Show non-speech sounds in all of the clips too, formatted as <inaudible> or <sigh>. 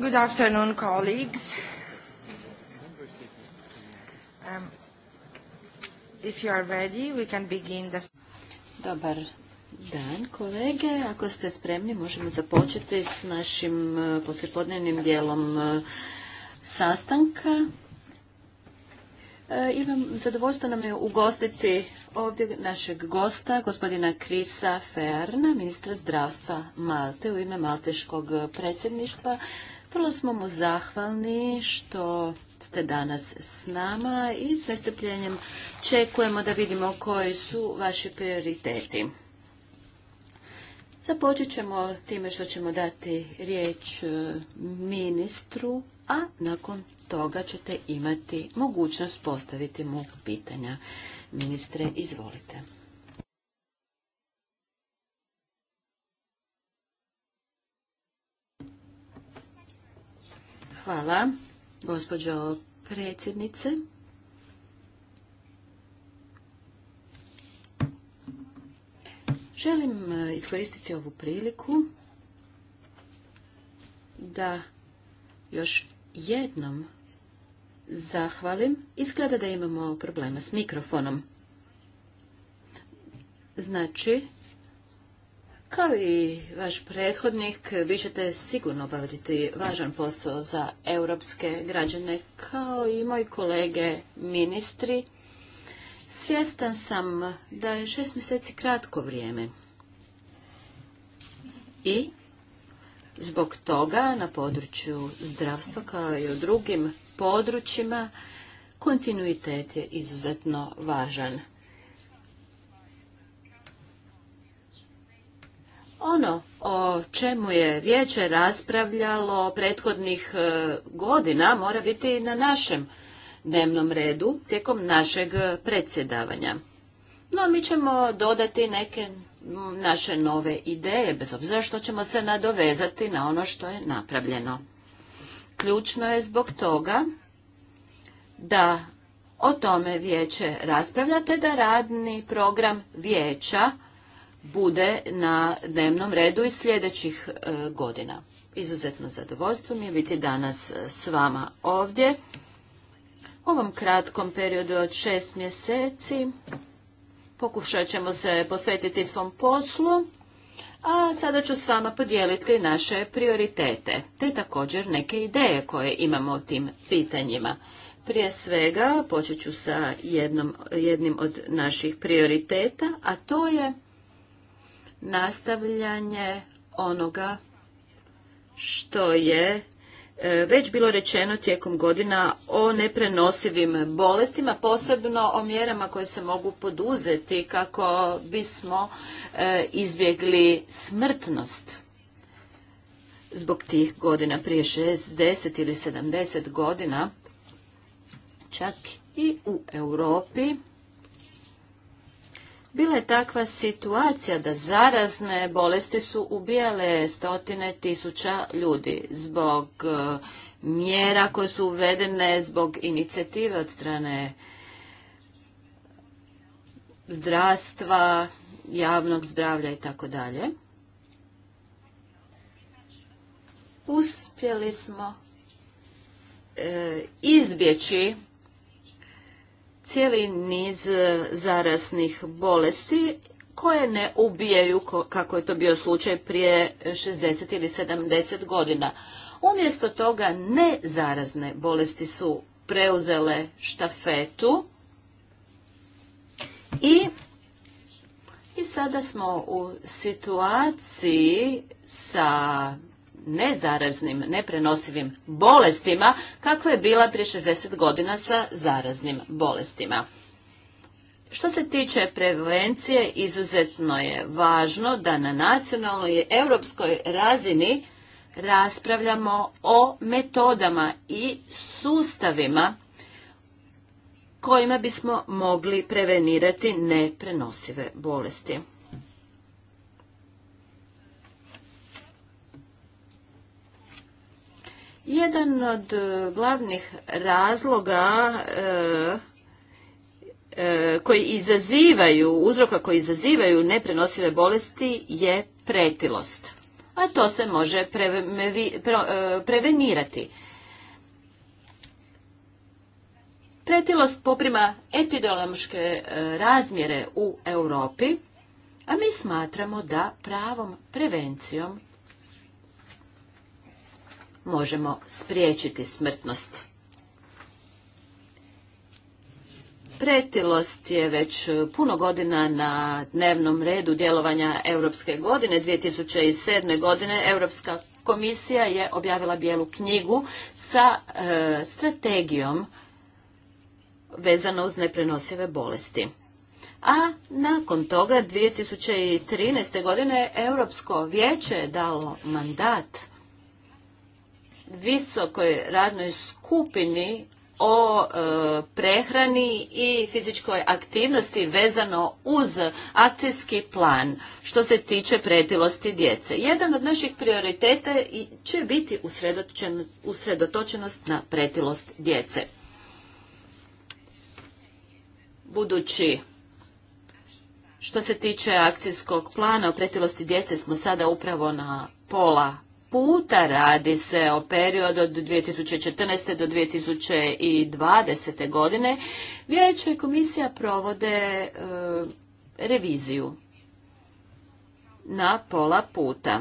Good afternoon, colleagues. Um, if you are ready, we can begin the... Dobar dan, kolege. Ako ste spremni, možemo započeti s našim uh, poslijepodnevnim dijelom uh, sastanka. Uh, imam zadovoljstvo nam je ugostiti ovdje našeg gosta, gospodina Krisa Ferna, ministra zdravstva Malte u ime Malteškog predsjedništva. Prvo smo mu zahvalni što ste danas s nama i s nestrpljenjem čekujemo da vidimo koji su vaši prioriteti. Započet ćemo time što ćemo dati riječ e, ministru, a nakon toga ćete imati mogućnost postaviti mu pitanja. Ministre, izvolite. Hvala, gospođo predsjednice. Želim e, iskoristiti ovu priliku da još jednom zahvalim. Izgleda da imamo problema s mikrofonom. Znači, kao i vaš prethodnik, vi ćete sigurno obaviti važan posao za europske građane, kao i moji kolege ministri. Svjestan sam da je šest mjeseci kratko vrijeme. I zbog toga na području zdravstva kao i u drugim područjima kontinuitet je izuzetno važan. Ono o čemu je vijeće raspravljalo prethodnih e, godina mora biti na našem dnevnom redu tijekom našeg predsjedavanja. No, mi ćemo dodati neke naše nove ideje, bez obzira što ćemo se nadovezati na ono što je napravljeno. Ključno je zbog toga da o tome vijeće raspravljate, da radni program vijeća bude na dnevnom redu i sljedećih e, godina. Izuzetno zadovoljstvo mi je biti danas e, s vama ovdje. U ovom kratkom periodu od šest mjeseci pokušat ćemo se posvetiti svom poslu, a sada ću s vama podijeliti naše prioritete, te također neke ideje koje imamo o tim pitanjima. Prije svega počet ću sa jednim od naših prioriteta, a to je nastavljanje onoga što je e, već bilo rečeno tijekom godina o neprenosivim bolestima, posebno o mjerama koje se mogu poduzeti kako bismo e, izbjegli smrtnost zbog tih godina prije 60 ili 70 godina, čak i u Europi bila je takva situacija da zarazne bolesti su ubijale stotine tisuća ljudi zbog e, mjera koje su uvedene zbog inicijative od strane zdravstva, javnog zdravlja i tako dalje. Uspjeli smo e, izbjeći cijeli niz e, zaraznih bolesti koje ne ubijaju, kako je to bio slučaj prije 60 ili 70 godina. Umjesto toga nezarazne bolesti su preuzele štafetu i, i sada smo u situaciji sa nezaraznim, neprenosivim bolestima, kakva je bila prije 60 godina sa zaraznim bolestima. Što se tiče prevencije, izuzetno je važno da na nacionalnoj i europskoj razini raspravljamo o metodama i sustavima kojima bismo mogli prevenirati neprenosive bolesti. Jedan od e, glavnih razloga e, e, koji izazivaju, uzroka koji izazivaju neprenosive bolesti je pretilost. A to se može prevenirati. Pretilost poprima epidemiološke razmjere u Europi, a mi smatramo da pravom prevencijom možemo spriječiti smrtnost. Pretilost je već puno godina na dnevnom redu djelovanja Europske godine. 2007. godine Europska komisija je objavila bijelu knjigu sa e, strategijom vezano uz neprenosive bolesti. A nakon toga 2013. godine Europsko vijeće je dalo mandat visokoj radnoj skupini o e, prehrani i fizičkoj aktivnosti vezano uz akcijski plan što se tiče pretilosti djece. Jedan od naših prioriteta će biti usredotočenost na pretilost djece. Budući što se tiče akcijskog plana o pretilosti djece smo sada upravo na pola puta radi se o periodu od 2014. do 2020. godine, vijeće i komisija provode e, reviziju na pola puta.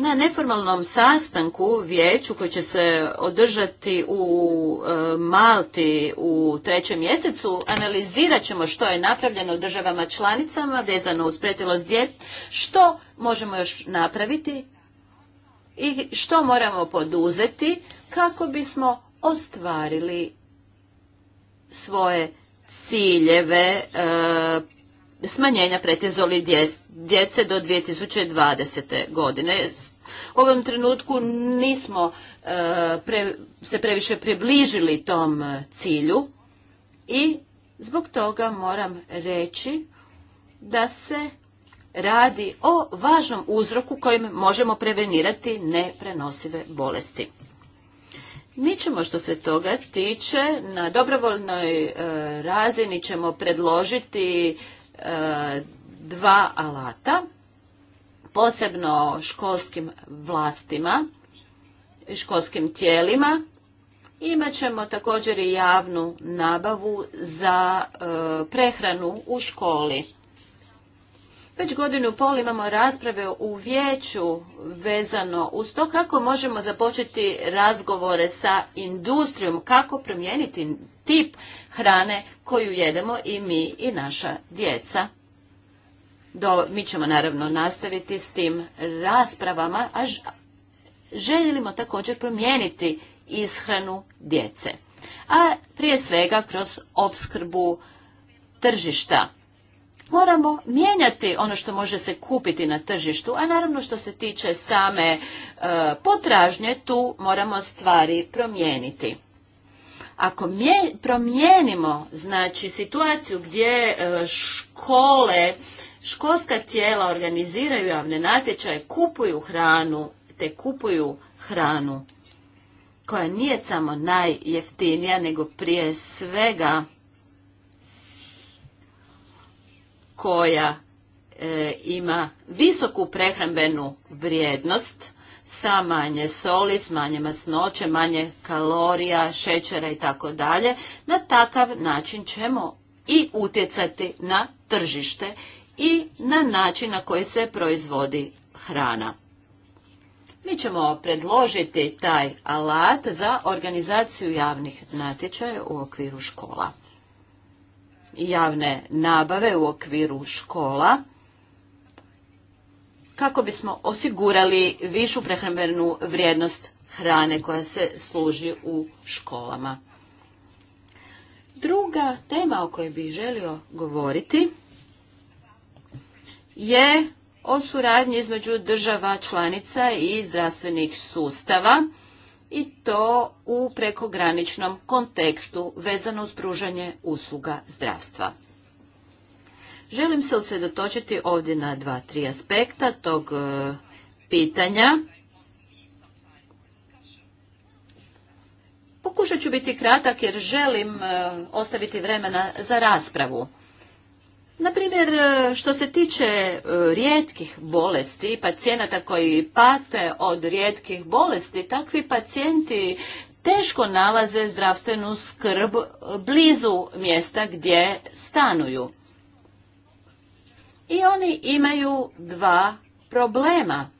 Na neformalnom sastanku vijeću koji će se održati u e, Malti u trećem mjesecu analizirat ćemo što je napravljeno u državama članicama vezano uz pretilost djece, što možemo još napraviti i što moramo poduzeti kako bismo ostvarili svoje ciljeve e, smanjenja pretjezoli djece do 2020. godine. U ovom trenutku nismo e, se previše približili tom e, cilju i zbog toga moram reći da se radi o važnom uzroku kojim možemo prevenirati neprenosive bolesti. Mi ćemo što se toga tiče na dobrovoljnoj e, razini ćemo predložiti dva alata posebno školskim vlastima, školskim tijelima. Imat ćemo također i javnu nabavu za e, prehranu u školi. Već godinu pol imamo rasprave u vijeću vezano uz to kako možemo započeti razgovore sa industrijom, kako promijeniti tip hrane koju jedemo i mi i naša djeca do, mi ćemo naravno nastaviti s tim raspravama, a želimo također promijeniti ishranu djece. A prije svega kroz opskrbu tržišta. Moramo mijenjati ono što može se kupiti na tržištu, a naravno što se tiče same e, potražnje, tu moramo stvari promijeniti. Ako promijenimo znači situaciju gdje e, škole Školska tijela organiziraju javne natječaje, kupuju hranu, te kupuju hranu koja nije samo najjeftinija, nego prije svega koja e, ima visoku prehrambenu vrijednost sa manje soli, s manje masnoće, manje kalorija, šećera i tako dalje. Na takav način ćemo i utjecati na tržište i na način na koji se proizvodi hrana. Mi ćemo predložiti taj alat za organizaciju javnih natječaja u okviru škola. Javne nabave u okviru škola kako bismo osigurali višu prehrambenu vrijednost hrane koja se služi u školama. Druga tema o kojoj bih želio govoriti je o suradnji između država članica i zdravstvenih sustava i to u prekograničnom kontekstu vezano uz pružanje usluga zdravstva. Želim se usredotočiti ovdje na dva, tri aspekta tog e, pitanja. Pokušat ću biti kratak jer želim e, ostaviti vremena za raspravu. Naprimjer, e, što se tiče e, rijetkih bolesti, pacijenata koji pate od rijetkih bolesti, takvi pacijenti teško nalaze zdravstvenu skrb blizu mjesta gdje stanuju. I oni imaju dva problema,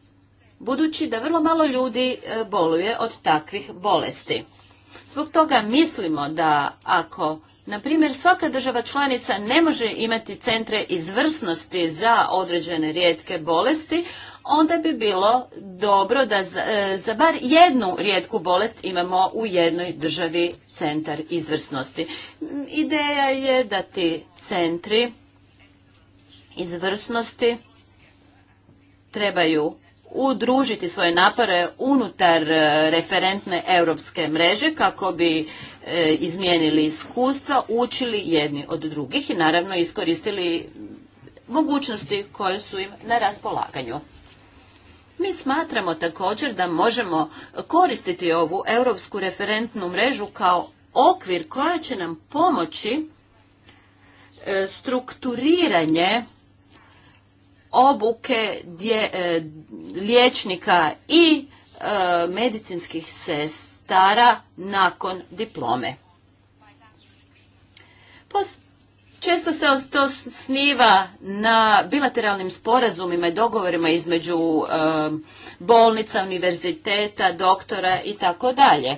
budući da vrlo malo ljudi e, boluje od takvih bolesti. Zbog toga mislimo da ako na primjer, svaka država članica ne može imati centre izvrsnosti za određene rijetke bolesti, onda bi bilo dobro da za, e, za bar jednu rijetku bolest imamo u jednoj državi centar izvrsnosti. Ideja je da ti centri izvrsnosti trebaju udružiti svoje napore unutar e, referentne europske mreže kako bi e, izmijenili iskustva, učili jedni od drugih i naravno iskoristili mogućnosti koje su im na raspolaganju. Mi smatramo također da možemo koristiti ovu europsku referentnu mrežu kao okvir koja će nam pomoći e, strukturiranje obuke e, liječnika i e, medicinskih sestara nakon diplome. često se to sniva na bilateralnim sporazumima i dogovorima između e, bolnica, univerziteta, doktora i tako dalje.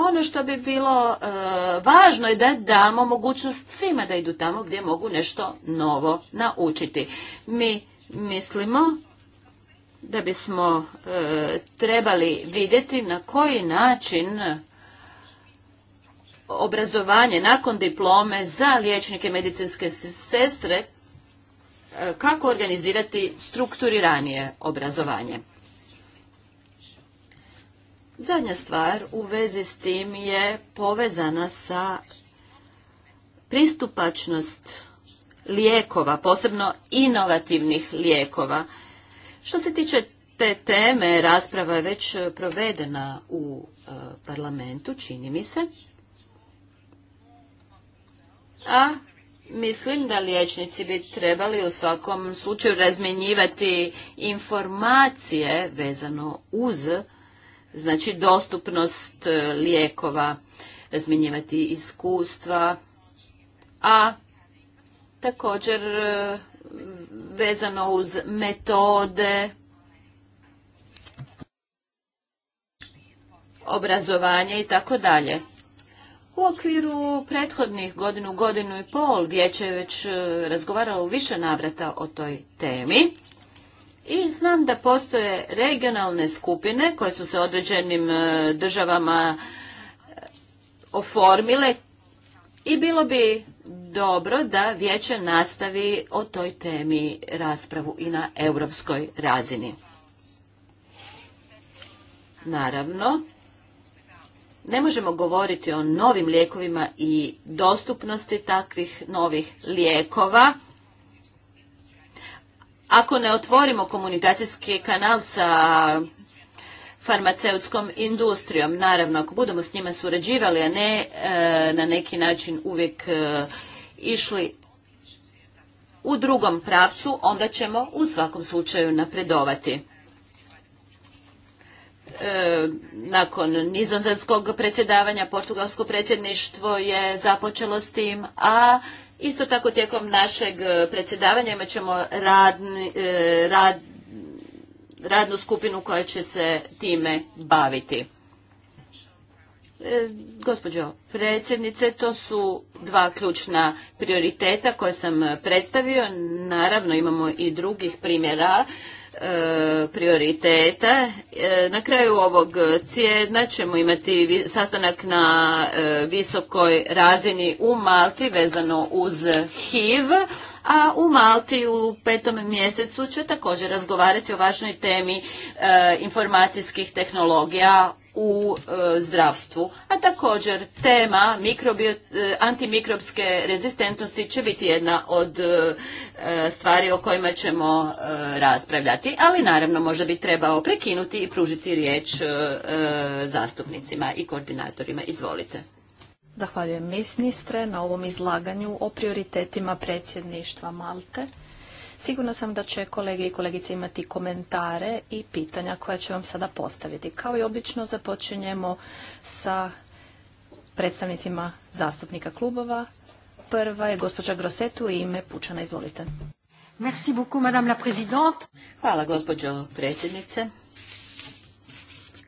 Ono što bi bilo e, važno je da damo mogućnost svima da idu tamo gdje mogu nešto novo naučiti. Mi mislimo da bismo e, trebali vidjeti na koji način obrazovanje nakon diplome za liječnike medicinske sestre e, kako organizirati strukturiranije obrazovanje. Zadnja stvar u vezi s tim je povezana sa pristupačnost lijekova, posebno inovativnih lijekova. Što se tiče te teme, rasprava je već provedena u e, parlamentu, čini mi se. A mislim da liječnici bi trebali u svakom slučaju razmjenjivati informacije vezano uz znači dostupnost e, lijekova, razmjenjivati iskustva, a također e, vezano uz metode obrazovanje i tako dalje. U okviru prethodnih godinu, godinu i pol vijeće je već e, razgovaralo u više navrata o toj temi. I znam da postoje regionalne skupine koje su se određenim e, državama e, oformile i bilo bi dobro da vijeće nastavi o toj temi raspravu i na europskoj razini. Naravno, ne možemo govoriti o novim lijekovima i dostupnosti takvih novih lijekova ako ne otvorimo komunikacijski kanal sa farmaceutskom industrijom, naravno ako budemo s njima surađivali, a ne e, na neki način uvijek e, išli u drugom pravcu, onda ćemo u svakom slučaju napredovati. E, nakon nizozemskog predsjedavanja portugalsko predsjedništvo je započelo s tim, a Isto tako tijekom našeg e, predsjedavanja imat ćemo e, rad, radnu skupinu koja će se time baviti. E, gospođo predsjednice, to su dva ključna prioriteta koje sam predstavio. Naravno imamo i drugih primjera E, prioriteta. E, na kraju ovog tjedna ćemo imati sastanak na e, visokoj razini u Malti vezano uz HIV, a u Malti u petom mjesecu će također razgovarati o važnoj temi informacijskih tehnologija u e, zdravstvu. A također tema antimikropske antimikrobske rezistentnosti će biti jedna od e, e, stvari o kojima ćemo raspravljati, ali naravno možda bi trebao prekinuti i pružiti riječ zastupnicima i koordinatorima. Izvolite. Zahvaljujem ministre na ovom izlaganju o prioritetima predsjedništva Malte. Sigurna sam da će kolege i kolegice imati komentare i pitanja koja će vam sada postaviti. Kao i obično započinjemo sa predstavnicima zastupnika klubova. Prva je gospođa Grosetu u ime Pučana. Izvolite. Merci beaucoup, madame la présidente. Hvala, gospođo predsjednice.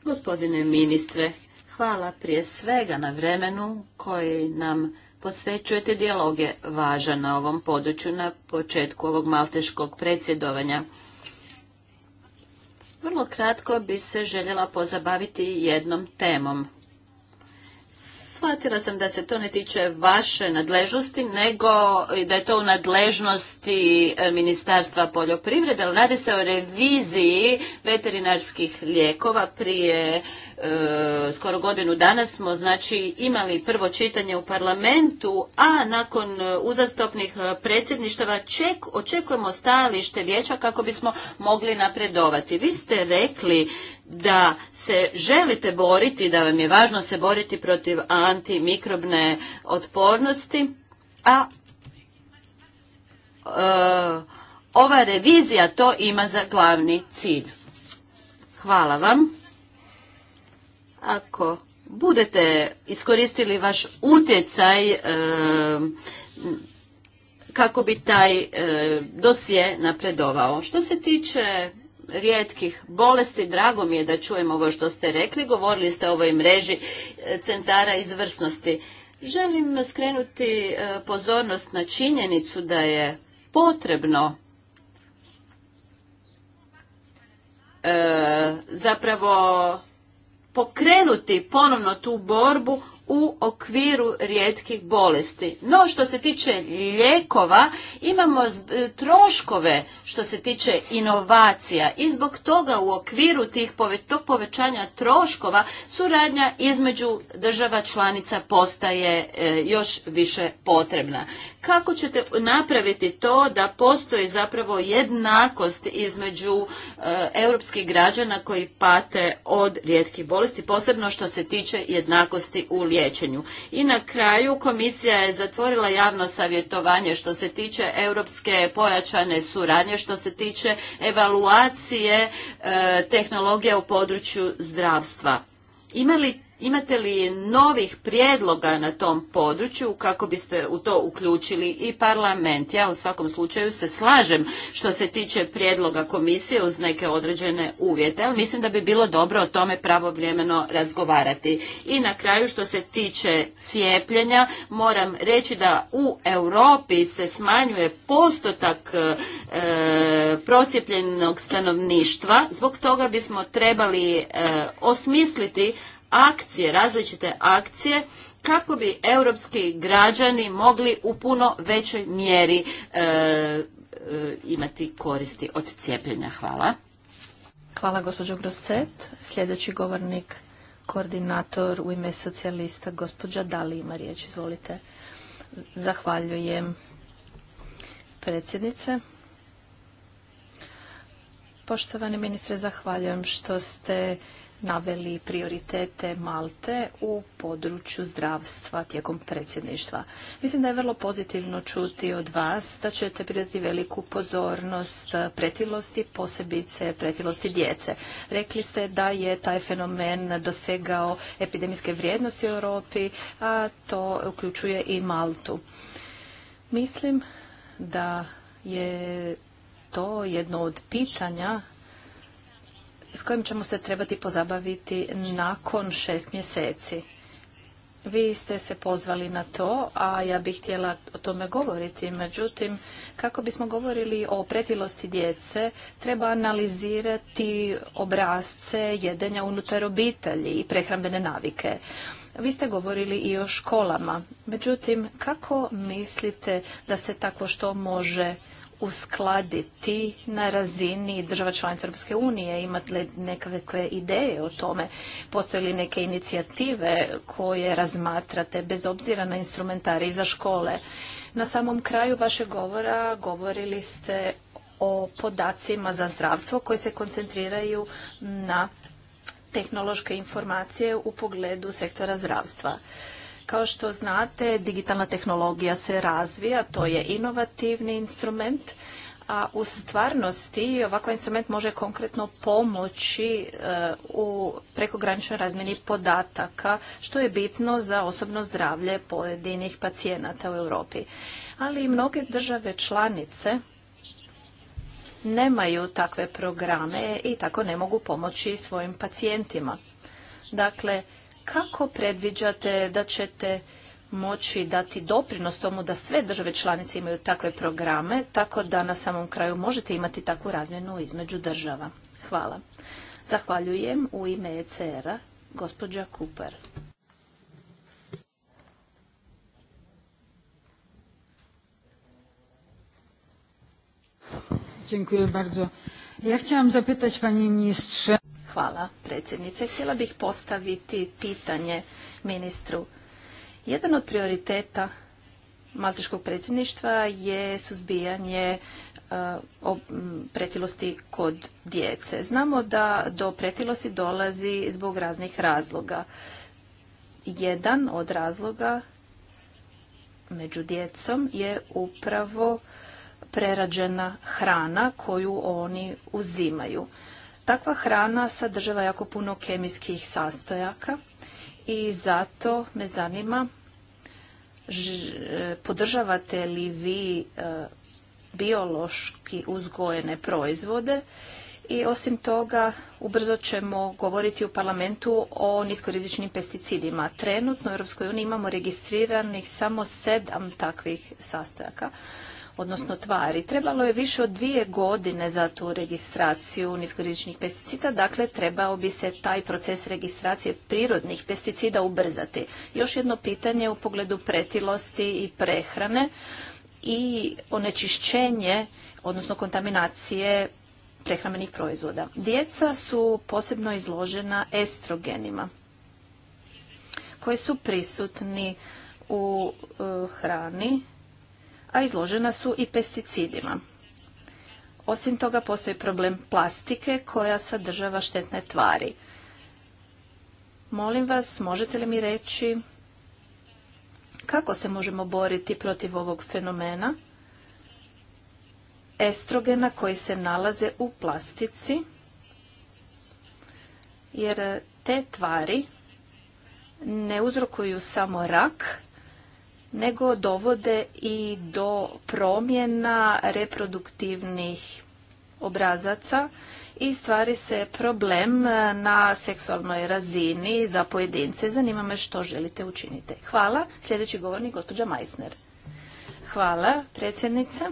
Gospodine ministre, hvala prije svega na vremenu koji nam posvećujete dijalog je važan na ovom području na početku ovog malteškog predsjedovanja. Vrlo kratko bi se željela pozabaviti jednom temom. Shvatila sam da se to ne tiče vaše nadležnosti, nego da je to u nadležnosti e, Ministarstva poljoprivrede, ali radi se o reviziji veterinarskih lijekova prije E, skoro godinu danas smo znači imali prvo čitanje u parlamentu, a nakon e, uzastopnih e, predsjedništava ček, očekujemo stajalište vijeća kako bismo mogli napredovati. Vi ste rekli da se želite boriti, da vam je važno se boriti protiv antimikrobne otpornosti, a ova revizija to ima za glavni cilj. Hvala vam. Ako budete iskoristili vaš utjecaj e, kako bi taj dosije dosje napredovao. Što se tiče rijetkih bolesti, drago mi je da čujem ovo što ste rekli, govorili ste o ovoj mreži e, centara izvrsnosti. Želim skrenuti e, pozornost na činjenicu da je potrebno zapravo pokrenuti ponovno tu borbu u okviru rijetkih bolesti. No što se tiče lijekova, imamo e, troškove što se tiče inovacija i zbog toga u okviru tih tog povećanja troškova suradnja između država članica postaje e, još više potrebna. Kako ćete napraviti to da postoji zapravo jednakost između e, europskih građana koji pate od rijetkih bolesti, posebno što se tiče jednakosti u liječenju. I na kraju komisija je zatvorila javno savjetovanje što se tiče europske pojačane suradnje, što se tiče evaluacije e, tehnologija u području zdravstva. Ima li Imate li novih prijedloga na tom području kako biste u to uključili i parlament? Ja u svakom slučaju se slažem što se tiče prijedloga komisije uz neke određene uvjete, ali mislim da bi bilo dobro o tome pravovremeno razgovarati. I na kraju što se tiče cijepljenja, moram reći da u Europi se smanjuje postotak e, procijepljenog stanovništva, zbog toga bismo trebali e, osmisliti akcije, različite akcije kako bi europski građani mogli u puno većoj mjeri e, e, imati koristi od cijepljenja. Hvala. Hvala gospođo Grostet. Sljedeći govornik, koordinator u ime socijalista, gospođa Dali ima riječ. Izvolite. Zahvaljujem predsjednice. Poštovani ministre, zahvaljujem što ste naveli prioritete Malte u području zdravstva tijekom predsjedništva. Mislim da je vrlo pozitivno čuti od vas da ćete pridati veliku pozornost pretilosti, posebice pretilosti djece. Rekli ste da je taj fenomen dosegao epidemijske vrijednosti u Europi, a to uključuje i Maltu. Mislim da je to jedno od pitanja s kojim ćemo se trebati pozabaviti nakon šest mjeseci. Vi ste se pozvali na to, a ja bih htjela o tome govoriti. Međutim, kako bismo govorili o pretilosti djece, treba analizirati obrazce jedenja unutar obitelji i prehrambene navike. Vi ste govorili i o školama. Međutim, kako mislite da se tako što može uskladiti na razini država članica Europske unije? Imate li nekakve ideje o tome? Postoje li neke inicijative koje razmatrate bez obzira na instrumentari za škole? Na samom kraju vašeg govora govorili ste o podacima za zdravstvo koji se koncentriraju na tehnološke informacije u pogledu sektora zdravstva. Kao što znate, digitalna tehnologija se razvija, to je inovativni instrument, a u stvarnosti ovakav instrument može konkretno pomoći eh, u prekograničnoj razmjeni podataka, što je bitno za osobno zdravlje pojedinih pacijenata u Europi. Ali i mnoge države članice nemaju takve programe i tako ne mogu pomoći svojim pacijentima. Dakle, kako predviđate da ćete moći dati doprinos tomu da sve države članice imaju takve programe, tako da na samom kraju možete imati takvu razmjenu između država? Hvala. Zahvaljujem u ime ECR-a, gospođa Cooper. Dziękuję bardzo. Ja chciałam zapytać panie ministrze Hvala predsjednice. Htjela bih postaviti pitanje ministru. Jedan od prioriteta Malteškog predsjedništva je suzbijanje e, pretilosti kod djece. Znamo da do pretilosti dolazi zbog raznih razloga. Jedan od razloga među djecom je upravo prerađena hrana koju oni uzimaju. Takva hrana sadržava jako puno kemijskih sastojaka i zato me zanima podržavate li vi e, biološki uzgojene proizvode i osim toga ubrzo ćemo govoriti u parlamentu o niskorizičnim pesticidima. Trenutno u EU imamo registriranih samo sedam takvih sastojaka, odnosno tvari. Trebalo je više od dvije godine za tu registraciju niskorizičnih pesticida, dakle trebao bi se taj proces registracije prirodnih pesticida ubrzati. Još jedno pitanje u pogledu pretilosti i prehrane i onečišćenje, odnosno kontaminacije prehrambenih proizvoda. Djeca su posebno izložena estrogenima koji su prisutni u eh, hrani a izložena su i pesticidima. Osim toga postoji problem plastike koja sadržava štetne tvari. Molim vas, možete li mi reći kako se možemo boriti protiv ovog fenomena estrogena koji se nalaze u plastici, jer te tvari ne uzrokuju samo rak, nego dovode i do promjena reproduktivnih obrazaca i stvari se problem na seksualnoj razini za pojedince. Zanima me što želite učiniti. Hvala. Sljedeći govornik, gospođa Majsner. Hvala, predsjednice.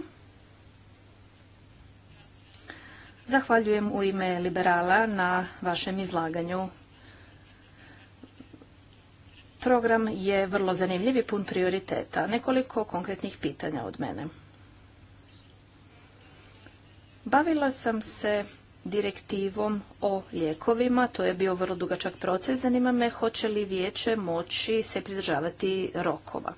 Zahvaljujem u ime liberala na vašem izlaganju. Program je vrlo zanimljiv i pun prioriteta. Nekoliko konkretnih pitanja od mene. Bavila sam se direktivom o lijekovima. To je bio vrlo dugačak proces. Zanima me hoće li vijeće moći se pridržavati rokova.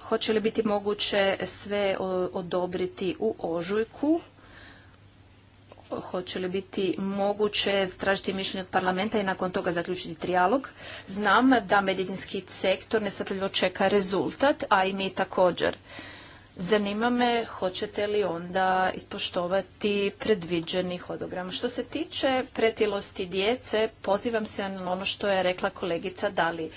Hoće li biti moguće sve odobriti u ožujku hoće li biti moguće stražiti mišljenje od parlamenta i nakon toga zaključiti trijalog. Znam da medicinski sektor nestrpljivo čeka rezultat, a i mi također. Zanima me hoćete li onda ispoštovati predviđeni hodogram. Što se tiče pretilosti djece, pozivam se na ono što je rekla kolegica Dali.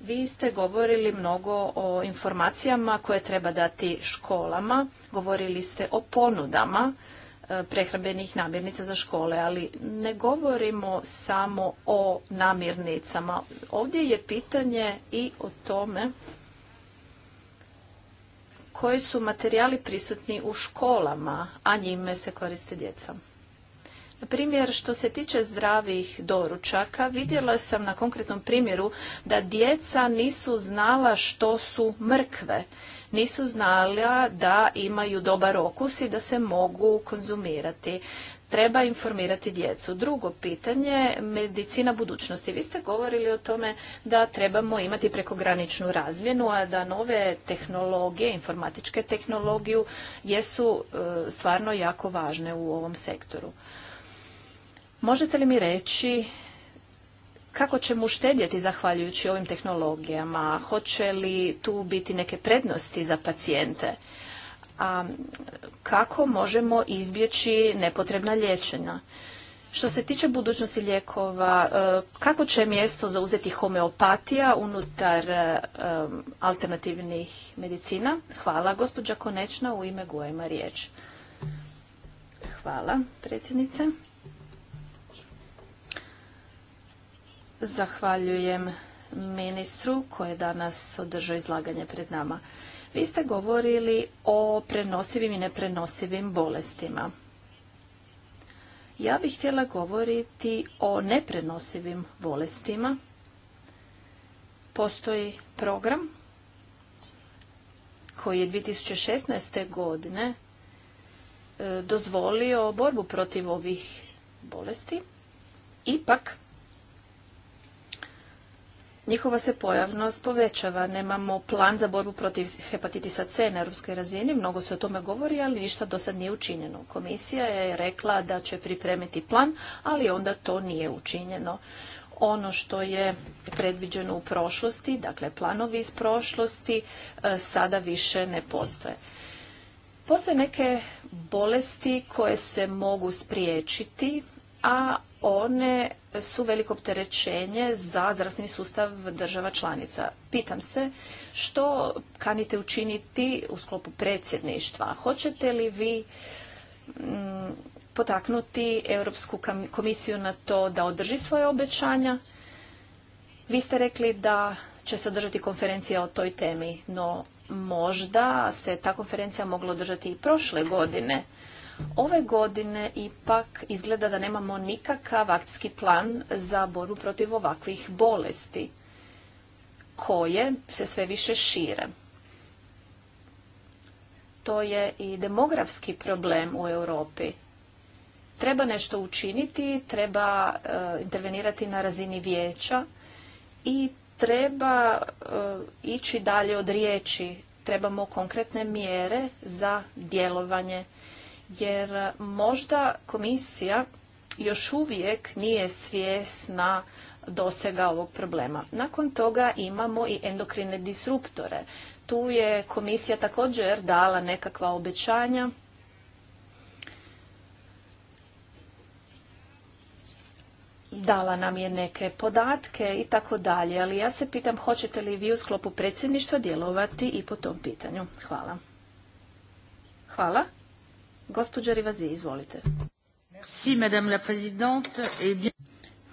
Vi ste govorili mnogo o informacijama koje treba dati školama, govorili ste o ponudama E, prehrambenih namirnica za škole, ali ne govorimo samo o namirnicama. Ovdje je pitanje i o tome koji su materijali prisutni u školama, a njime se koriste djeca. Na primjer, što se tiče zdravih doručaka, vidjela sam na konkretnom primjeru da djeca nisu znala što su mrkve nisu znala da imaju dobar okus i da se mogu konzumirati. Treba informirati djecu. Drugo pitanje, medicina budućnosti. Vi ste govorili o tome da trebamo imati prekograničnu razmjenu, a da nove tehnologije, informatičke tehnologiju, jesu e, stvarno jako važne u ovom sektoru. Možete li mi reći kako ćemo uštedjeti zahvaljujući ovim tehnologijama? Hoće li tu biti neke prednosti za pacijente? A kako možemo izbjeći nepotrebna liječenja? Što se tiče budućnosti lijekova, e, kako će mjesto zauzeti homeopatija unutar e, e, alternativnih medicina? Hvala, gospođa Konečna, u ime Gojma riječ. Hvala, predsjednice. Zahvaljujem ministru koji je danas održao izlaganje pred nama. Vi ste govorili o prenosivim i neprenosivim bolestima. Ja bih htjela govoriti o neprenosivim bolestima. Postoji program koji je 2016. godine e, dozvolio borbu protiv ovih bolesti. Ipak, njihova se pojavnost povećava. Nemamo plan za borbu protiv hepatitisa C na europskoj razini, mnogo se o tome govori, ali ništa do sad nije učinjeno. Komisija je rekla da će pripremiti plan, ali onda to nije učinjeno ono što je predviđeno u prošlosti, dakle planovi iz prošlosti, e, sada više ne postoje. Postoje neke bolesti koje se mogu spriječiti a one su veliko opterećenje za zdravstveni sustav država članica. Pitam se što kanite učiniti u sklopu predsjedništva? Hoćete li vi mm, potaknuti Europsku komisiju na to da održi svoje obećanja? Vi ste rekli da će se održati konferencija o toj temi, no možda se ta konferencija mogla održati i prošle godine Ove godine ipak izgleda da nemamo nikakav akcijski plan za boru protiv ovakvih bolesti koje se sve više šire. To je i demografski problem u Europi. Treba nešto učiniti, treba eh, intervenirati na razini vijeća i treba eh, ići dalje od riječi. Trebamo konkretne mjere za djelovanje jer možda komisija još uvijek nije svjesna dosega ovog problema. Nakon toga imamo i endokrine disruptore. Tu je komisija također dala nekakva obećanja. Dala nam je neke podatke i tako dalje, ali ja se pitam hoćete li vi u sklopu predsjedništva djelovati i po tom pitanju. Hvala. Hvala. Gospođa Rivazi, izvolite. madame la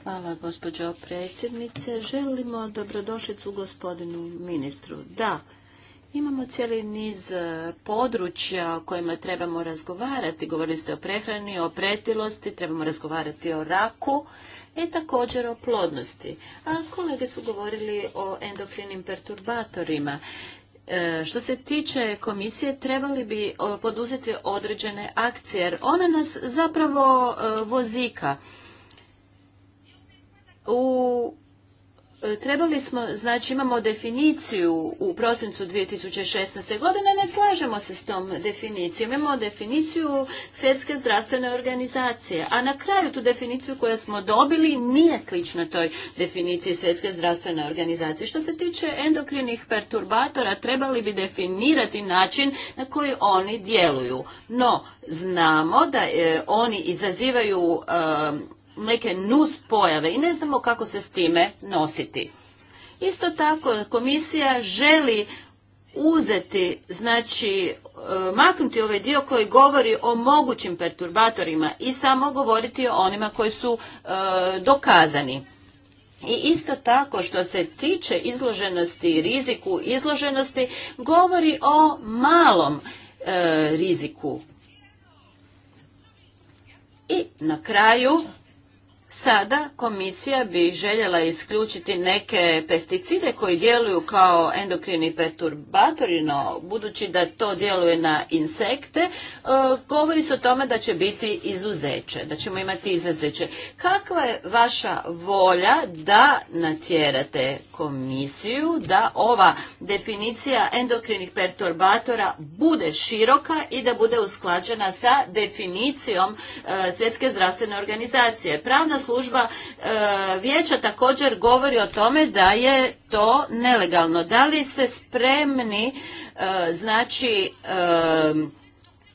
Hvala, gospođo predsjednice. Želimo dobrodošlicu gospodinu ministru. Da, Imamo cijeli niz e, područja o kojima trebamo razgovarati. Govorili ste o prehrani, o pretilosti, trebamo razgovarati o raku i također o plodnosti. A kolege su govorili o endokrinim perturbatorima. E, što se tiče komisije, trebali bi poduzeti određene akcije, jer ona nas zapravo e, vozika. U E, trebali smo, znači imamo definiciju u prosincu 2016. godine, ne slažemo se s tom definicijom. Imamo definiciju Svjetske zdravstvene organizacije, a na kraju tu definiciju koju smo dobili nije slična toj definiciji Svjetske zdravstvene organizacije. Što se tiče endokrinih perturbatora, trebali bi definirati način na koji oni djeluju. No, znamo da e, oni izazivaju e, neke nus pojave i ne znamo kako se s time nositi. Isto tako komisija želi uzeti, znači e, maknuti ovaj dio koji govori o mogućim perturbatorima i samo govoriti o onima koji su e, dokazani. I isto tako što se tiče izloženosti riziku izloženosti govori o malom e, riziku. I na kraju Sada komisija bi željela isključiti neke pesticide koji djeluju kao endokrini perturbatori, no budući da to djeluje na insekte, e, govori se o tome da će biti izuzeće, da ćemo imati izuzeće. Kakva je vaša volja da natjerate komisiju da ova definicija endokrinih perturbatora bude široka i da bude usklađena sa definicijom e, Svjetske zdravstvene organizacije? Pravna služba e, vijeća također govori o tome da je to nelegalno. Da li ste spremni e, znači e,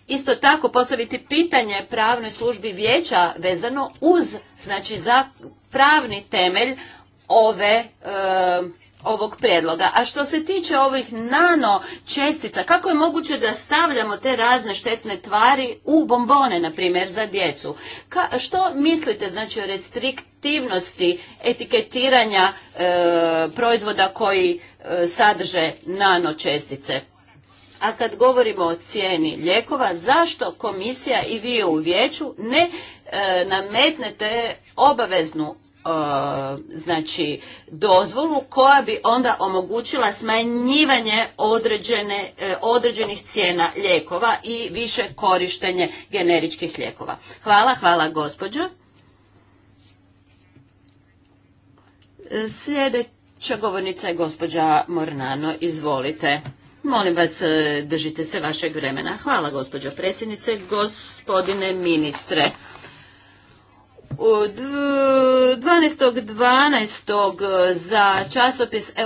isto tako postaviti pitanje pravnoj službi vijeća vezano uz znači za pravni temelj ove ovog predloga A što se tiče ovih nano čestica, kako je moguće da stavljamo te razne štetne tvari u bombone, na primjer, za djecu? Ka, što mislite, znači, o restriktivnosti etiketiranja e, proizvoda koji e, sadrže nano čestice? A kad govorimo o cijeni lijekova, zašto komisija i vi u vijeću ne e, nametnete obaveznu E, znači dozvolu koja bi onda omogućila smanjivanje određene, e, određenih cijena lijekova i više korištenje generičkih lijekova. Hvala, hvala gospođo. E, sljedeća govornica je gospođa Mornano, izvolite. Molim vas, držite se vašeg vremena. Hvala gospođo predsjednice, gospodine ministre. 12.12. Eh, eh, za časopis eh,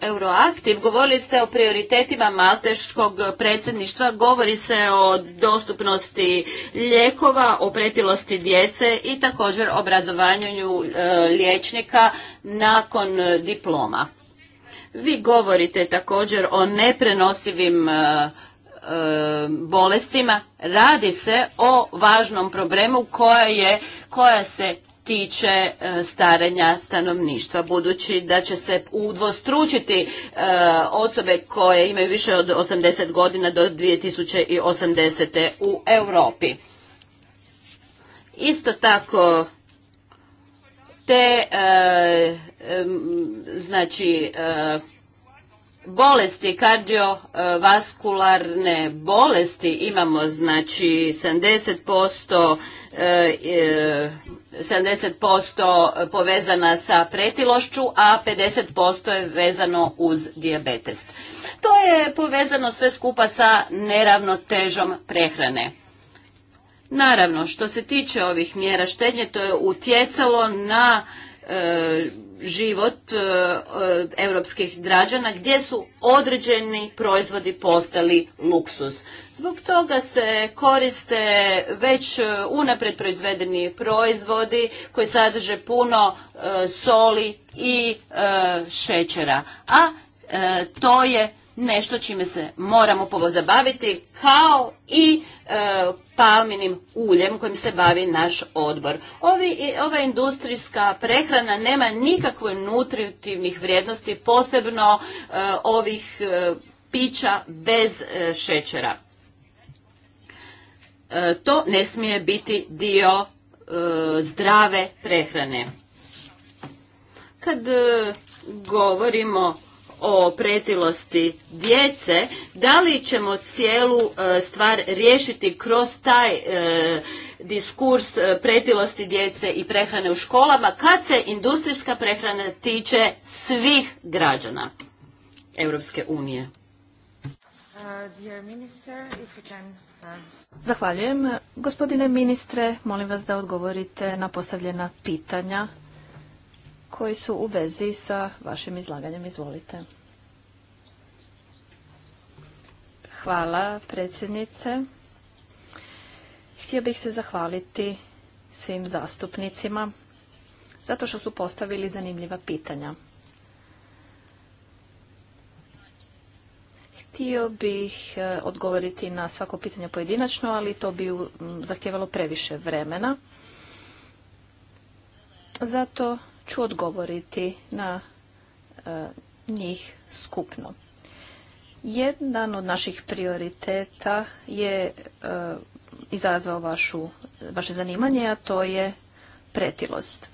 Euroaktiv govorili ste o prioritetima malteškog predsjedništva, govori se o dostupnosti lijekova, o pretilosti djece i također obrazovanju liječnika nakon diploma. Vi govorite također o neprenosivim E, bolestima, radi se o važnom problemu koja, je, koja se tiče e, starenja stanovništva, budući da će se udvostručiti e, osobe koje imaju više od 80 godina do 2080. u Europi. Isto tako, te znači bolesti, kardiovaskularne bolesti imamo znači 70% e, e, povezana sa pretilošću, a 50% je vezano uz diabetes To je povezano sve skupa sa neravnotežom prehrane. Naravno, što se tiče ovih mjera štednje, to je utjecalo na E, život e, e, europskih građana gdje su određeni proizvodi postali luksuz. Zbog toga se koriste već unapred proizvedeni proizvodi koji sadrže puno soli i šećera, a to je nešto čime se moramo pozabaviti kao i e, palminim uljem kojim se bavi naš odbor. Ovi, ova industrijska prehrana nema nikakve nutritivnih vrijednosti, posebno e, ovih e, pića bez e, šećera. To ne smije biti dio zdrave prehrane. Kad govorimo o pretilosti djece, da li ćemo cijelu e, stvar riješiti kroz taj e, diskurs e, pretilosti djece i prehrane u školama kad se industrijska prehrana tiče svih građana Europske unije. Zahvaljujem. Gospodine ministre, molim vas da odgovorite na postavljena pitanja koji su u vezi sa vašim izlaganjem. Izvolite. Hvala predsjednice. Htio bih se zahvaliti svim zastupnicima zato što su postavili zanimljiva pitanja. Htio bih e, odgovoriti na svako pitanje pojedinačno, ali to bi mm, zahtjevalo previše vremena. Zato ću odgovoriti na e, njih skupno. Jedan od naših prioriteta je e, izazvao vaše zanimanje, a to je pretilost.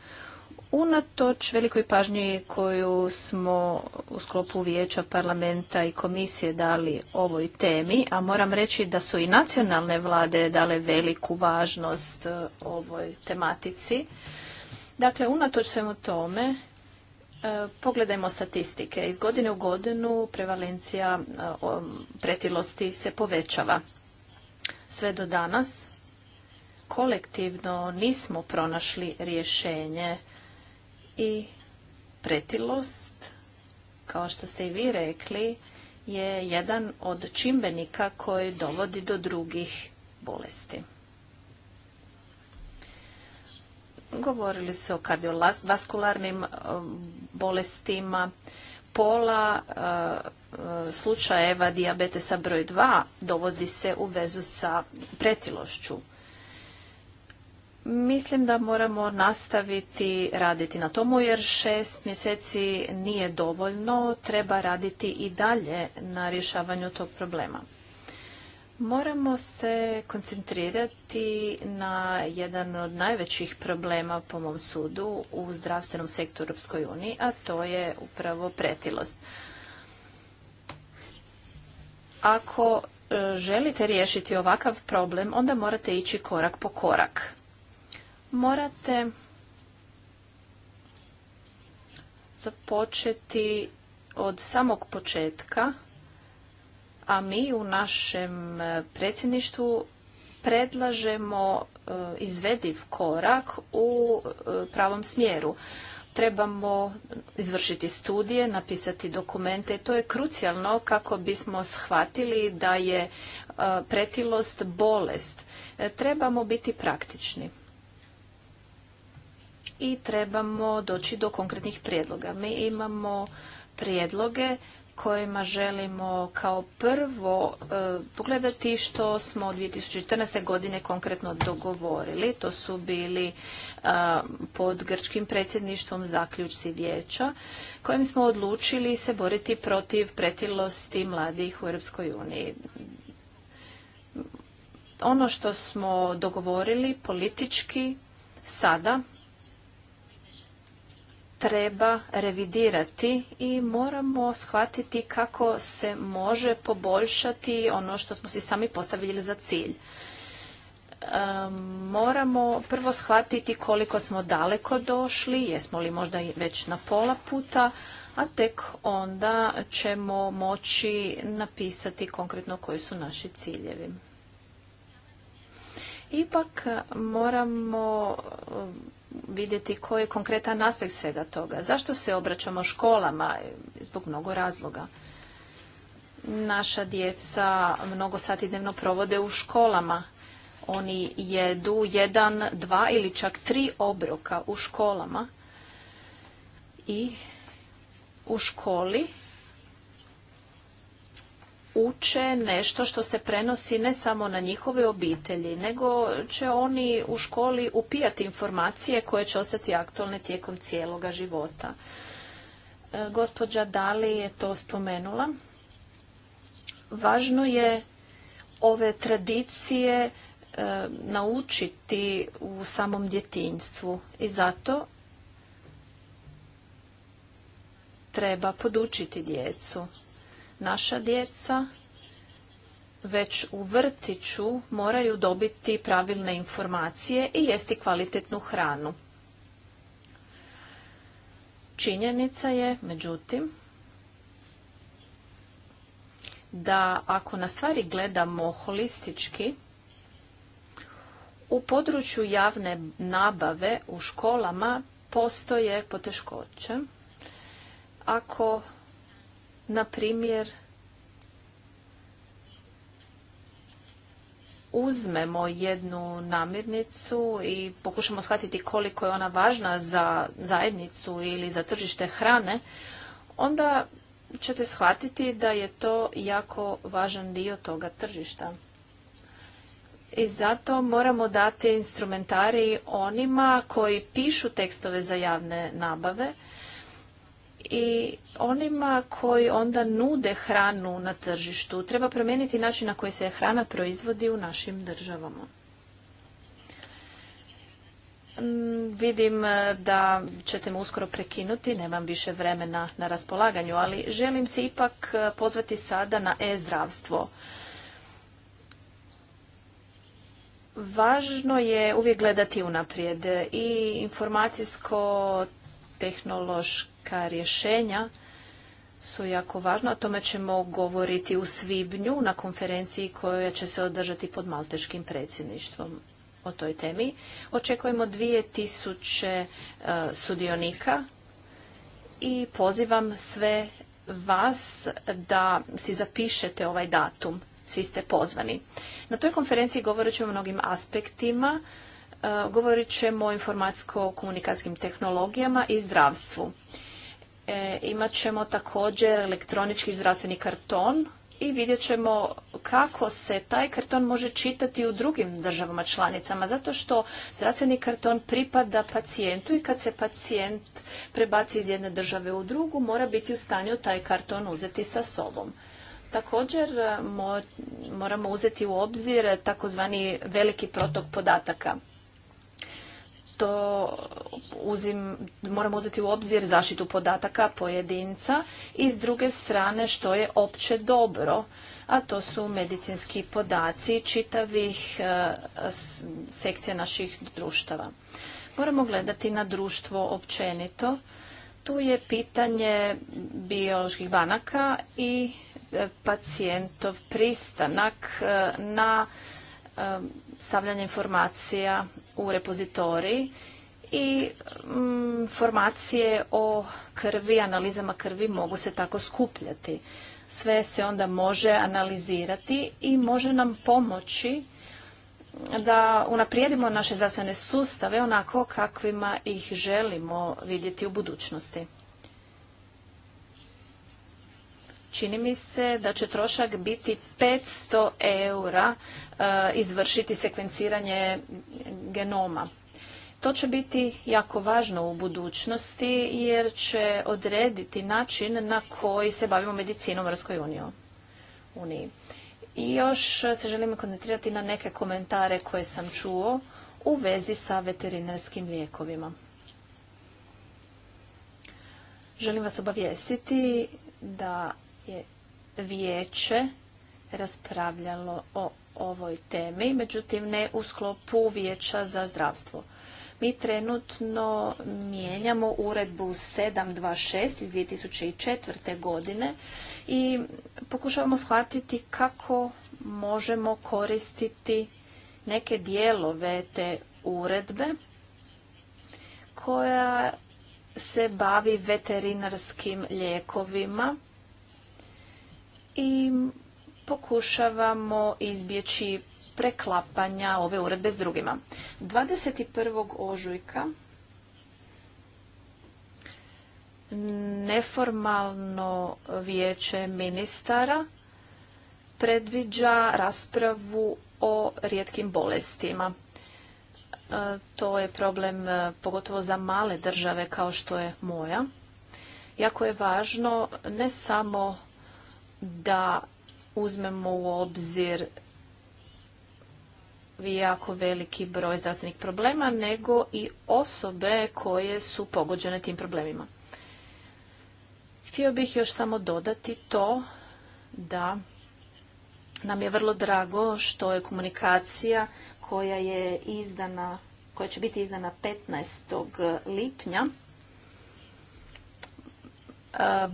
Unatoč velikoj pažnji koju smo u sklopu vijeća parlamenta i komisije dali ovoj temi, a moram reći da su i nacionalne vlade dale veliku važnost e, ovoj tematici, Dakle, unatoč svemu tome, e, Pogledajmo statistike. Iz godine u godinu prevalencija e, pretilosti se povećava. Sve do danas kolektivno nismo pronašli rješenje i pretilost, kao što ste i vi rekli, je jedan od čimbenika koji dovodi do drugih bolesti. Govorili su o kardiovaskularnim e, bolestima, pola e, e, slučajeva dijabetesa broj 2 dovodi se u vezu sa pretilošću. Mislim da moramo nastaviti raditi na tomu jer šest mjeseci nije dovoljno, treba raditi i dalje na rješavanju tog problema. Moramo se koncentrirati na jedan od najvećih problema po mom sudu u zdravstvenom sektoru Europskoj uniji, a to je upravo pretilost. Ako e, želite riješiti ovakav problem, onda morate ići korak po korak. Morate započeti od samog početka a mi u našem e, predsjedništvu predlažemo e, izvediv korak u e, pravom smjeru. Trebamo izvršiti studije, napisati dokumente to je krucijalno kako bismo shvatili da je pretilost bolest. Trebamo biti praktični i trebamo doći do konkretnih prijedloga. Mi imamo prijedloge kojima želimo kao prvo e, pogledati što smo od 2014. godine konkretno dogovorili. To su bili e, pod grčkim predsjedništvom zaključci vijeća kojim smo odlučili se boriti protiv pretilosti mladih u Europskoj uniji. Ono što smo dogovorili politički sada treba revidirati i moramo shvatiti kako se može poboljšati ono što smo si sami postavili za cilj. Moramo prvo shvatiti koliko smo daleko došli, jesmo li možda već na pola puta, a tek onda ćemo moći napisati konkretno koji su naši ciljevi. Ipak moramo vidjeti koji je konkretan aspekt svega toga. Zašto se obraćamo školama? Zbog mnogo razloga. Naša djeca mnogo sati dnevno provode u školama. Oni jedu jedan, dva ili čak tri obroka u školama. I u školi uče nešto što se prenosi ne samo na njihove obitelji, nego će oni u školi upijati informacije koje će ostati aktualne tijekom cijeloga života. E, gospođa Dali je to spomenula. Važno je ove tradicije e, naučiti u samom djetinjstvu i zato treba podučiti djecu naša djeca već u vrtiću moraju dobiti pravilne informacije i jesti kvalitetnu hranu. Činjenica je, međutim, da ako na stvari gledamo holistički, u području javne nabave u školama postoje poteškoće. Ako na primjer, uzmemo jednu namirnicu i pokušamo shvatiti koliko je ona važna za zajednicu ili za tržište hrane, onda ćete shvatiti da je to jako važan dio toga tržišta. I zato moramo dati instrumentari onima koji pišu tekstove za javne nabave i onima koji onda nude hranu na tržištu. Treba promijeniti način na koji se hrana proizvodi u našim državama. Mm, vidim e, da ćete me uskoro prekinuti, nemam više vremena na raspolaganju, ali želim se ipak e, pozvati sada na e-zdravstvo. Važno je uvijek gledati unaprijed i informacijsko tehnološko neka rješenja su jako važna. O tome ćemo govoriti u svibnju na konferenciji koja će se održati pod malteškim predsjedništvom o toj temi. Očekujemo 2000 uh, e, sudionika i pozivam sve vas da si zapišete ovaj datum. Svi ste pozvani. Na toj konferenciji govorit ćemo o mnogim aspektima. E, govorit ćemo o informacijsko-komunikacijskim tehnologijama i zdravstvu. E, imat ćemo također elektronički zdravstveni karton i vidjet ćemo kako se taj karton može čitati u drugim državama članicama, zato što zdravstveni karton pripada pacijentu i kad se pacijent prebaci iz jedne države u drugu, mora biti u stanju taj karton uzeti sa sobom. Također e, moramo uzeti u obzir takozvani veliki protok podataka to moramo uzeti u obzir zaštitu podataka pojedinca i s druge strane što je opće dobro, a to su medicinski podaci čitavih e, sekcija naših društava. Moramo gledati na društvo općenito. Tu je pitanje bioloških banaka i e, pacijentov pristanak e, na stavljanje informacija u repozitorij i informacije mm, o krvi, analizama krvi mogu se tako skupljati. Sve se onda može analizirati i može nam pomoći da unaprijedimo naše zdravstvene sustave onako kakvima ih želimo vidjeti u budućnosti. Čini mi se da će trošak biti 500 eura Eh, izvršiti sekvenciranje genoma. To će biti jako važno u budućnosti jer će odrediti način na koji se bavimo medicinom u Europskoj uniji. I još se želim koncentrirati na neke komentare koje sam čuo u vezi sa veterinarskim lijekovima. Želim vas obavijestiti da je vijeće raspravljalo o ovoj temi, međutim ne u sklopu vijeća za zdravstvo. Mi trenutno mijenjamo uredbu 726 iz 2004. godine i pokušavamo shvatiti kako možemo koristiti neke dijelove te uredbe koja se bavi veterinarskim lijekovima i pokušavamo izbjeći preklapanja ove uredbe s drugima. 21. ožujka neformalno vijeće ministara predviđa raspravu o rijetkim bolestima. E, to je problem e, pogotovo za male države kao što je moja. Jako je važno ne samo da uzmemo u obzir jako veliki broj zdravstvenih problema, nego i osobe koje su pogođene tim problemima. Htio bih još samo dodati to da nam je vrlo drago što je komunikacija koja je izdana, koja će biti izdana 15. lipnja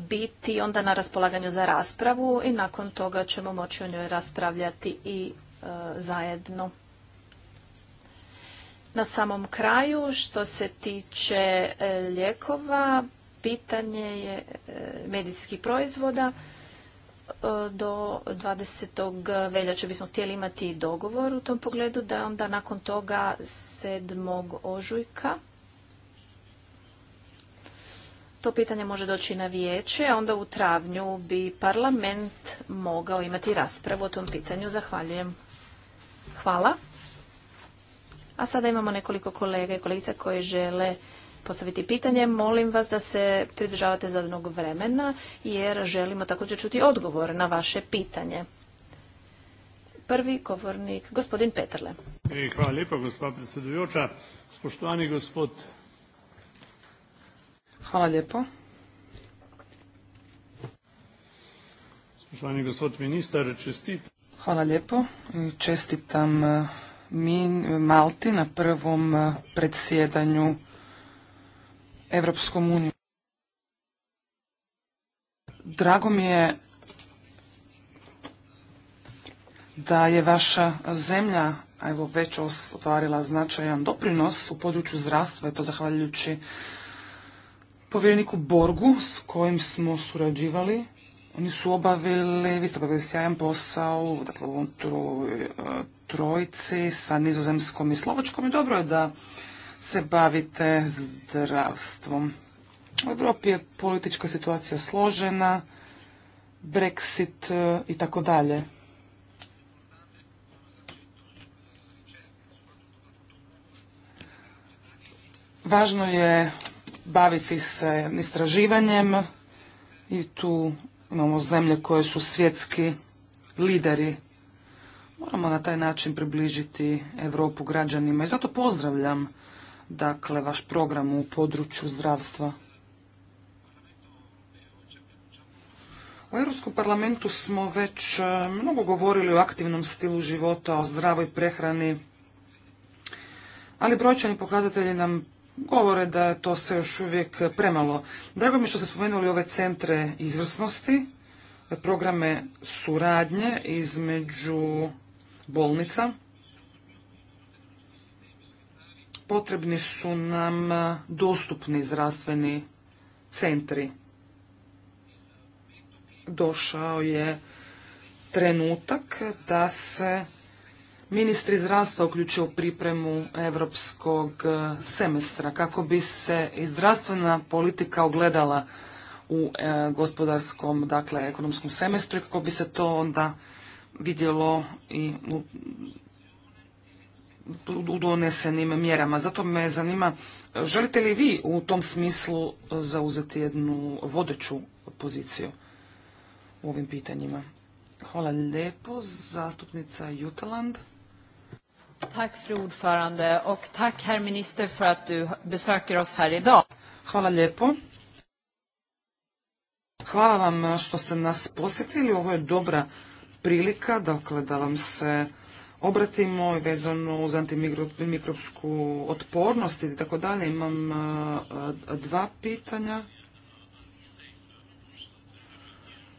biti onda na raspolaganju za raspravu i nakon toga ćemo moći o njoj raspravljati i e, zajedno. Na samom kraju, što se tiče e, lijekova, pitanje je e, medijskih proizvoda. Do 20. veljače bismo htjeli imati dogovor u tom pogledu, da onda nakon toga 7. ožujka to pitanje može doći na vijeće, a onda u travnju bi parlament mogao imati raspravu o tom pitanju. Zahvaljujem. Hvala. A sada imamo nekoliko kolega i kolegica koji žele postaviti pitanje. Molim vas da se pridržavate zadnog vremena jer želimo također čuti odgovor na vaše pitanje. Prvi govornik, gospodin Petrle. E, hvala lijepo, gospod Spoštovani gospod Hvala lijepo. Spoštovani gospod ministar, čestitam. Hvala lijepo. Čestitam eh, Malti na prvom eh, predsjedanju Evropskom uniju. Drago mi je da je vaša zemlja evo, već ostvarila značajan doprinos u području zdravstva je to zahvaljujući povjereniku Borgu s kojim smo surađivali. Oni su obavili, vi ste obavili sjajan posao, dakle, u e, trojci sa nizozemskom i slovačkom i dobro je da se bavite zdravstvom. U Europi je politička situacija složena, Brexit e, i tako dalje. Važno je baviti se istraživanjem i tu imamo zemlje koje su svjetski lideri. Moramo na taj način približiti Europu građanima i zato pozdravljam dakle vaš program u području zdravstva. U Europskom parlamentu smo već e, mnogo govorili o aktivnom stilu života, o zdravoj prehrani, ali brojčani pokazatelji nam govore da to se još uvijek premalo. Drago mi što ste spomenuli ove centre izvrsnosti, programe suradnje između bolnica. Potrebni su nam dostupni zdravstveni centri. Došao je trenutak da se ministri zdravstva uključuju u pripremu europskog e, semestra kako bi se i zdravstvena politika ogledala u e, gospodarskom, dakle ekonomskom semestru i kako bi se to onda vidjelo i u donesenim mjerama. Zato me zanima, želite li vi u tom smislu zauzeti jednu vodeću poziciju u ovim pitanjima? Hvala lijepo, zastupnica Jutaland. Tack fru ordförande och tack herr minister för Hvala lijepo. Hvala vam što ste nas posjetili. Ovo je dobra prilika dakle, da vam se obratimo vezano uz antimikropsku otpornost i tako dalje. Imam e, dva pitanja.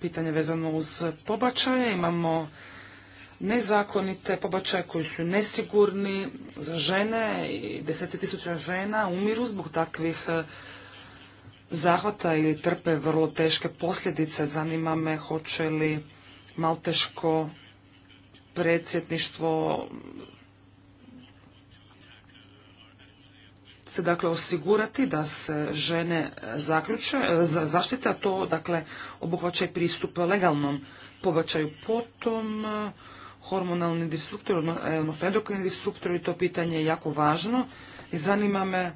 Pitanje vezano uz pobačaje. Imamo nezakonite pobačaje koji su nesigurni za žene i deseti tisuća žena umiru zbog takvih e, zahvata ili trpe vrlo teške posljedice. Zanima me hoće li malteško predsjedništvo se dakle osigurati da se žene zaključe, e, zaštite, a to dakle obuhvaća i pristup legalnom pobačaju. Potom hormonalni destruktori, ono, e, odnosno endokrini i to pitanje je jako važno. I zanima me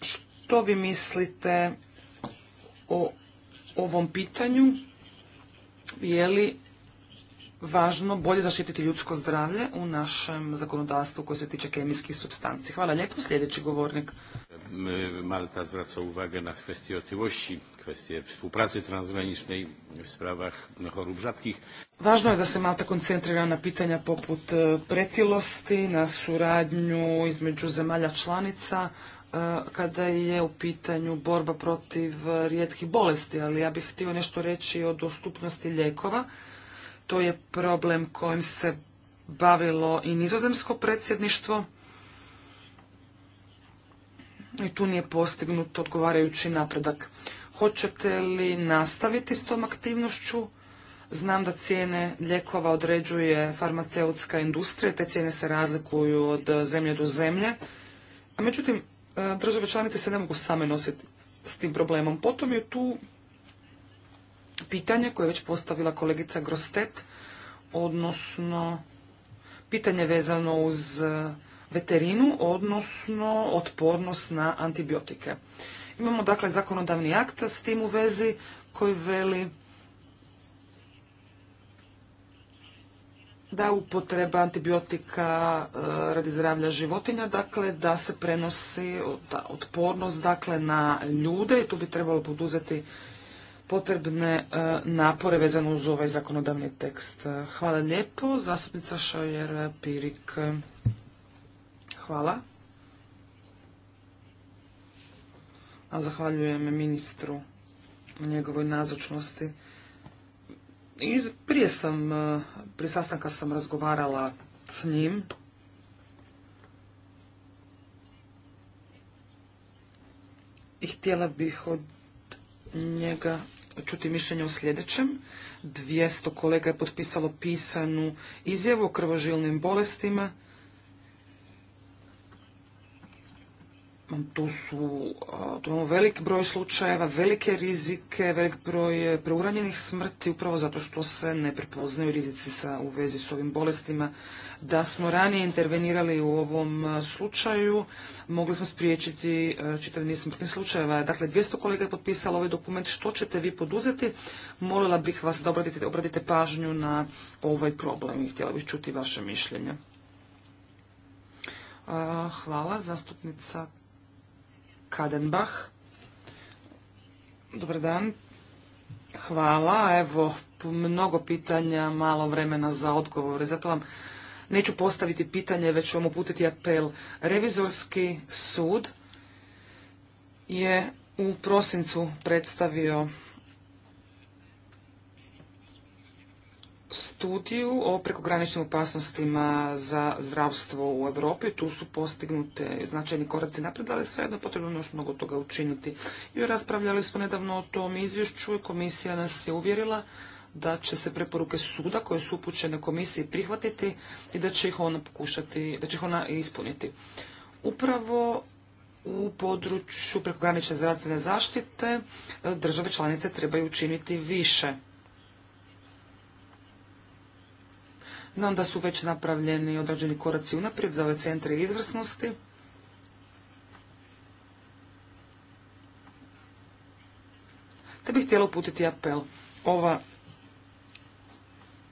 što vi mislite o ovom pitanju, je li važno bolje zaštititi ljudsko zdravlje u našem zakonodavstvu koje se tiče kemijskih substanci. Hvala lijepo. Sljedeći govornik. Malta zvraca uwagę na kwestii otyłości, kwestije współpracy transgranicznej w sprawach chorób rzadkich. Važno je da se Malta koncentrira na pitanja poput e, pretilosti, na suradnju između zemalja članica, e, kada je u pitanju borba protiv e, rijetkih bolesti, ali ja bih htio nešto reći o dostupnosti lijekova. To je problem kojim se bavilo i nizozemsko predsjedništvo. I tu nije postignut odgovarajući napredak. Hoćete li nastaviti s tom aktivnošću? Znam da cijene lijekova određuje farmaceutska industrija, te cijene se razlikuju od zemlje do zemlje. A međutim, e, države članice se ne mogu same nositi s tim problemom. Potom je tu pitanje koje je već postavila kolegica Grostet, odnosno pitanje vezano uz veterinu, odnosno otpornost na antibiotike. Imamo dakle zakonodavni akt s tim u vezi koji veli da upotreba antibiotika e, radi zdravlja životinja, dakle da se prenosi otpornost dakle na ljude i tu bi trebalo poduzeti potrebne e, napore vezano uz ovaj zakonodavni tekst. Hvala lijepo. Zastupnica Šajer Pirik. Hvala. A zahvaljujem ministru njegovoj nazočnosti. I prije sam, e, prije sastanka sam razgovarala s njim. I htjela bih od njega čuti mišljenje o sljedećem. 200 kolega je potpisalo pisanu izjavu o krvožilnim bolestima tu su tu imamo velik broj slučajeva, velike rizike, velik broj e, preuranjenih smrti, upravo zato što se ne prepoznaju rizici sa, u vezi s ovim bolestima. Da smo ranije intervenirali u ovom e, slučaju, mogli smo spriječiti e, čitav niz smrtnih slučajeva. Dakle, 200 kolega je potpisalo ovaj dokument. Što ćete vi poduzeti? Molila bih vas da obradite obradite pažnju na ovaj problem i htjela bih čuti vaše mišljenje. Hvala, zastupnica Kadenbach. Dobar dan. Hvala. Evo, mnogo pitanja, malo vremena za odgovore. Zato vam neću postaviti pitanje, već ću vam uputiti apel. Revizorski sud je u prosincu predstavio studiju o prekograničnim opasnostima za zdravstvo u Europi. Tu su postignute značajni koraci napred, ali svejedno potrebno još mnogo toga učiniti. I raspravljali smo nedavno o tom izvješću i komisija nas je uvjerila da će se preporuke suda koje su upućene komisiji prihvatiti i da će ih ona pokušati, da će ih ona ispuniti. Upravo u području prekogranične zdravstvene zaštite e, države članice trebaju učiniti više. Znam da su već napravljeni određeni koraci unaprijed za ove centre izvrsnosti. Te bih htjela uputiti apel. Ova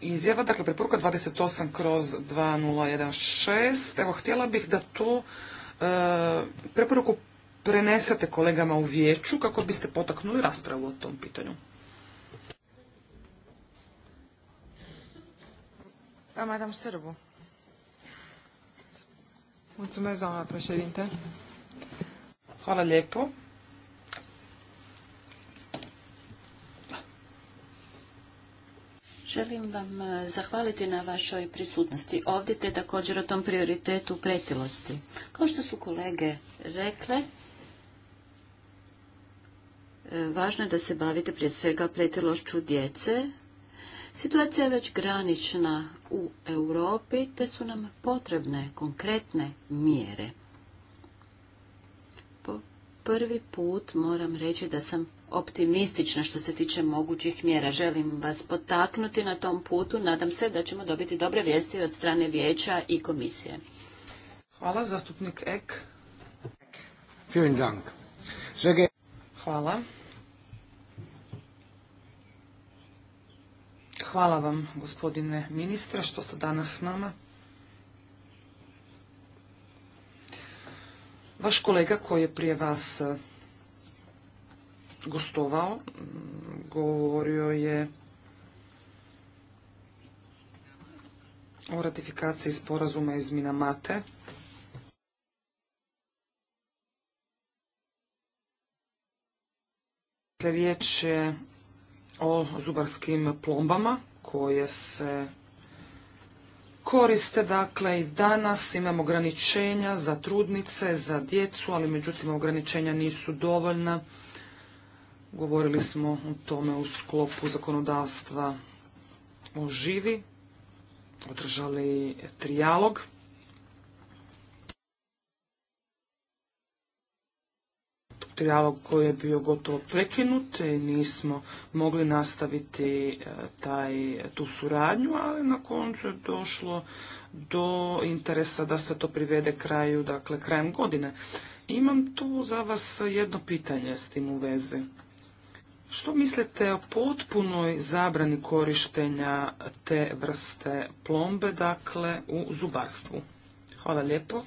izjava, dakle preporuka 28 kroz 2016, evo htjela bih da to e, preporuku prenesete kolegama u vijeću kako biste potaknuli raspravu o tom pitanju. Srbu. Hvala lijepo. Želim vam e, zahvaliti na vašoj prisutnosti ovdje te također o tom prioritetu pretilosti. Kao što su kolege rekle, e, važno je da se bavite prije svega pretilošću djece. Situacija je već granična u Europi, te su nam potrebne konkretne mjere. Po prvi put moram reći da sam optimistična što se tiče mogućih mjera. Želim vas potaknuti na tom putu. Nadam se da ćemo dobiti dobre vijesti od strane vijeća i komisije. Hvala, zastupnik Ek. Hvala. Hvala vam, gospodine ministre, što ste danas s nama. Vaš kolega koji je prije vas e, gostovao, mm, govorio je o ratifikaciji sporazuma iz Minamate. Dakle, riječ je o zubarskim plombama koje se koriste dakle i danas imamo ograničenja za trudnice, za djecu, ali međutim ograničenja nisu dovoljna. Govorili smo o tome u sklopu zakonodavstva o živi, održali trijalog. trijalog koji je bio gotovo prekinut i nismo mogli nastaviti e, taj, tu suradnju, ali na koncu je došlo do interesa da se to privede kraju, dakle krajem godine. Imam tu za vas jedno pitanje s tim u vezi. Što mislite o potpunoj zabrani korištenja te vrste plombe, dakle, u zubarstvu? Hvala lijepo.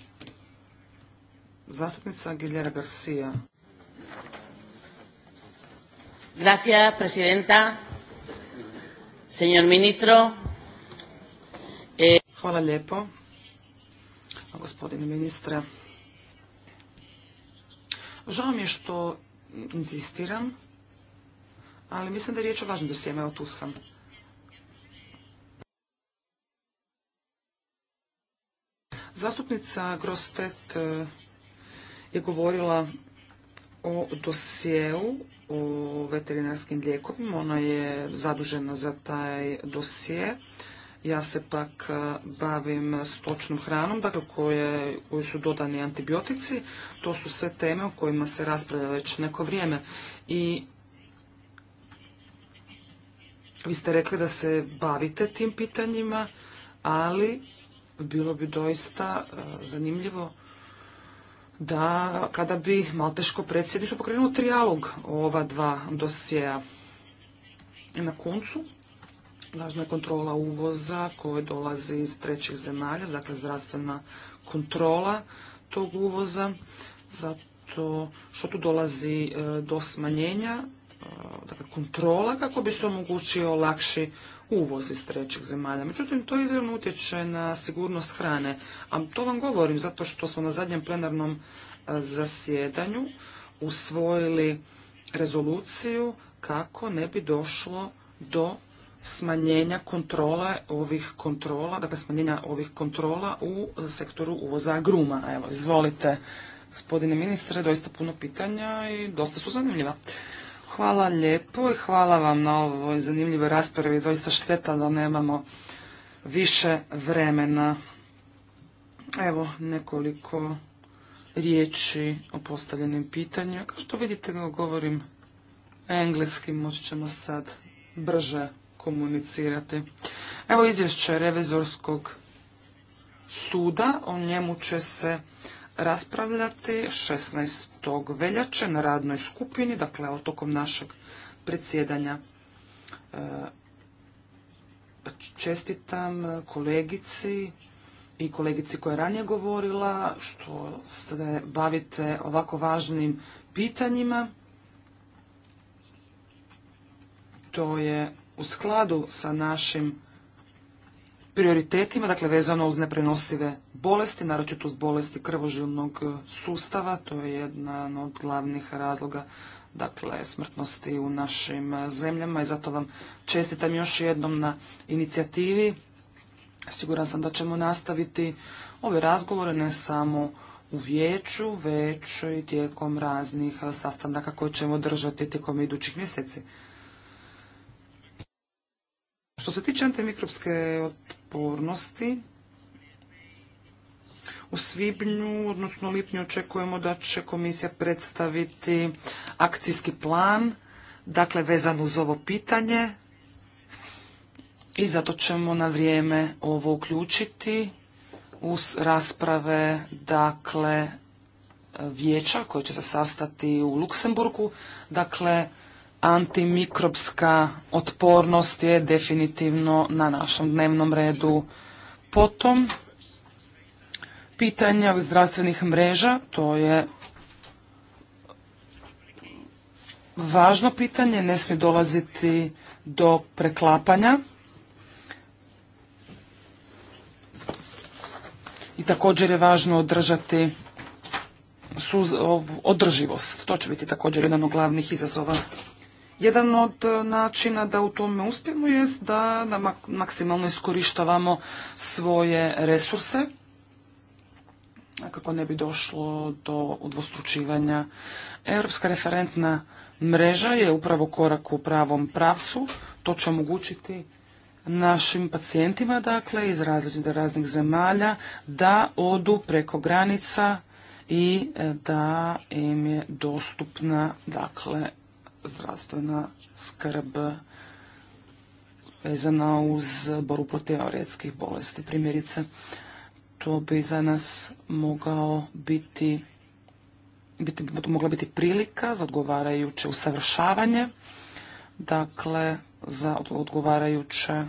Zastupnica Giljera Garcia. Gracias, presidenta. Señor ministro. E... Hvala lijepo, gospodine ministre. Žao mi je što inzistiram, ali mislim da je riječ o važnom dosijema, evo tu sam. Zastupnica Grostet eh, je govorila o dosjeu o veterinarskim lijekovima. Ona je zadužena za taj dosje. Ja se pak e, bavim stočnom hranom, dakle koje, koji su dodani antibiotici. To su sve teme o kojima se raspravlja već neko vrijeme. I vi ste rekli da se bavite tim pitanjima, ali bilo bi doista e, zanimljivo da kada bi Malteško predsjedništvo pokrenuo trijalog ova dva dosjeja. I na koncu, važna je kontrola uvoza koji dolazi iz trećih zemalja, dakle zdravstvena kontrola tog uvoza, zato što tu dolazi e, do smanjenja, e, dakle kontrola kako bi se omogućio lakši uvoz iz trećih zemalja. Međutim, to izravno utječe na sigurnost hrane. A to vam govorim zato što smo na zadnjem plenarnom e, zasjedanju usvojili rezoluciju kako ne bi došlo do smanjenja kontrole ovih kontrola, dakle smanjenja ovih kontrola u sektoru uvoza gruma. Evo, izvolite, gospodine ministre, doista puno pitanja i dosta su zanimljiva. Hvala lijepo i hvala vam na ovoj zanimljivoj raspravi. Doista šteta da nemamo više vremena. Evo nekoliko riječi o postavljenim pitanjima. Kao što vidite, govorim engleski, moći ćemo sad brže komunicirati. Evo izvješće revizorskog suda, o njemu će se raspravljati 16. veljače na radnoj skupini, dakle tokom našeg predsjedanja. E, čestitam kolegici i kolegici koja je ranije govorila što se bavite ovako važnim pitanjima. To je u skladu sa našim prioritetima, dakle vezano uz neprenosive bolesti, naročito uz bolesti krvožilnog e, sustava, to je jedan od glavnih razloga dakle smrtnosti u našim e, zemljama i zato vam čestitam još jednom na inicijativi. Siguran sam da ćemo nastaviti ove razgovore ne samo u vijeću, već i tijekom raznih e, sastanaka koje ćemo držati tijekom idućih mjeseci. Što se tiče antimikropske otpornosti, u svibnju, odnosno lipnju, očekujemo da će komisija predstaviti akcijski plan, dakle vezan uz ovo pitanje i zato ćemo na vrijeme ovo uključiti uz rasprave, dakle, vijeća koje će se sastati u Luksemburgu. Dakle, antimikropska otpornost je definitivno na našem dnevnom redu. Potom, pitanje zdravstvenih mreža, to je važno pitanje, ne smije dolaziti do preklapanja. I također je važno održati održivost. To će biti također jedan od glavnih izazova jedan od e, načina da u tome uspijemo jest da, maksimalno iskorištavamo svoje resurse kako ne bi došlo do udvostručivanja. Europska referentna mreža je upravo korak u pravom pravcu. To će omogućiti našim pacijentima, dakle, iz različitih raznih zemalja, da odu preko granica i e, da im je dostupna, dakle, zdravstvena skrb vezana uz boru protiv bolesti. Primjerice, to bi za nas mogao biti, biti, mogla biti prilika za odgovarajuće usavršavanje, dakle za odgovarajuće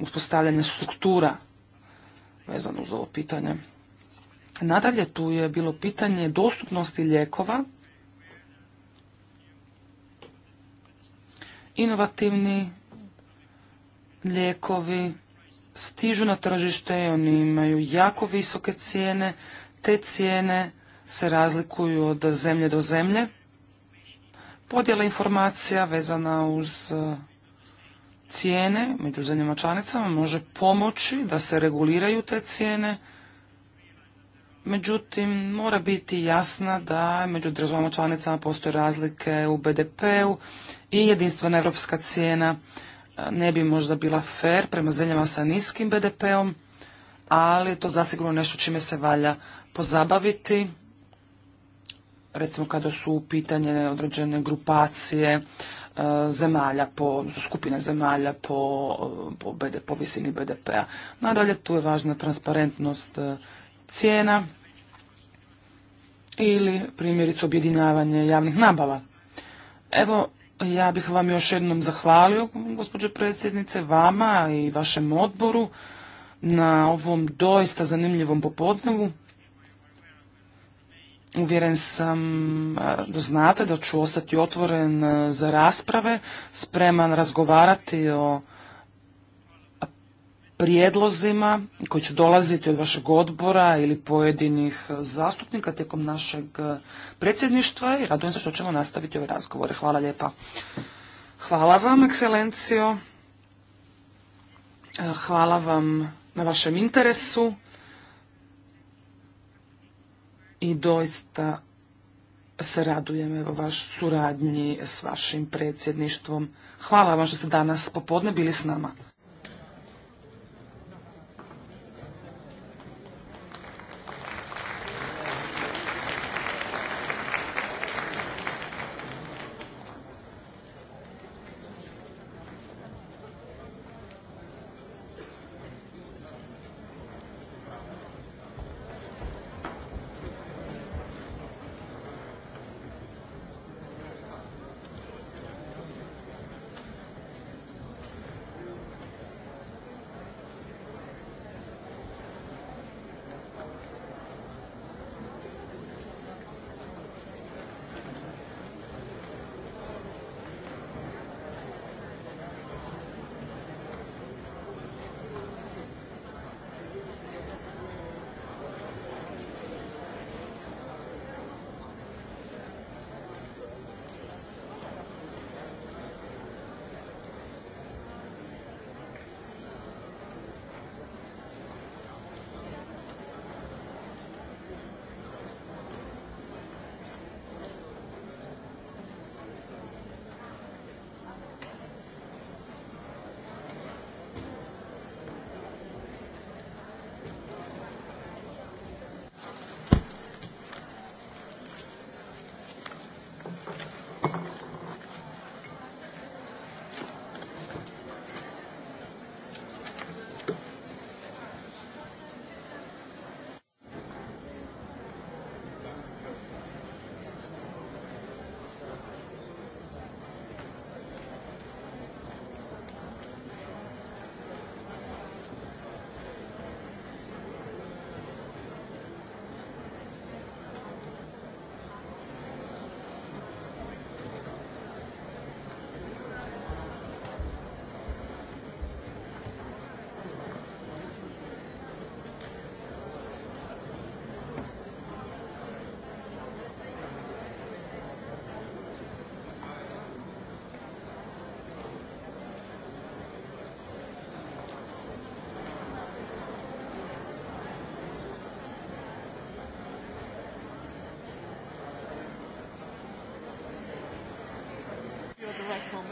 uspostavljanje struktura vezano uz ovo pitanje. Nadalje tu je bilo pitanje dostupnosti lijekova inovativni lijekovi stižu na tržište i oni imaju jako visoke cijene. Te cijene se razlikuju od zemlje do zemlje. Podjela informacija vezana uz e, cijene među zemljama članicama može pomoći da se reguliraju te cijene Međutim, mora biti jasna da među državama članicama postoje razlike u BDP-u i jedinstvena evropska cijena e, ne bi možda bila fair prema zemljama sa niskim BDP-om, ali to zasigurno nešto čime se valja pozabaviti, recimo kada su u pitanje određene grupacije e, zemalja po, skupine zemalja po, e, po visini BDP-a. Nadalje, tu je važna transparentnost cijena ili primjerice objedinjavanje javnih nabava. Evo, ja bih vam još jednom zahvalio, gospođo predsjednice, vama i vašem odboru na ovom doista zanimljivom popodnevu. Uvjeren sam da znate da ću ostati otvoren za rasprave, spreman razgovarati o prijedlozima koji će dolaziti od vašeg odbora ili pojedinih zastupnika tijekom našeg e, predsjedništva i radujem se što ćemo nastaviti ove razgovore. Hvala lijepa. Hvala vam, ekscelencijo. E, hvala vam na vašem interesu i doista se radujem evo vaš suradnji s vašim predsjedništvom. Hvala vam što ste danas popodne bili s nama.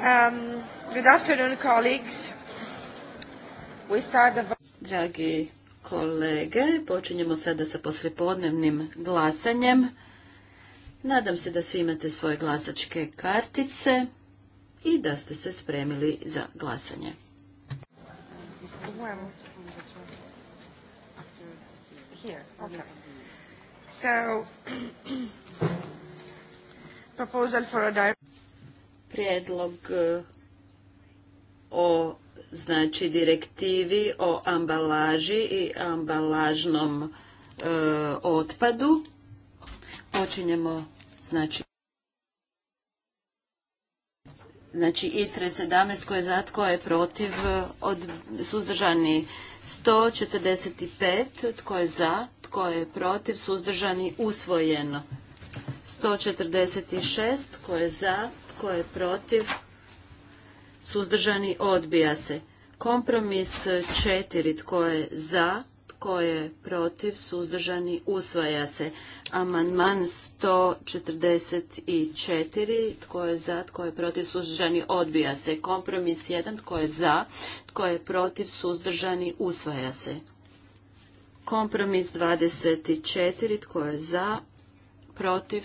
Um, good afternoon, colleagues. Dragi kolege, počinjemo sada sa poslijepodnevnim glasanjem. Nadam se da svi imate svoje glasačke kartice i da ste se spremili za glasanje. Okay. <clears throat> prijedlog e, o znači direktivi o ambalaži i ambalažnom e, otpadu. Počinjemo znači znači ITRE 17 koje je za, tko je protiv, e, od, suzdržani 145, tko je za, tko je protiv, suzdržani usvojeno. 146, tko je za, tko je protiv? Suzdržani odbija se. Kompromis četiri Tko je za? Tko je protiv? Suzdržani usvaja se. Amandman 144. Tko je za? Tko je protiv? Suzdržani odbija se. Kompromis jedan Tko je za? Tko je protiv? Suzdržani usvaja se. Kompromis 24. Tko je za? Protiv?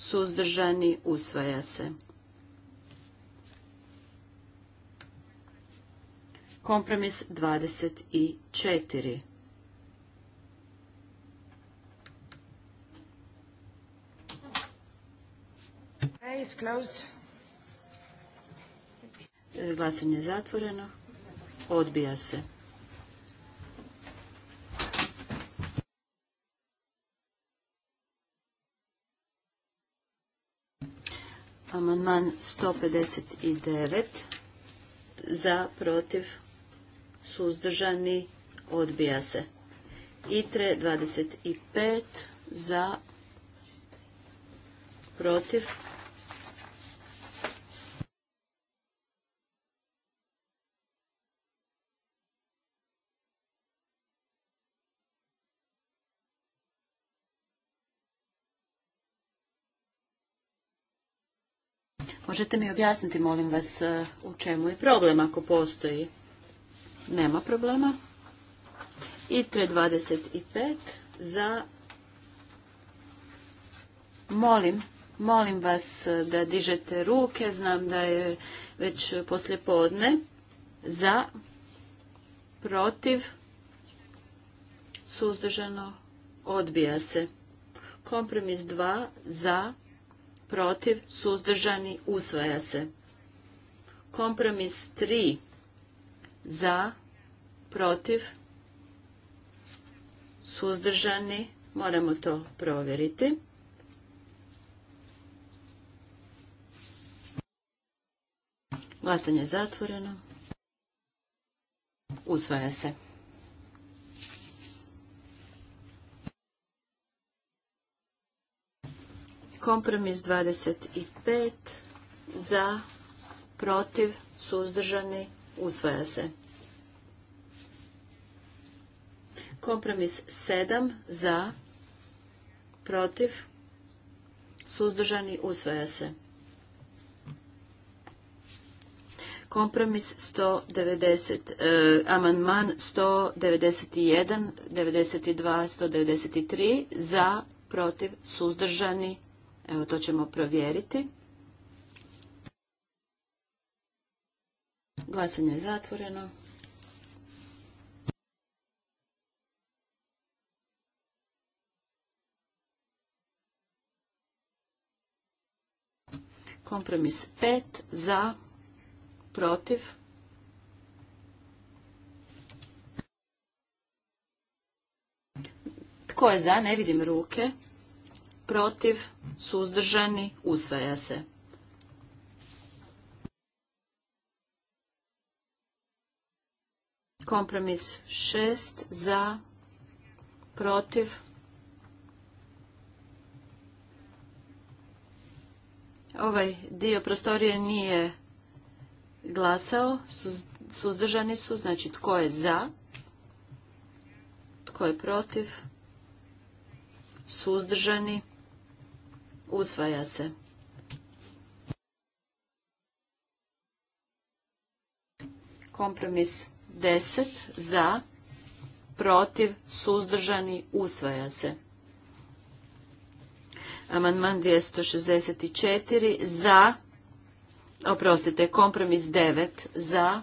suzdržani, usvaja se. Kompromis 24. Is Glasanje je zatvoreno. Odbija se. Amandman 159 za, protiv, suzdržani, odbija se. ITRE 25 za, protiv, Možete mi objasniti, molim vas, e, u čemu je problem ako postoji? Nema problema. I 325 za... Molim, molim vas e, da dižete ruke, znam da je već poslje podne. Za, protiv, suzdržano, odbija se. Kompromis 2 za, protiv, suzdržani, usvaja se. Kompromis 3 za, protiv, suzdržani, moramo to provjeriti. Glasanje je zatvoreno. Usvaja se. Kompromis 25 za, protiv, suzdržani, usvaja se. Kompromis 7 za, protiv, suzdržani, usvaja se. Kompromis 190, amanman 191, 92, 193 za, protiv, suzdržani, Evo, to ćemo provjeriti. Glasanje je zatvoreno. Kompromis 5 za, protiv. Tko je za? Ne vidim ruke protiv, suzdržani, usvaja se. Kompromis šest, za, protiv, ovaj dio prostorije nije glasao, suzdržani su, znači tko je za, tko je protiv, suzdržani, Usvaja se. Kompromis 10 za, protiv, suzdržani, usvaja se. Amandman 264 za, oprostite, kompromis 9 za,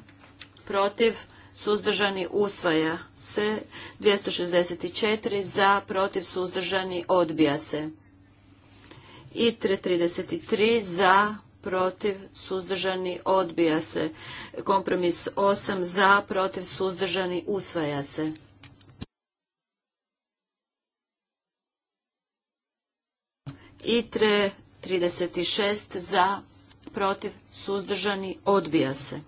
protiv, suzdržani, usvaja se. 264 za, protiv, suzdržani, odbija se. ITRE 33 za, protiv, suzdržani, odbija se. Kompromis 8 za, protiv, suzdržani, usvaja se. ITRE 36 za, protiv, suzdržani, odbija se.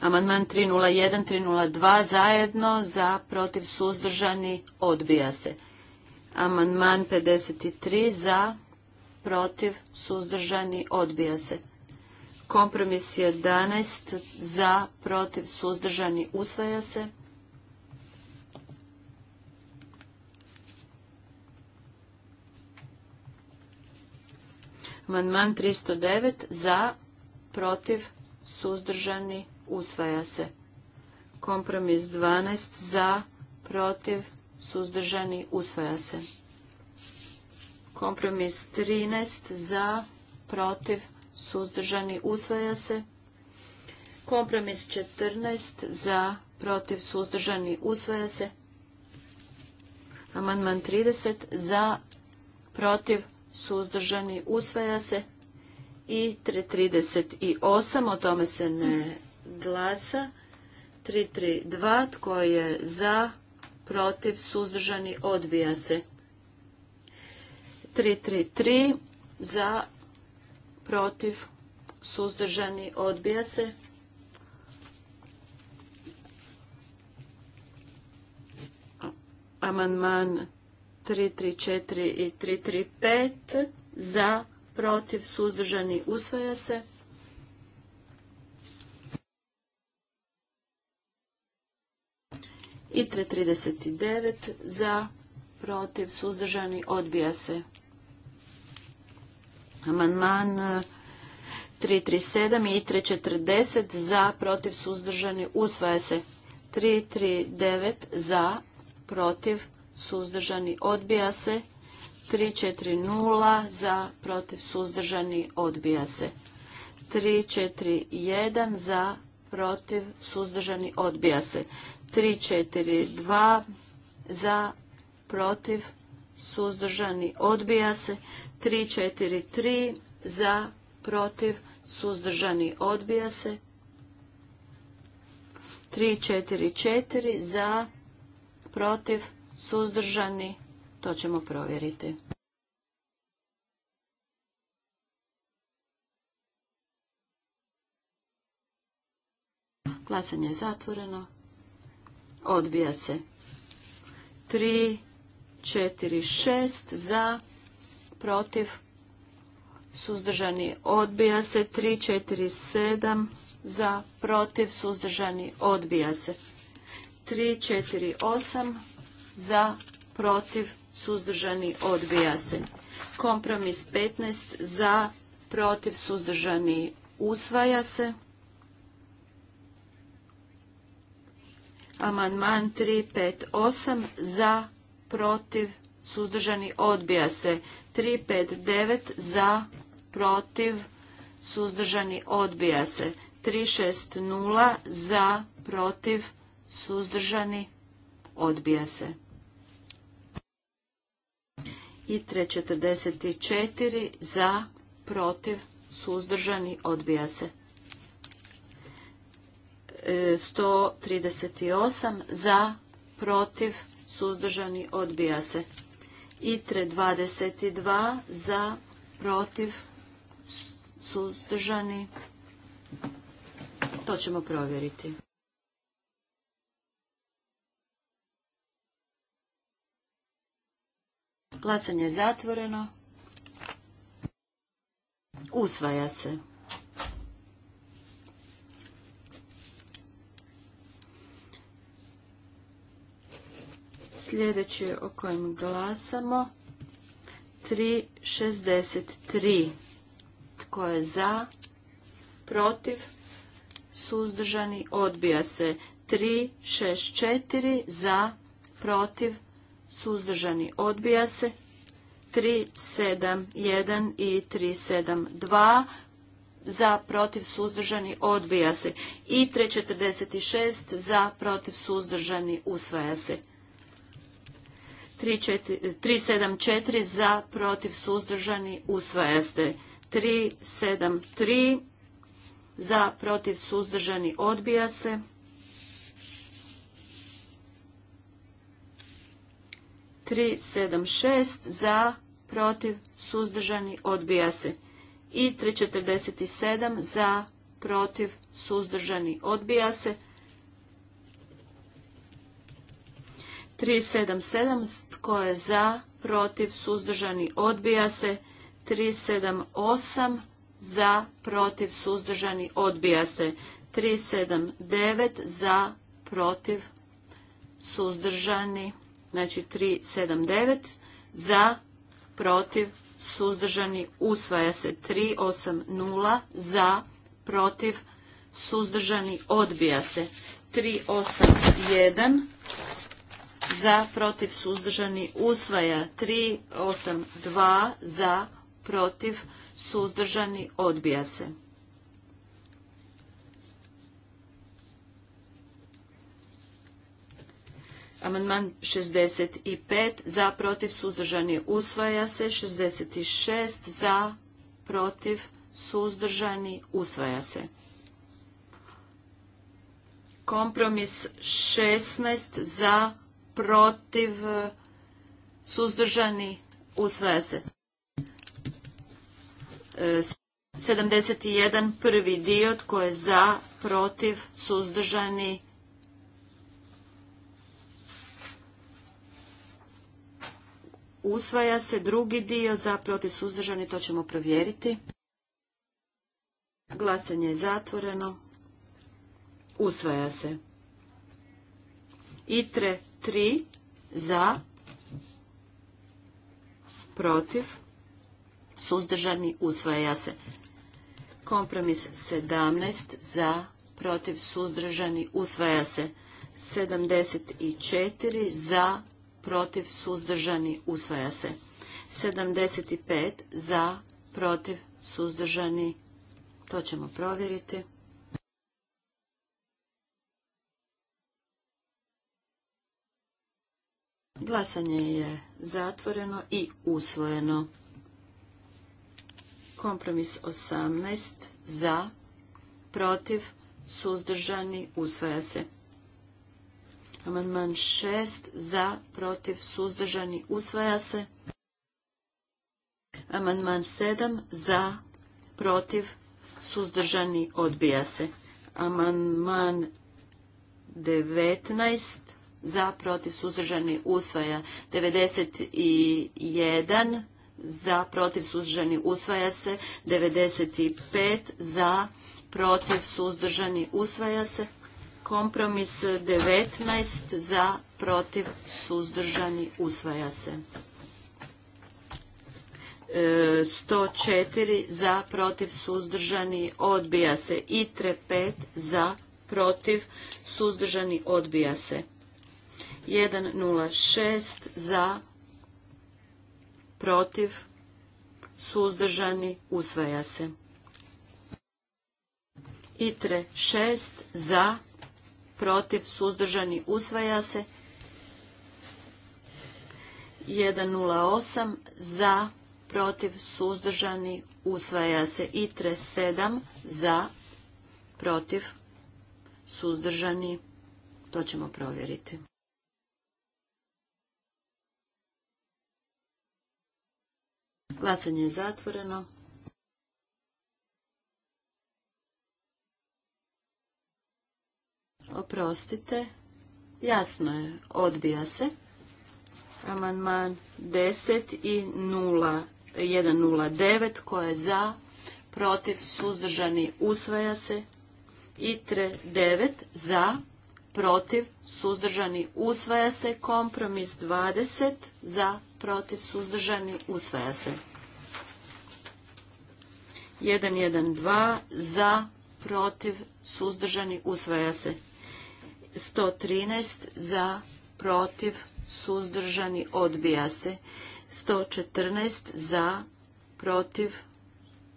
Amandman 301, 302 zajedno za protiv suzdržani odbija se. Amandman 53 za protiv suzdržani odbija se. Kompromis 11 za protiv suzdržani usvaja se. Amandman 309 za protiv suzdržani usvaja se. Kompromis 12 za, protiv, suzdržani, usvaja se. Kompromis 13 za, protiv, suzdržani, usvaja se. Kompromis 14 za, protiv, suzdržani, usvaja se. Amandman 30 za, protiv, suzdržani, usvaja se. I 38, o tome se ne glasa. 332. Tko je za? Protiv? Suzdržani? Odbija se. 333. Za? Protiv? Suzdržani? Odbija se. Amandman 334 i 335. Za? Protiv? Suzdržani? Usvaja se. ITRE 39 za, protiv, suzdržani, odbija se. Amandman 337 e, i ITRE 40 za, protiv, suzdržani, usvaja se. 339 za, protiv, suzdržani, odbija se. 340 za, protiv, suzdržani, odbija se. 341 za, protiv, suzdržani, odbija se. 3, 4, 2, za, protiv, suzdržani, odbija se. 3, 4, 3, za, protiv, suzdržani, odbija se. 3, 4, 4, za, protiv, suzdržani, to ćemo provjeriti. Glasanje je zatvoreno odbija se. 3, 4, 6 za, protiv, suzdržani, odbija se. 3, 4, 7 za, protiv, suzdržani, odbija se. 3, 4, 8 za, protiv, suzdržani, odbija se. Kompromis 15 za, protiv, suzdržani, usvaja se. Amandman 358 za, protiv, suzdržani, odbija se. 359 za, protiv, suzdržani, odbija se. 360 za, protiv, suzdržani, odbija se. I 344 za, protiv, suzdržani, odbija se. 138 za, protiv, suzdržani, odbija se. ITRE 22 za, protiv, suzdržani, to ćemo provjeriti. Glasanje je zatvoreno. Usvaja se. sljedeći o kojem glasamo 363 tko je za protiv suzdržani odbija se 364 za protiv suzdržani odbija se 371 i 372 za protiv suzdržani odbija se i 346 za protiv suzdržani usvaja se 374 za, protiv, suzdržani, usvaja se. 373 za, protiv, suzdržani, odbija se. 376 za, protiv, suzdržani, odbija se. I 347 za, protiv, suzdržani, odbija se. 377 tko je za, protiv, suzdržani, odbija se. 378 za, protiv, suzdržani, odbija se. 379 za, protiv, suzdržani, znači 379 za, protiv, suzdržani, usvaja se 380 za, protiv, suzdržani, odbija se 381 za, protiv, suzdržani, usvaja. 2, za, protiv, suzdržani, odbija se. Amandman 65 za, protiv, suzdržani, usvaja se. 66 za, protiv, suzdržani, usvaja se. Kompromis 16 za, protiv, e, suzdržani, usvaja se. 71. E, prvi dio tko je za, protiv, suzdržani, usvaja se. Drugi dio za, protiv, suzdržani, to ćemo provjeriti. Glasanje je zatvoreno. Usvaja se. ITRE 3 za, protiv, suzdržani, usvaja se. Kompromis 17 za, protiv, suzdržani, usvaja se. 74 za, protiv, suzdržani, usvaja se. 75 za, protiv, suzdržani, to ćemo provjeriti. Glasanje je zatvoreno i usvojeno. Kompromis 18 za, protiv, suzdržani, usvaja se. Amandman 6 za, protiv, suzdržani, usvaja se. Amandman 7 za, protiv, suzdržani, odbija se. Amandman 19 za, protiv, suzdržani, usvaja. 91 za, protiv, suzdržani, usvaja se. 95 za, protiv, suzdržani, usvaja se. Kompromis 19 za, protiv, suzdržani, usvaja se. 104 e, za, protiv, suzdržani, odbija se. tre pet za, protiv, suzdržani, odbija se. 106 za, protiv, suzdržani, usvaja se. i ITRE 6 za, protiv, suzdržani, usvaja se. 108 za, protiv, suzdržani, usvaja se. i ITRE 7 za, protiv, suzdržani, to ćemo provjeriti. Glasanje je zatvoreno. Oprostite. Jasno je, odbija se. Amandman 10 i 0, 109 koje je za, protiv, suzdržani, usvaja se. I 3, 9 za, protiv, suzdržani, usvaja se. Kompromis 20 za, protiv, suzdržani, usvaja se. 112 za, protiv, suzdržani, usvaja se. 113 za, protiv, suzdržani, odbija se. 114 za, protiv,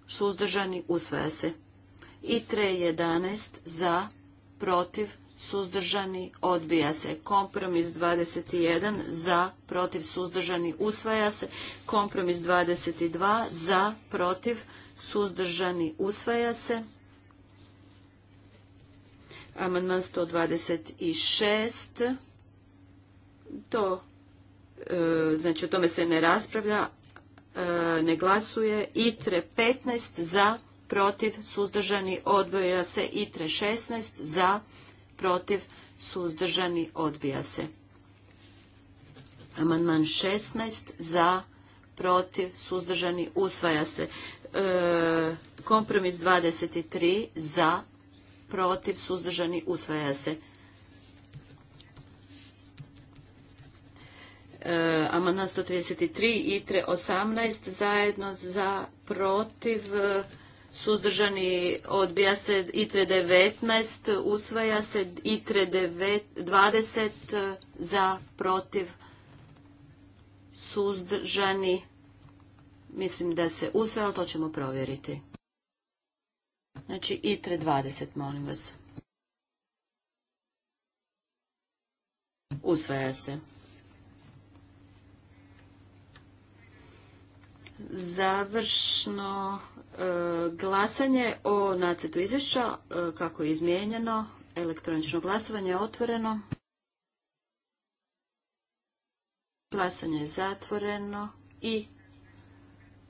suzdržani, usvaja se. I 311 za, protiv, suzdržani, odbija se. Kompromis 21 za, protiv, suzdržani, usvaja se. Kompromis 22 za, protiv, suzdržani, usvaja se. Amandman 126. To, e, znači o tome se ne raspravlja, e, ne glasuje. ITRE 15 za, protiv, suzdržani, odbija se. ITRE 16 za, protiv, suzdržani, odbija se. Amandman 16 za, protiv, suzdržani, usvaja se. E, kompromis 23 za, protiv, suzdržani, usvaja se. E, sto Amandman 133 Itre 18 zajedno za, protiv, suzdržani odbija se ITRE 19, usvaja se i 3.20 za protiv suzdržani. Mislim da se usvaja, ali to ćemo provjeriti. Znači i 20, molim vas. Usvaja se. Završno E, glasanje o nacrtu izvješća e, kako je izmijenjeno. Elektronično glasovanje je otvoreno. Glasanje je zatvoreno i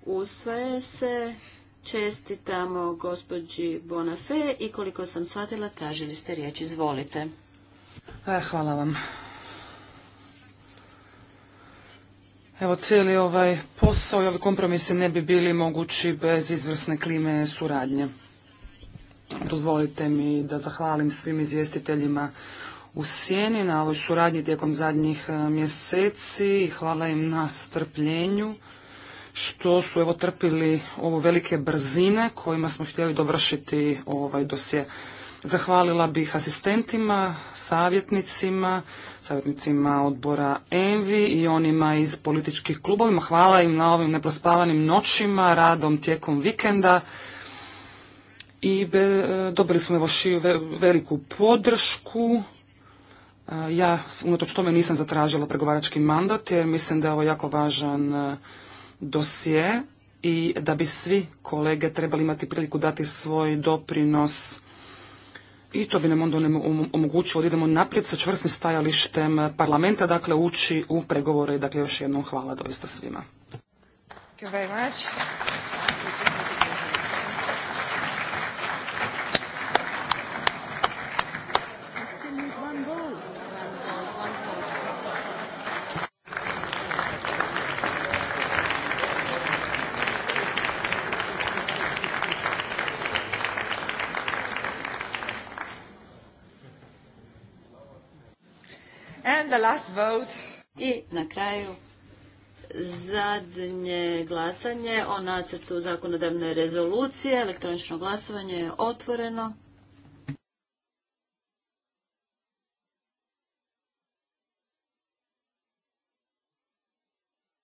usvaje se. Čestitamo gospođi Bonafe i koliko sam shvatila tražili ste riječ. Izvolite. E, hvala vam. Evo cijeli ovaj posao i ovi kompromisi ne bi bili mogući bez izvrsne klime suradnje. Dozvolite mi da zahvalim svim izvjestiteljima u sjeni na ovoj suradnji tijekom zadnjih e, mjeseci i hvala im na strpljenju što su evo trpili ovo velike brzine kojima smo htjeli dovršiti ovaj dosje. Zahvalila bih asistentima, savjetnicima, savjetnicima odbora ENVI i onima iz političkih klubovima. Hvala im na ovim neprospavanim noćima, radom tijekom vikenda. I be, e, dobili smo evo veliku podršku. E, ja unatoč tome nisam zatražila pregovarački mandat jer mislim da je ovo jako važan e, dosje i da bi svi kolege trebali imati priliku dati svoj doprinos i to bi nam onda omogućilo da idemo naprijed sa čvrstim stajalištem parlamenta, dakle ući u pregovore. Dakle, još jednom hvala doista svima. the last vote. I na kraju zadnje glasanje o nacrtu zakonodavne rezolucije. Elektronično glasovanje je otvoreno.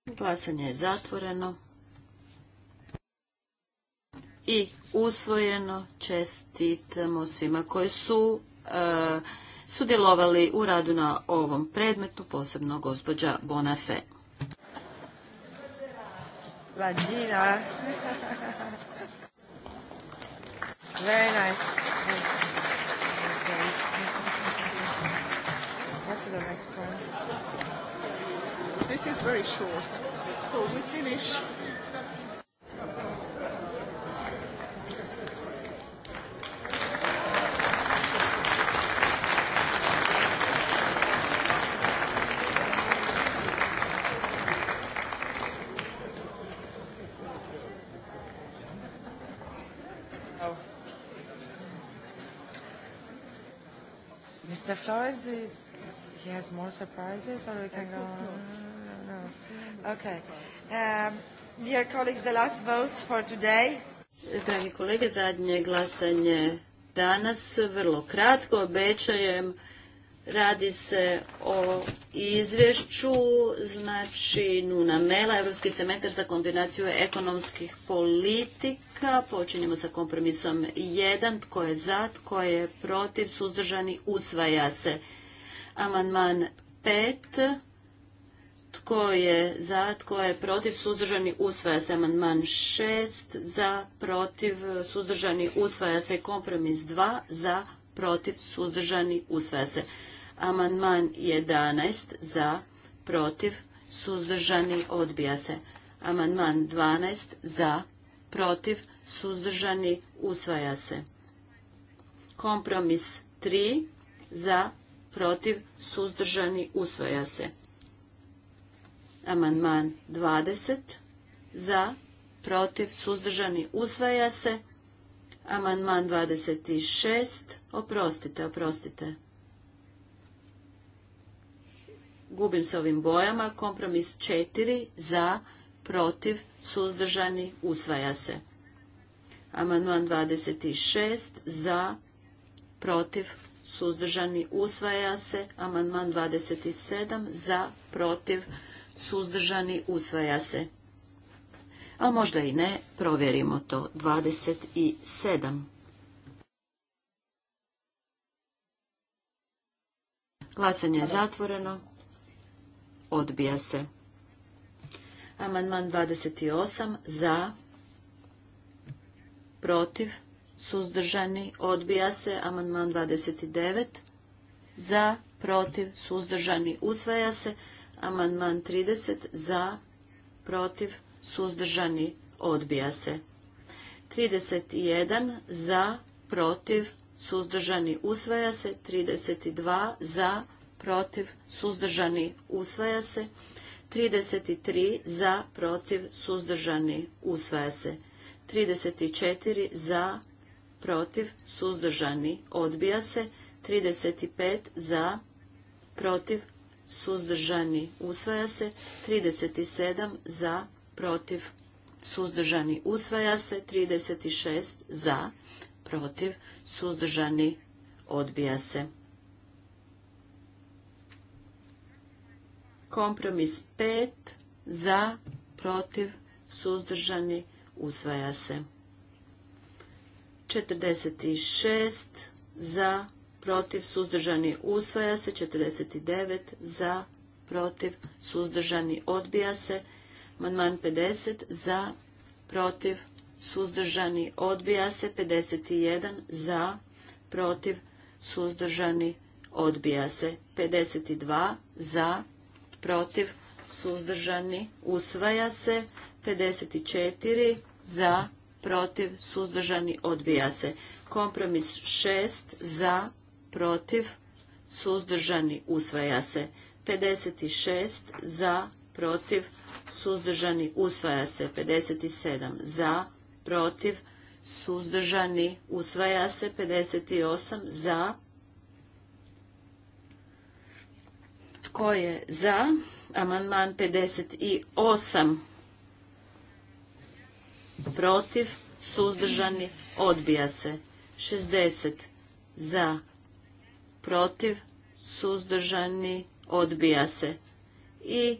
Glasanje je zatvoreno i usvojeno. Čestitamo svima koji su eh, sudjelovali u radu na ovom predmetu, posebno gospođa Bonafe. La Very nice. What's the next one? This is very short. So we finish. Doris, he has more surprises, or we can go on? No. Okay. Um, dear colleagues, the last vote for today. Dragi kolege, zadnje glasanje danas, vrlo kratko, obećajem Radi se o izvješću, znači Nuna Mela, Europski semetar za koordinaciju ekonomskih politika. Počinjemo sa kompromisom 1. Tko je za, tko je protiv, suzdržani, usvaja se. Amandman 5. Tko je za, tko je protiv, suzdržani, usvaja se. Amandman 6. Za, protiv, suzdržani, usvaja se. Kompromis 2. Za, protiv, suzdržani, usvaja se. Amandman 11 za, protiv, suzdržani, odbija se. Amandman 12 za, protiv, suzdržani, usvaja se. Kompromis 3 za, protiv, suzdržani, usvaja se. Amandman 20 za, protiv, suzdržani, usvaja se. Amandman 26, oprostite, oprostite. gubim se ovim bojama. Kompromis 4 za, protiv, suzdržani, usvaja se. Amandman 26 za, protiv, suzdržani, usvaja se. Amandman 27 za, protiv, suzdržani, usvaja se. A možda i ne, provjerimo to. 27. Glasanje je zatvoreno odbija se. Amandman 28 za, protiv, suzdržani, odbija se. Amandman 29 za, protiv, suzdržani, usvaja se. Amandman 30 za, protiv, suzdržani, odbija se. 31 za, protiv, suzdržani, usvaja se. 32 za, protiv, suzdržani, usvaja se. 33 za, protiv, suzdržani, usvaja se. 34 za, protiv, suzdržani, odbija se. 35 za, protiv, suzdržani, usvaja se. 37 za, protiv, suzdržani, usvaja se. 36 za, protiv, suzdržani, odbija se. Kompromis 5 za, protiv, suzdržani, usvaja se. 46 za, protiv, suzdržani, usvaja se. 49 za, protiv, suzdržani, odbija se. Manman 50 za, protiv, suzdržani, odbija se. 51 za, protiv, suzdržani, odbija se. 52 za, protiv, suzdržani, usvaja se. 54 za, protiv, suzdržani, odbija se. Kompromis 6 za, protiv, suzdržani, usvaja se. 56 za, protiv, suzdržani, usvaja se. 57 za, protiv, suzdržani, usvaja se. 58 za, Tko je za? Amandman 58. Protiv. Suzdržani. Odbija se. 60. Za. Protiv. Suzdržani. Odbija se. I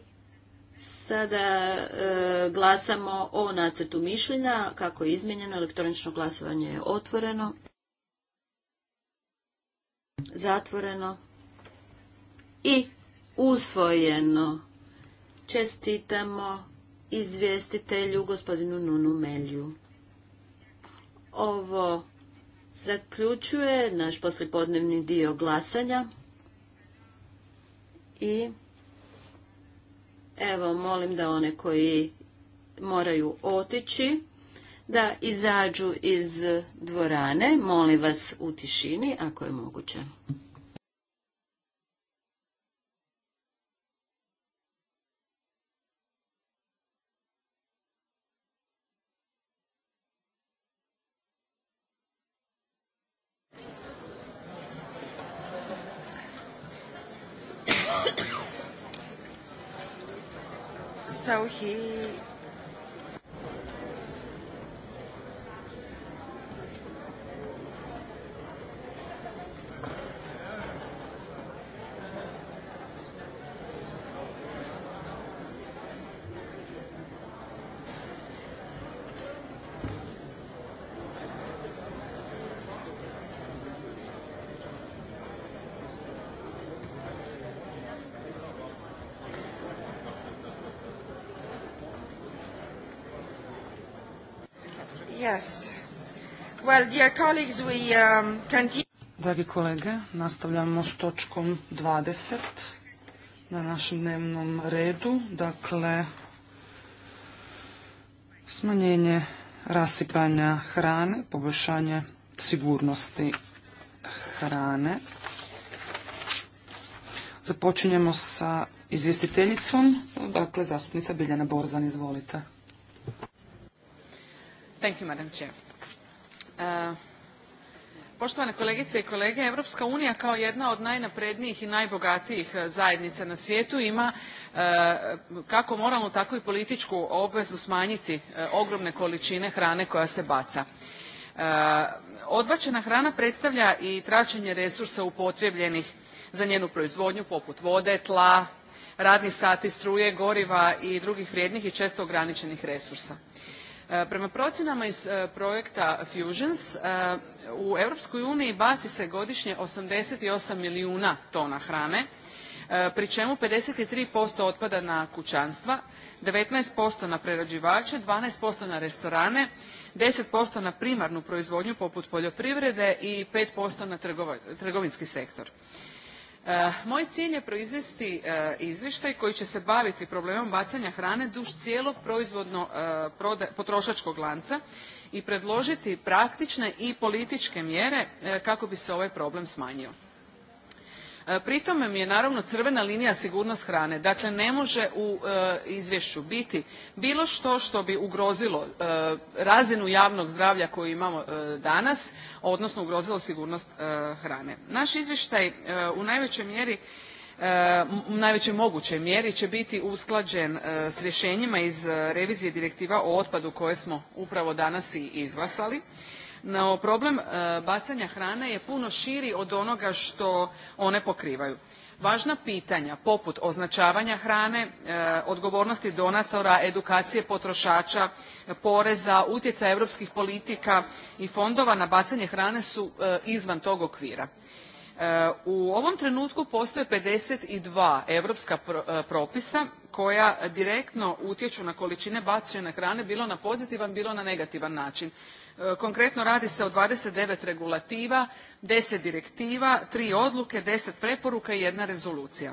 sada e, glasamo o nacrtu mišljenja. Kako je izmijenjeno, elektronično glasovanje je otvoreno. Zatvoreno. I usvojeno. Čestitamo izvjestitelju gospodinu Nunu Melju. Ovo zaključuje naš poslipodnevni dio glasanja i evo molim da one koji moraju otići da izađu iz dvorane, molim vas u tišini ako je moguće. so he Yes. Well, um, Dragi kolege, nastavljamo s točkom 20 na našem dnevnom redu. Dakle, smanjenje rasipanja hrane, poboljšanje sigurnosti hrane. Započinjemo sa izvjestiteljicom, dakle zastupnica Biljana Borzan, izvolite. Uh, poštovane kolegice i kolege, Europska unija kao jedna od najnaprednijih i najbogatijih uh, zajednica na svijetu ima uh, kako moralnu, tako i političku obvezu smanjiti ogromne količine hrane koja se baca. Odbačena hrana predstavlja i tračenje resursa upotrijebljenih za njenu proizvodnju poput vode, tla, radnih sati, struje, goriva i drugih vrijednih i često ograničenih resursa. E, prema procjenama iz e, projekta Fusions e, u Europskoj uniji baci se godišnje 88 milijuna tona hrane, pri čemu 53% otpada na kućanstva, 19% na prerađivače, 12% na restorane, 10% na primarnu proizvodnju poput poljoprivrede i 5% na trgovinski sektor. E, moj cilj je proizvesti e, izvještaj koji će se baviti problemom bacanja hrane duž cijelog proizvodno e, potrošačkog lanca i predložiti praktične i političke mjere kako bi se ovaj problem smanjio. E, pri tome mi je naravno crvena linija sigurnost hrane. Dakle, ne može u e, izvješću biti bilo što što bi ugrozilo e, razinu javnog zdravlja koju imamo danas, odnosno ugrozilo sigurnost hrane. Naš izvještaj u najvećoj mjeri u najvećoj mogućoj mjeri će biti usklađen s rješenjima iz revizije direktiva o otpadu koje smo upravo danas i izglasali no problem e, bacanja hrane je puno širi od onoga što one pokrivaju. Važna pitanja poput označavanja hrane, e, odgovornosti donatora, edukacije potrošača, poreza, utjeca europskih politika i fondova na bacanje hrane su e, izvan tog okvira. U ovom trenutku postoje 52 europska propisa koja direktno utječu na količine bačene hrane bilo na pozitivan, bilo na negativan način. E, konkretno radi se o 29 regulativa, 10 direktiva, 3 odluke, 10 preporuka i jedna rezolucija.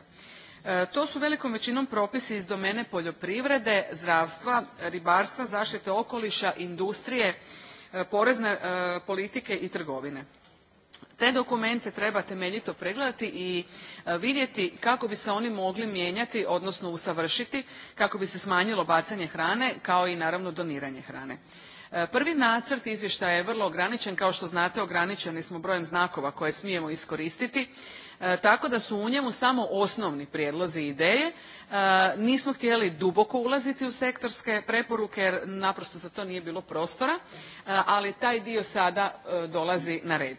E, to su velikom većinom propisi iz domene poljoprivrede, zdravstva, ribarstva, zaštite okoliša, industrije, e, porezne politike i trgovine te dokumente treba temeljito pregledati i e, vidjeti kako bi se oni mogli mijenjati odnosno usavršiti kako bi se smanjilo bacanje hrane kao i naravno doniranje hrane. E, prvi nacrt izvještaja je vrlo ograničen, kao što znate ograničeni smo brojem znakova koje smijemo iskoristiti, e, tako da su u njemu samo osnovni prijedlozi i ideje. Nismo htjeli duboko ulaziti u sektorske preporuke jer naprosto za to nije bilo prostora, ali taj dio sada dolazi na red.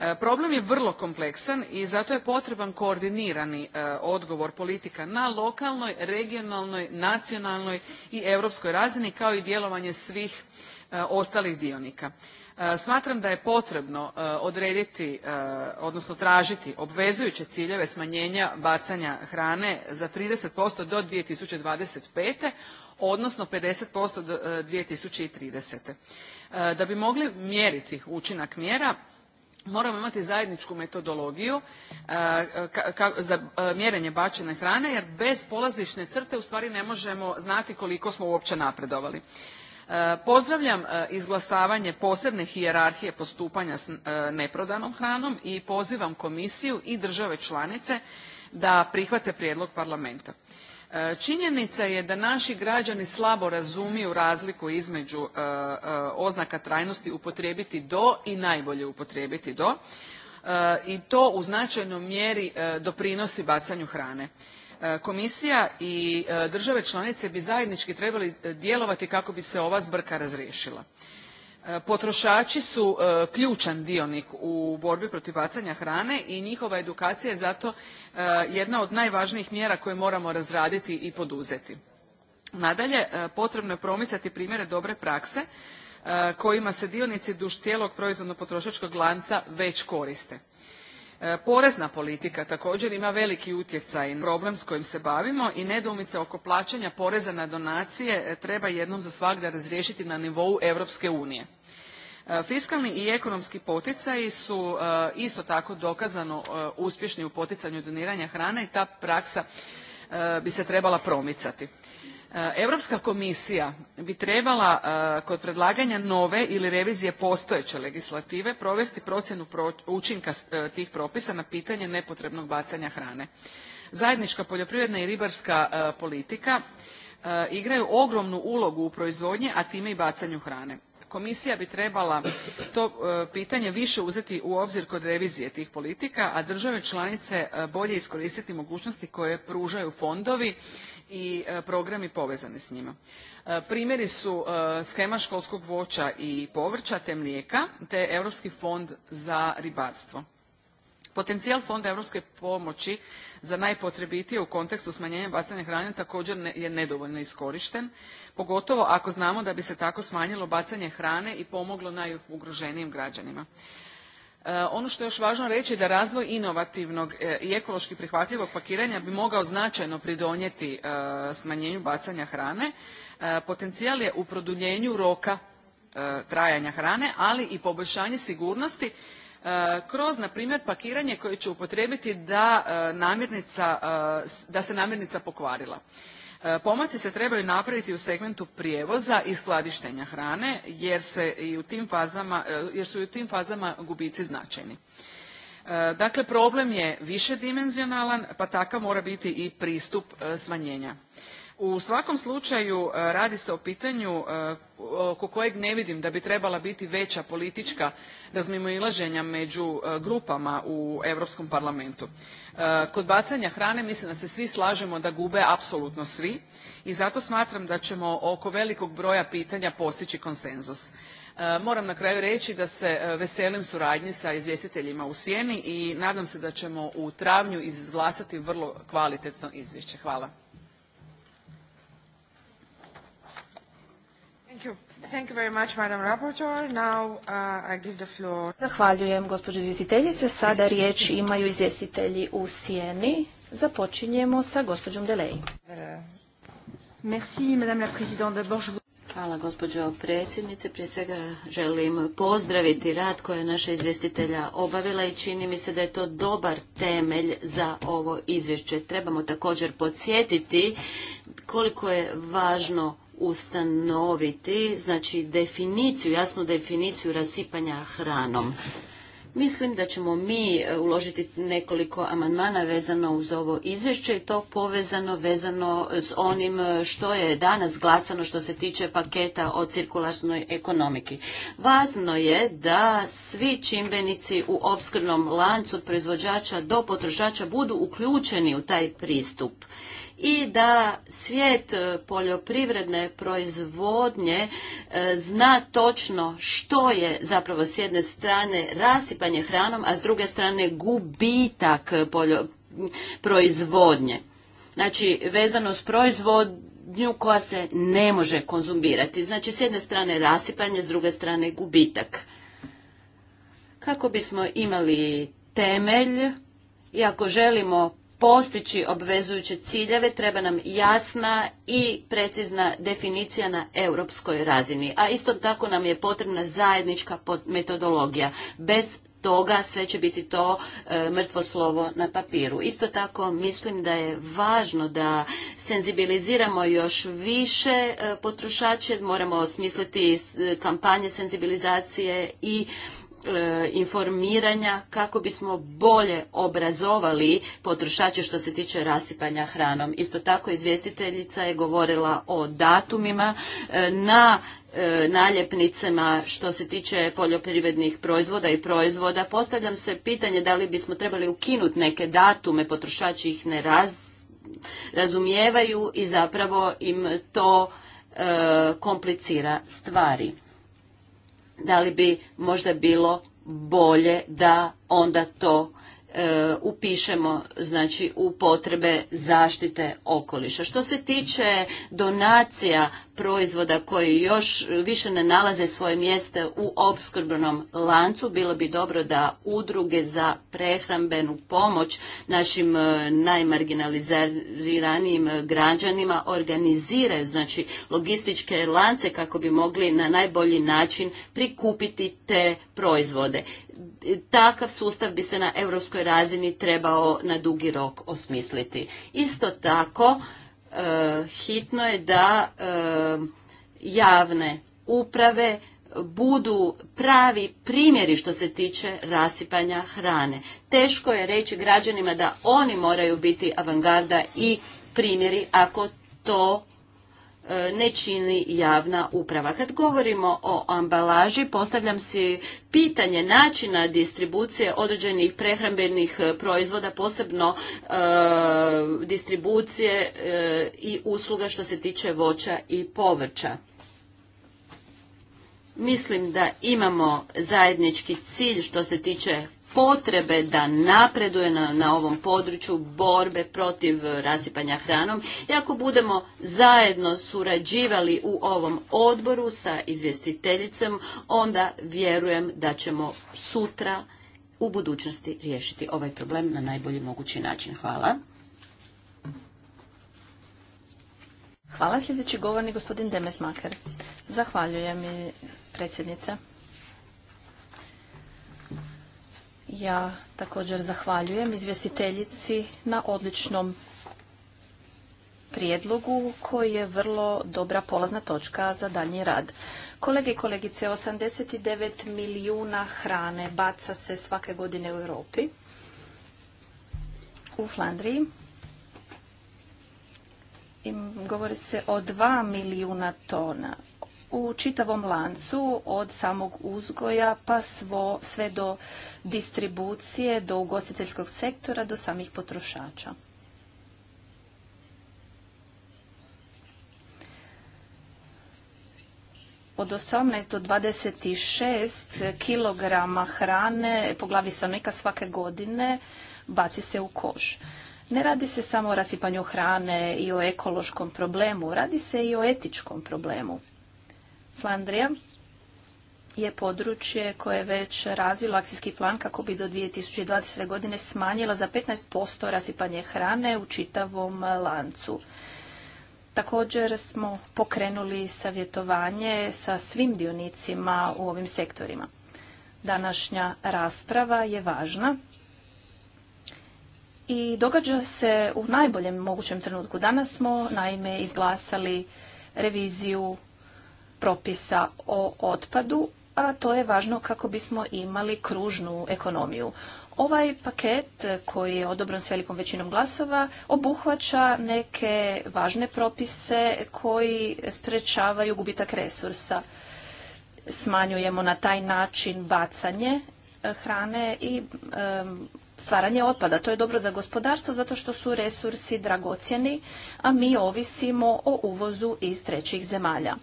E, problem je vrlo kompleksan i zato je potreban koordinirani e, odgovor politika na lokalnoj, regionalnoj, nacionalnoj i europskoj razini kao i djelovanje svih e, ostalih dionika. Smatram da je potrebno odrediti, odnosno tražiti obvezujuće ciljeve smanjenja bacanja hrane za 30% do 2025. odnosno 50% do 2030. Da bi mogli mjeriti učinak mjera, moramo imati zajedničku metodologiju e, za e, mjerenje bačene hrane jer bez polazišne crte ustvari ne možemo znati koliko smo uopće napredovali. E, pozdravljam izglasavanje posebne hijerarhije postupanja s neprodanom hranom i pozivam komisiju i države članice da prihvate prijedlog parlamenta. Činjenica je da naši građani slabo razumiju razliku između e, e, oznaka trajnosti upotrijebiti do i najbolje upotrijebiti do e, i to u značajnoj mjeri doprinosi bacanju hrane. Komisija i države članice bi zajednički trebali djelovati kako bi se ova zbrka razriješila. E, potrošači su e, ključan dionik u borbi protiv bacanja hrane i njihova edukacija je zato e, jedna od najvažnijih mjera koje moramo razraditi i poduzeti. Nadalje, potrebno je promicati primjere dobre prakse kojima se dionici duž cijelog proizvodno potrošačkog lanca već koriste. Porezna politika također ima veliki utjecaj na problem s kojim se bavimo i nedoumice oko plaćanja poreza na donacije treba jednom za svakda razriješiti na nivou Europske unije. E, fiskalni i ekonomski poticaji su e, isto tako dokazano e, uspješni u poticanju doniranja hrane i ta praksa bi se trebala promicati. Europska komisija bi trebala kod predlaganja nove ili revizije postojeće legislative provesti procjenu učinka tih propisa na pitanje nepotrebnog bacanja hrane. Zajednička poljoprivredna i ribarska politika igraju ogromnu ulogu u proizvodnji, a time i bacanju hrane. Komisija bi trebala to e, pitanje više uzeti u obzir kod revizije tih politika, a države članice e, bolje iskoristiti mogućnosti koje pružaju fondovi i e, programi povezani s njima. Primjeri su shema školskog voća i povrća te mlijeka te Europski fond za ribarstvo. Potencijal fonda europske pomoći za najpotrebitije u kontekstu smanjenja bacanja hrane također je nedovoljno iskorišten pogotovo ako znamo da bi se tako smanjilo bacanje hrane i pomoglo najugroženijim građanima. E, ono što je još važno reći da razvoj inovativnog e, i ekološki prihvatljivog pakiranja bi mogao značajno pridonijeti e, smanjenju bacanja hrane. Potencijal je u produljenju roka trajanja hrane, ali i poboljšanje sigurnosti kroz na primjer pakiranje koje će upotrijebiti da namirnica, da se namirnica pokvarila. E, pomaci se trebaju napraviti u segmentu prijevoza i skladištenja hrane jer se i u e, jer su i u tim fazama gubici značajni. E, dakle, problem je višedimenzionalan pa takav mora biti i pristup smanjenja. U svakom slučaju radi se o pitanju oko kojeg ne vidim da bi trebala biti veća politička razmimoilaženja među grupama u Europskom parlamentu. E, kod bacanja hrane mislim da se svi slažemo da gube apsolutno svi i zato smatram da ćemo oko velikog broja pitanja postići konsenzus. E, moram na kraju reći da se e, veselim suradnji sa izvjestiteljima u sjeni i nadam se da ćemo u travnju izglasati vrlo kvalitetno izvješće. Hvala. Thank you very uh, Zahvaljujem, gospođo izvjestiteljice. Sada riječ imaju izvjestitelji u sjeni. Započinjemo sa gospođom Delej. Euh, merci, Madame la Présidente. Hvala gospođo predsjednice. Prije svega želim pozdraviti rad koje je naša izvjestitelja obavila i čini mi se da je to dobar temelj za ovo izvješće. Trebamo također podsjetiti koliko je važno ustanoviti znači definiciju, jasnu definiciju rasipanja hranom. Mislim da ćemo mi e, uložiti nekoliko amandmana vezano uz ovo izvješće i to povezano vezano s onim e, što je danas glasano što se tiče paketa o cirkularnoj ekonomiki. Važno je da svi čimbenici u opskrbnom lancu od proizvođača do potrošača budu uključeni u taj pristup i da svijet e, poljoprivredne proizvodnje e, zna točno što je zapravo s jedne strane rasipanje hranom, a s druge strane gubitak proizvodnje. Znači, vezano s proizvodnju koja se ne može konzumirati. Znači, s jedne strane rasipanje, s druge strane gubitak. Kako bismo imali temelj i ako želimo postići obvezujuće ciljeve treba nam jasna i precizna definicija na europskoj razini, a isto tako nam je potrebna zajednička metodologija. Bez toga sve će biti to e, mrtvo slovo na papiru. Isto tako mislim da je važno da senzibiliziramo još više e, potrošače, moramo osmisliti kampanje senzibilizacije i E, informiranja kako bismo bolje obrazovali potrošače što se tiče rasipanja hranom. Isto tako izvjestiteljica je govorila o datumima e, na e, naljepnicama što se tiče poljoprivrednih proizvoda i proizvoda. Postavljam se pitanje da li bismo trebali ukinuti neke datume, potrošači ih ne razumijevaju i zapravo im to komplicira stvari da li bi možda bilo bolje da onda to E, upišemo znači u potrebe zaštite okoliša. Što se tiče donacija proizvoda koji još više ne nalaze svoje mjeste u opskrbnom lancu, bilo bi dobro da udruge za prehrambenu pomoć našim e, najmarginaliziranijim građanima organiziraju znači logističke lance kako bi mogli na najbolji način prikupiti te proizvode takav sustav bi se na europskoj razini trebao na dugi rok osmisliti. Isto tako, e, hitno je da e, javne uprave budu pravi primjeri što se tiče rasipanja hrane. Teško je reći građanima da oni moraju biti avangarda i primjeri ako to E, ne čini javna uprava. Kad govorimo o ambalaži, postavljam si pitanje načina distribucije određenih prehrambenih e, proizvoda, posebno e, distribucije i usluga što se tiče voća i povrća. Mislim da imamo zajednički cilj što se tiče potrebe da napreduje na, ovom području borbe protiv rasipanja hranom i ako budemo zajedno surađivali u ovom odboru sa izvjestiteljicom onda vjerujem da ćemo sutra u budućnosti riješiti ovaj problem na najbolji mogući način. Hvala. Hvala. Sljedeći govornik gospodin Demes Maker. Zahvaljujem predsjednica. Ja također zahvaljujem izvjestiteljici na odličnom prijedlogu koji je vrlo dobra polazna točka za daljnji rad. Kolege i kolegice, 89 milijuna hrane baca se svake godine u Europi, u Flandriji. I govori se o 2 milijuna tona u čitavom lancu od samog uzgoja pa sve do distribucije, do ugostiteljskog sektora, do samih potrošača. od 18 do 26 kilograma hrane po glavi stanovnika svake godine baci se u koš. Ne radi se samo o rasipanju hrane i o ekološkom problemu, radi se i o etičkom problemu. Flandrija je područje koje je već razvilo akcijski plan kako bi do 2020. godine smanjila za 15% rasipanje hrane u čitavom lancu. Također smo pokrenuli savjetovanje sa svim dionicima u ovim sektorima. Današnja rasprava je važna i događa se u najboljem mogućem trenutku. Danas smo naime izglasali reviziju propisa o otpadu, a to je važno kako bismo imali kružnu ekonomiju. Ovaj paket koji je odobran s velikom većinom glasova obuhvaća neke važne propise koji sprečavaju gubitak resursa. Smanjujemo na taj način bacanje e, hrane i stvaranje otpada. To je dobro za gospodarstvo zato što su resursi dragocjeni, a mi ovisimo o uvozu iz trećih zemalja.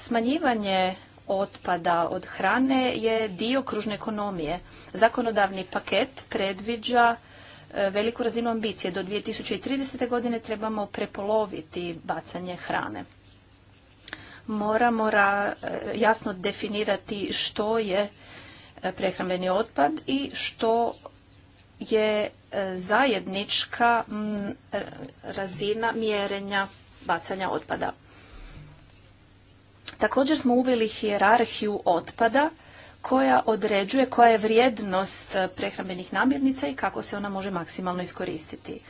Smanjivanje otpada od hrane je dio kružne ekonomije. Zakonodavni paket predviđa e, veliku razinu ambicije. Do 2030. godine trebamo prepoloviti bacanje hrane. Moramo e, jasno definirati što je e, prehrambeni otpad i što je zajednička razina mjerenja bacanja otpada. Također smo uveli hijerarhiju otpada koja određuje koja je vrijednost eh, prehrambenih namirnica i kako se ona može maksimalno iskoristiti.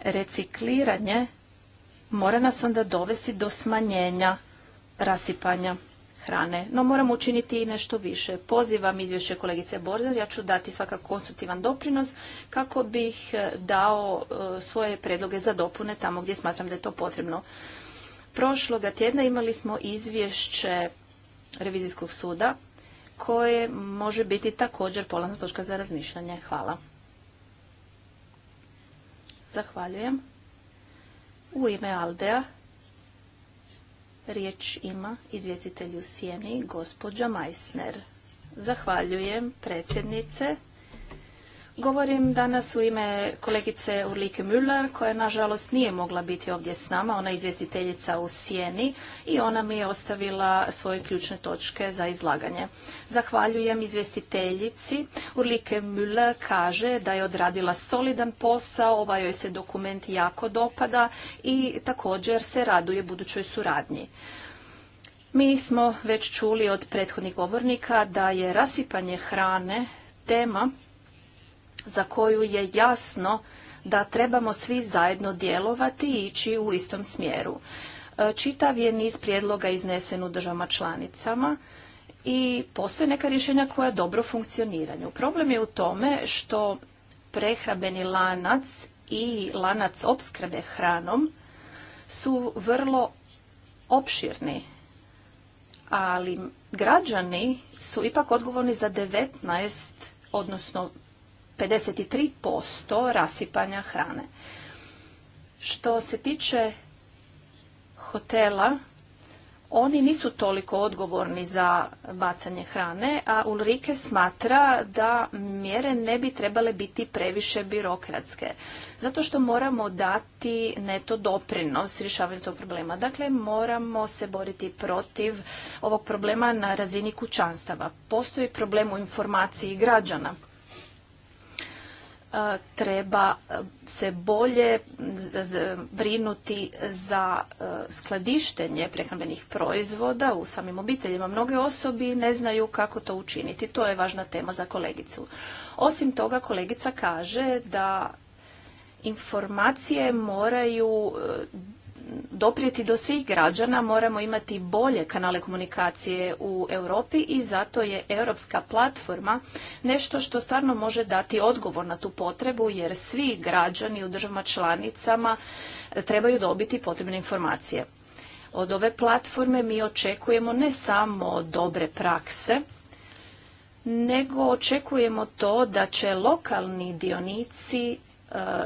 Recikliranje mora nas onda dovesti do smanjenja rasipanja hrane. No moramo učiniti i nešto više. Pozivam izvješće kolegice Border, ja ću dati svakako konstruktivan doprinos kako bih eh, dao eh, svoje predloge za dopune tamo gdje smatram da je to potrebno. Prošloga tjedna imali smo izvješće Revizijskog suda koje može biti također polazna točka za razmišljanje. Hvala. Zahvaljujem. U ime Aldea riječ ima izvjestitelju u sjeni, gospođa Majsner. Zahvaljujem predsjednice. Govorim danas u ime kolegice Urlike Müller, koja nažalost nije mogla biti ovdje s nama. Ona je izvjestiteljica u Sjeni i ona mi je ostavila svoje ključne točke za izlaganje. Zahvaljujem izvjestiteljici. Urlike Müller kaže da je odradila solidan posao, ovaj joj se dokument jako dopada i također se raduje budućoj suradnji. Mi smo već čuli od prethodnih govornika da je rasipanje hrane tema za koju je jasno da trebamo svi zajedno djelovati i ići u istom smjeru. E, čitav je niz prijedloga iznesen u državama članicama i postoje neka rješenja koja dobro funkcioniraju. Problem je u tome što prehrabeni lanac i lanac opskrbe hranom su vrlo opširni, ali građani su ipak odgovorni za 19, odnosno 53% rasipanja hrane. Što se tiče hotela, oni nisu toliko odgovorni za bacanje hrane, a Ulrike smatra da mjere ne bi trebale biti previše birokratske, zato što moramo dati neto doprinos rješavanju tog problema. Dakle, moramo se boriti protiv ovog problema na razini kućanstava. Postoji problem u informaciji građana E, treba e, se bolje brinuti za e, skladištenje prehrambenih proizvoda u samim obiteljima. Mnoge osobi ne znaju kako to učiniti. To je važna tema za kolegicu. Osim toga, kolegica kaže da informacije moraju doprijeti do svih građana moramo imati bolje kanale komunikacije u Europi i zato je europska platforma nešto što stvarno može dati odgovor na tu potrebu jer svi građani u državama članicama e, trebaju dobiti potrebne informacije. Od ove platforme mi očekujemo ne samo dobre prakse, nego očekujemo to da će lokalni dionici e,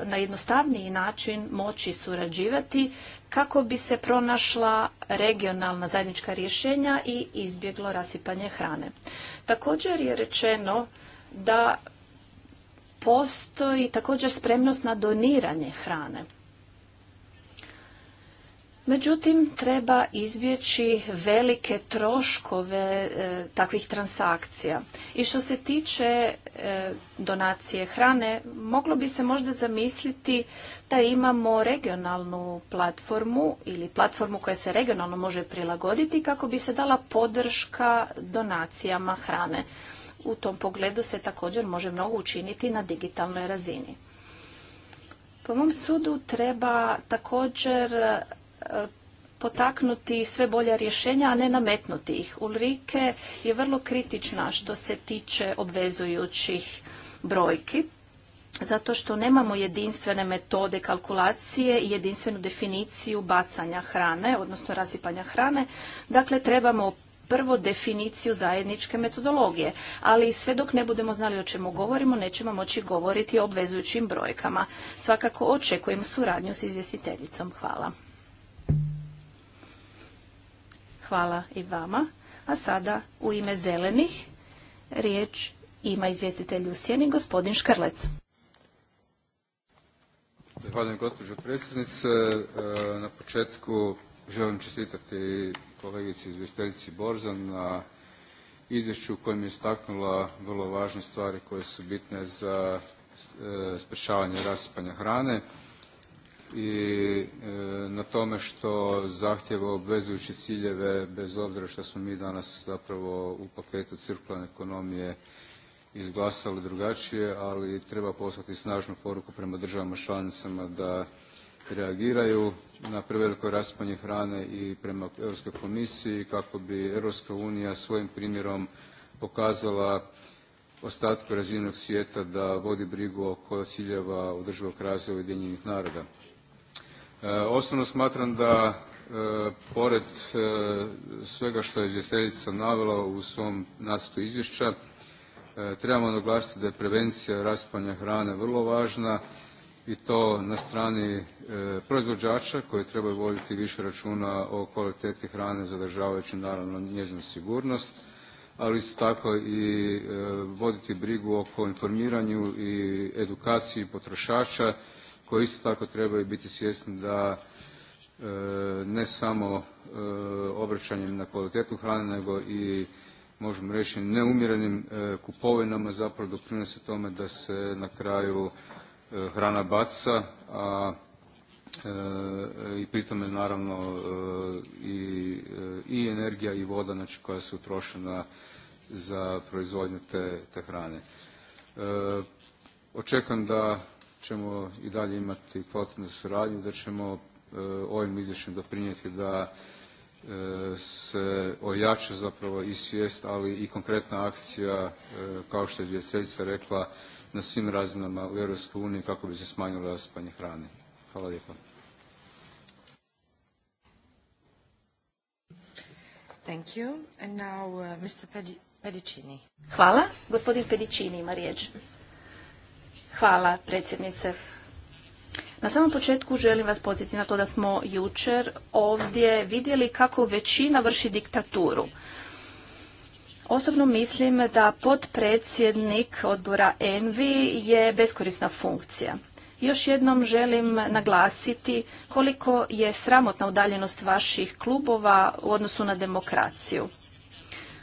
na jednostavniji način moći surađivati kako bi se pronašla regionalna zajednička rješenja i izbjeglo rasipanje hrane. Također je rečeno da postoji također spremnost na doniranje hrane. Međutim, treba izbjeći velike troškove e, takvih transakcija. I što se tiče e, donacije hrane, moglo bi se možda zamisliti da imamo regionalnu platformu ili platformu koja se regionalno može prilagoditi kako bi se dala podrška donacijama hrane. U tom pogledu se također može mnogo učiniti na digitalnoj razini. Po mom sudu treba također potaknuti sve bolja rješenja, a ne nametnuti ih. Ulrike je vrlo kritična što se tiče obvezujućih brojki, zato što nemamo jedinstvene metode kalkulacije i jedinstvenu definiciju bacanja hrane, odnosno rasipanja hrane. Dakle, trebamo prvo definiciju zajedničke metodologije, ali sve dok ne budemo znali o čemu govorimo, nećemo moći govoriti o obvezujućim brojkama. Svakako očekujem suradnju s izvjestiteljicom. Hvala. Hvala i vama. A sada u ime zelenih riječ ima izvjestitelj u sjeni gospodin Škrlec. Zahvaljujem gospođo predsjednice. E, na početku želim čestitati kolegici izvjestiteljici Borzan na izvješću u kojem je istaknula vrlo važne stvari koje su bitne za e, sprječavanje raspanja hrane i e, na tome što zahtjeva obvezujuće ciljeve bez obzira što smo mi danas zapravo u paketu cirkularne ekonomije izglasali drugačije, ali treba poslati snažnu poruku prema državama članicama da reagiraju na preveliko raspanje hrane i prema Europskoj komisiji kako bi Europska unija svojim primjerom pokazala ostatku razvijenog svijeta da vodi brigu oko ciljeva održivog razvoja Ujedinjenih naroda. E, osobno smatram da e, pored e, svega što je izvjestiteljica navela u svom nacrtu izvješća trebamo naglasiti da je prevencija raspanja hrane vrlo važna i to na strani proizvođača koji trebaju voditi više računa o kvaliteti hrane zadržavajući naravno njezinu sigurnost ali isto tako i voditi brigu oko informiranju i edukaciji potrošača koji isto tako trebaju biti svjesni da e, ne samo e, obraćanjem na kvalitetu hrane nego i možemo reći neumjerenim e, kupovinama zapravo doprinose tome da se na kraju hrana baca a i pritome naravno i, energija i voda znači, koja su utrošena za proizvodnju te, te hrane. Očekujem da ćemo i dalje imati kvalitetnu suradnju, da ćemo e, ovim izvješćem doprinijeti da e, se ojača zapravo i svijest, ali i konkretna akcija, e, kao što je izvjestiteljica rekla, na svim razinama u EU kako bi se smanjilo raspanje hrane. Hvala lijepo. Uh, Hvala. Gospodin Pedicini ima riječ. Hvala predsjednice. Na samom početku želim vas podsjetiti na to da smo jučer ovdje vidjeli kako većina vrši diktaturu. Osobno mislim da podpredsjednik odbora Envi je beskorisna funkcija. Još jednom želim naglasiti koliko je sramotna udaljenost vaših klubova u odnosu na demokraciju.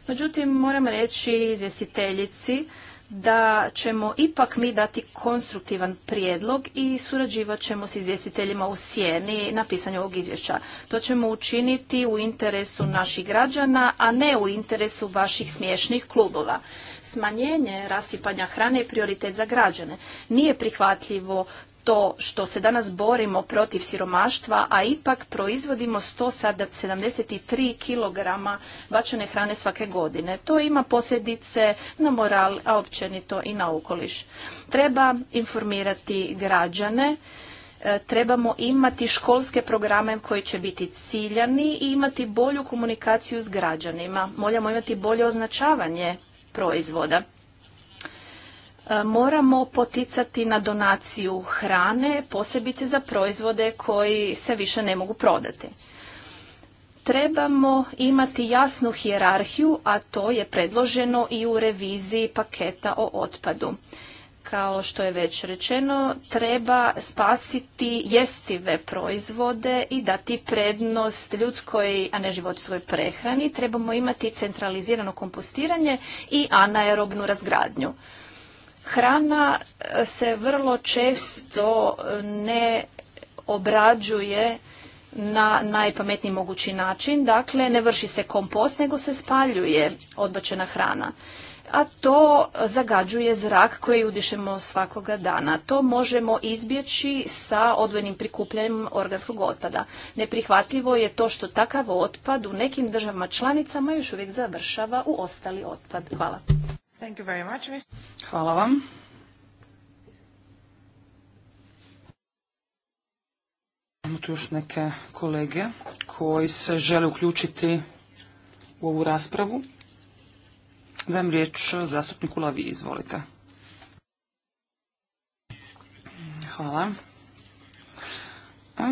Međutim, moram reći izvjestiteljici da ćemo ipak mi dati konstruktivan prijedlog i surađivat ćemo s izvjestiteljima u sjeni na pisanju ovog izvješća. To ćemo učiniti u interesu naših građana, a ne u interesu vaših smiješnih klubova. Smanjenje rasipanja hrane je prioritet za građane. Nije prihvatljivo to što se danas borimo protiv siromaštva, a ipak proizvodimo 173 kilograma bačene hrane svake godine. To ima posljedice na moral, a općenito i na okoliš. Treba informirati građane, e, trebamo imati školske programe koji će biti ciljani i imati bolju komunikaciju s građanima. Moljamo imati bolje označavanje proizvoda. E, moramo poticati na donaciju hrane, posebice za proizvode koji se više ne mogu prodati. Trebamo imati jasnu hijerarhiju, a to je predloženo i u reviziji paketa o otpadu. Kao što je već rečeno, treba spasiti jestive proizvode i dati prednost ljudskoj, a ne životinskoj prehrani. Trebamo imati centralizirano kompostiranje i anaerobnu razgradnju. Hrana e, se vrlo često e, ne obrađuje na najpametniji mogući način, dakle ne vrši se kompost nego se spaljuje odbačena hrana a to zagađuje zrak koji udišemo svakoga dana. To možemo izbjeći sa odvojenim prikupljanjem organskog otpada. Neprihvatljivo je to što takav otpad u nekim državama članicama još uvijek završava u ostali otpad. Hvala. Thank you Hvala vam. Imamo tu još neke kolege koji se žele uključiti u ovu raspravu. Dajem riječ zastupniku Lavi, izvolite. Hvala.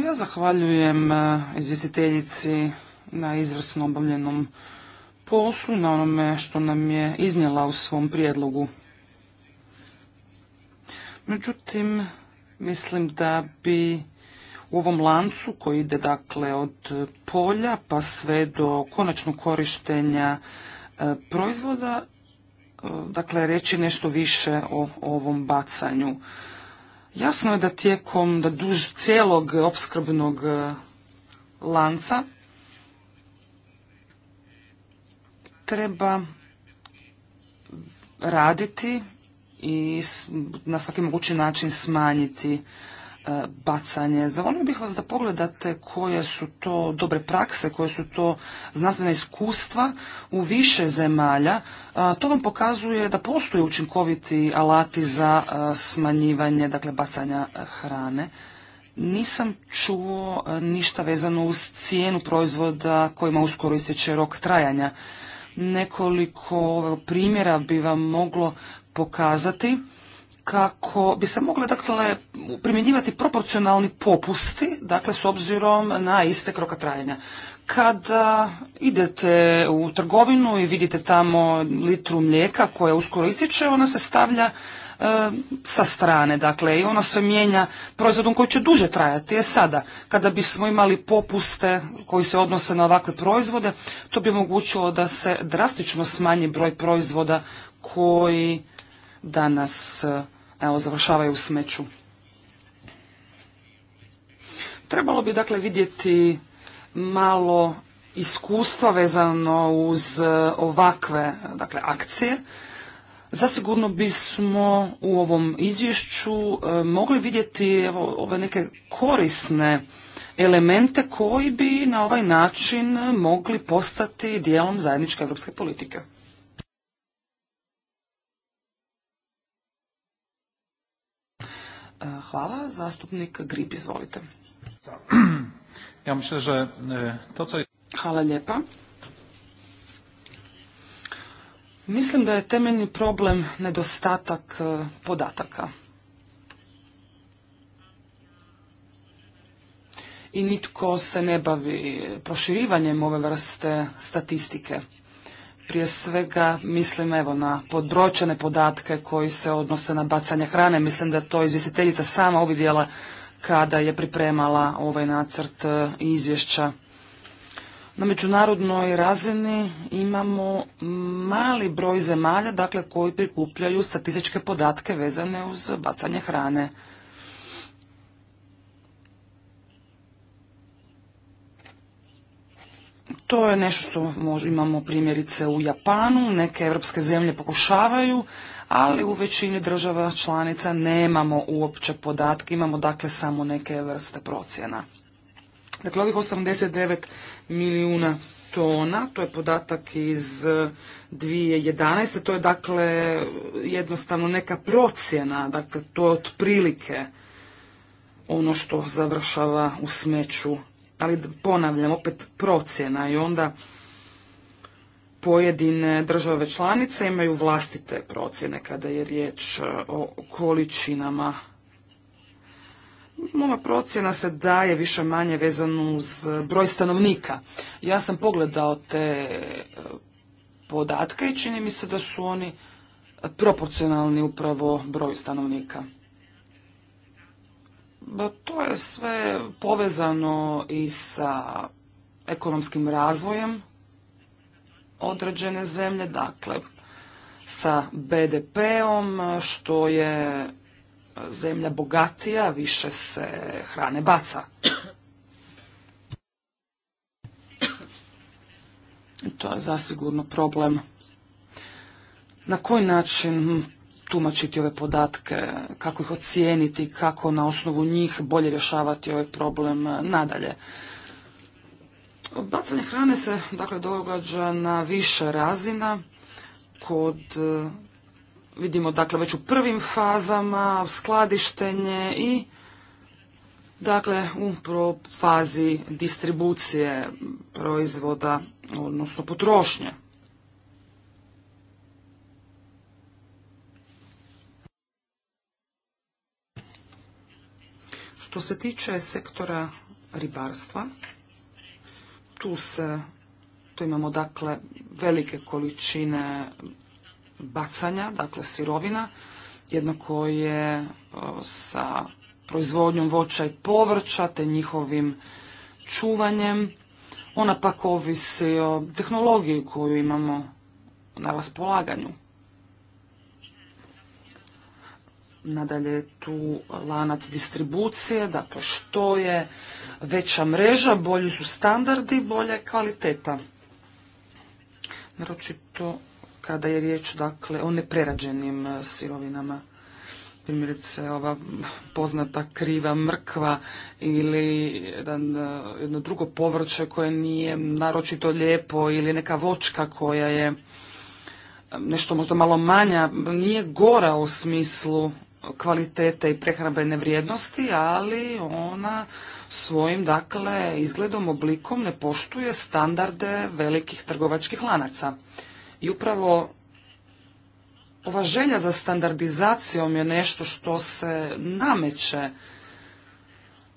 ja zahvaljujem eh, izvjestiteljici na izvrsno obavljenom poslu, na onome što nam je iznijela u svom prijedlogu. Međutim, mislim da bi u ovom lancu koji ide dakle od polja pa sve do konačnog korištenja e, proizvoda, e, dakle reći nešto više o, o ovom bacanju. Jasno je da tijekom da duž cijelog opskrbnog e, lanca treba raditi i na svaki mogući način smanjiti e, bacanje. Zavolio bih vas da pogledate koje su to dobre prakse, koje su to znanstvene iskustva u više zemalja. E, to vam pokazuje da postoje učinkoviti alati za e, smanjivanje dakle, bacanja hrane. Nisam čuo ništa vezano uz cijenu proizvoda kojima uskoro ističe rok trajanja. Nekoliko primjera bi vam moglo pokazati kako bi se mogle dakle primjenjivati proporcionalni popusti dakle s obzirom na iste kroka trajanja. Kada idete u trgovinu i vidite tamo litru mlijeka koja uskoro ističe, ona se stavlja E, sa strane, dakle, i ono se mijenja proizvodom koji će duže trajati. Je sada, kada bismo imali popuste koji se odnose na ovakve proizvode, to bi omogućilo da se drastično smanji broj proizvoda koji danas e, evo, završavaju u smeću. Trebalo bi dakle vidjeti malo iskustva vezano uz e, ovakve dakle, akcije Zasigurno bismo u ovom izvješću e, mogli vidjeti evo, ove neke korisne elemente koji bi na ovaj način mogli postati dijelom zajedničke europske politike. E, hvala. Zastupnik GRIP, izvolite. <clears throat> Ja e, to Hvala lijepa. Mislim da je temeljni problem nedostatak e, podataka. I nitko se ne bavi proširivanjem ove vrste statistike. Prije svega mislim evo na področene podatke koji se odnose na bacanje hrane. Mislim da to izvjestiteljica sama uvidjela kada je pripremala ovaj nacrt e, izvješća na međunarodnoj razini imamo mali broj zemalja dakle, koji prikupljaju statističke podatke vezane uz bacanje hrane. To je nešto što imamo primjerice u Japanu, neke evropske zemlje pokušavaju, ali u većini država članica nemamo uopće podatke, imamo dakle samo neke vrste procjena. Dakle, ovih 89 milijuna tona, to je podatak iz 2011. Eh, to je dakle jednostavno neka procjena, dakle to je otprilike ono što završava u smeću. Ali ponavljam, opet procjena i onda pojedine države članice imaju vlastite procjene kada je riječ eh, o količinama moja procjena se daje više manje vezano uz broj stanovnika. Ja sam pogledao te e, podatke i čini mi se da su oni proporcionalni upravo broju stanovnika. to je sve povezano i sa ekonomskim razvojem određene zemlje, dakle sa BDP-om, što je zemlja bogatija, više se hrane baca. To je zasigurno problem. Na koji način tumačiti ove podatke, kako ih ocijeniti, kako na osnovu njih bolje rješavati ovaj problem nadalje. Bacanje hrane se dakle događa na više razina kod Vidimo dakle već u prvim fazama skladištenje i dakle u fazi distribucije proizvoda, odnosno potrošnje. Što se tiče sektora ribarstva, tu se, tu imamo dakle velike količine bacanja, dakle sirovina, jednako je e, sa proizvodnjom voća i povrća te njihovim čuvanjem. Ona pak ovisi o tehnologiji koju imamo na raspolaganju. Nadalje je tu lanac distribucije, dakle što je veća mreža, bolji su standardi, bolja je kvaliteta. Naročito kada je riječ dakle, o neprerađenim e, sirovinama. Primjerice ova poznata kriva mrkva ili jedan, e, jedno drugo povrće koje nije naročito lijepo ili neka vočka koja je e, nešto možda malo manja, nije gora u smislu kvalitete i prehrambene vrijednosti, ali ona svojim dakle izgledom, oblikom ne poštuje standarde velikih trgovačkih lanaca. I upravo ova želja za standardizacijom je nešto što se nameće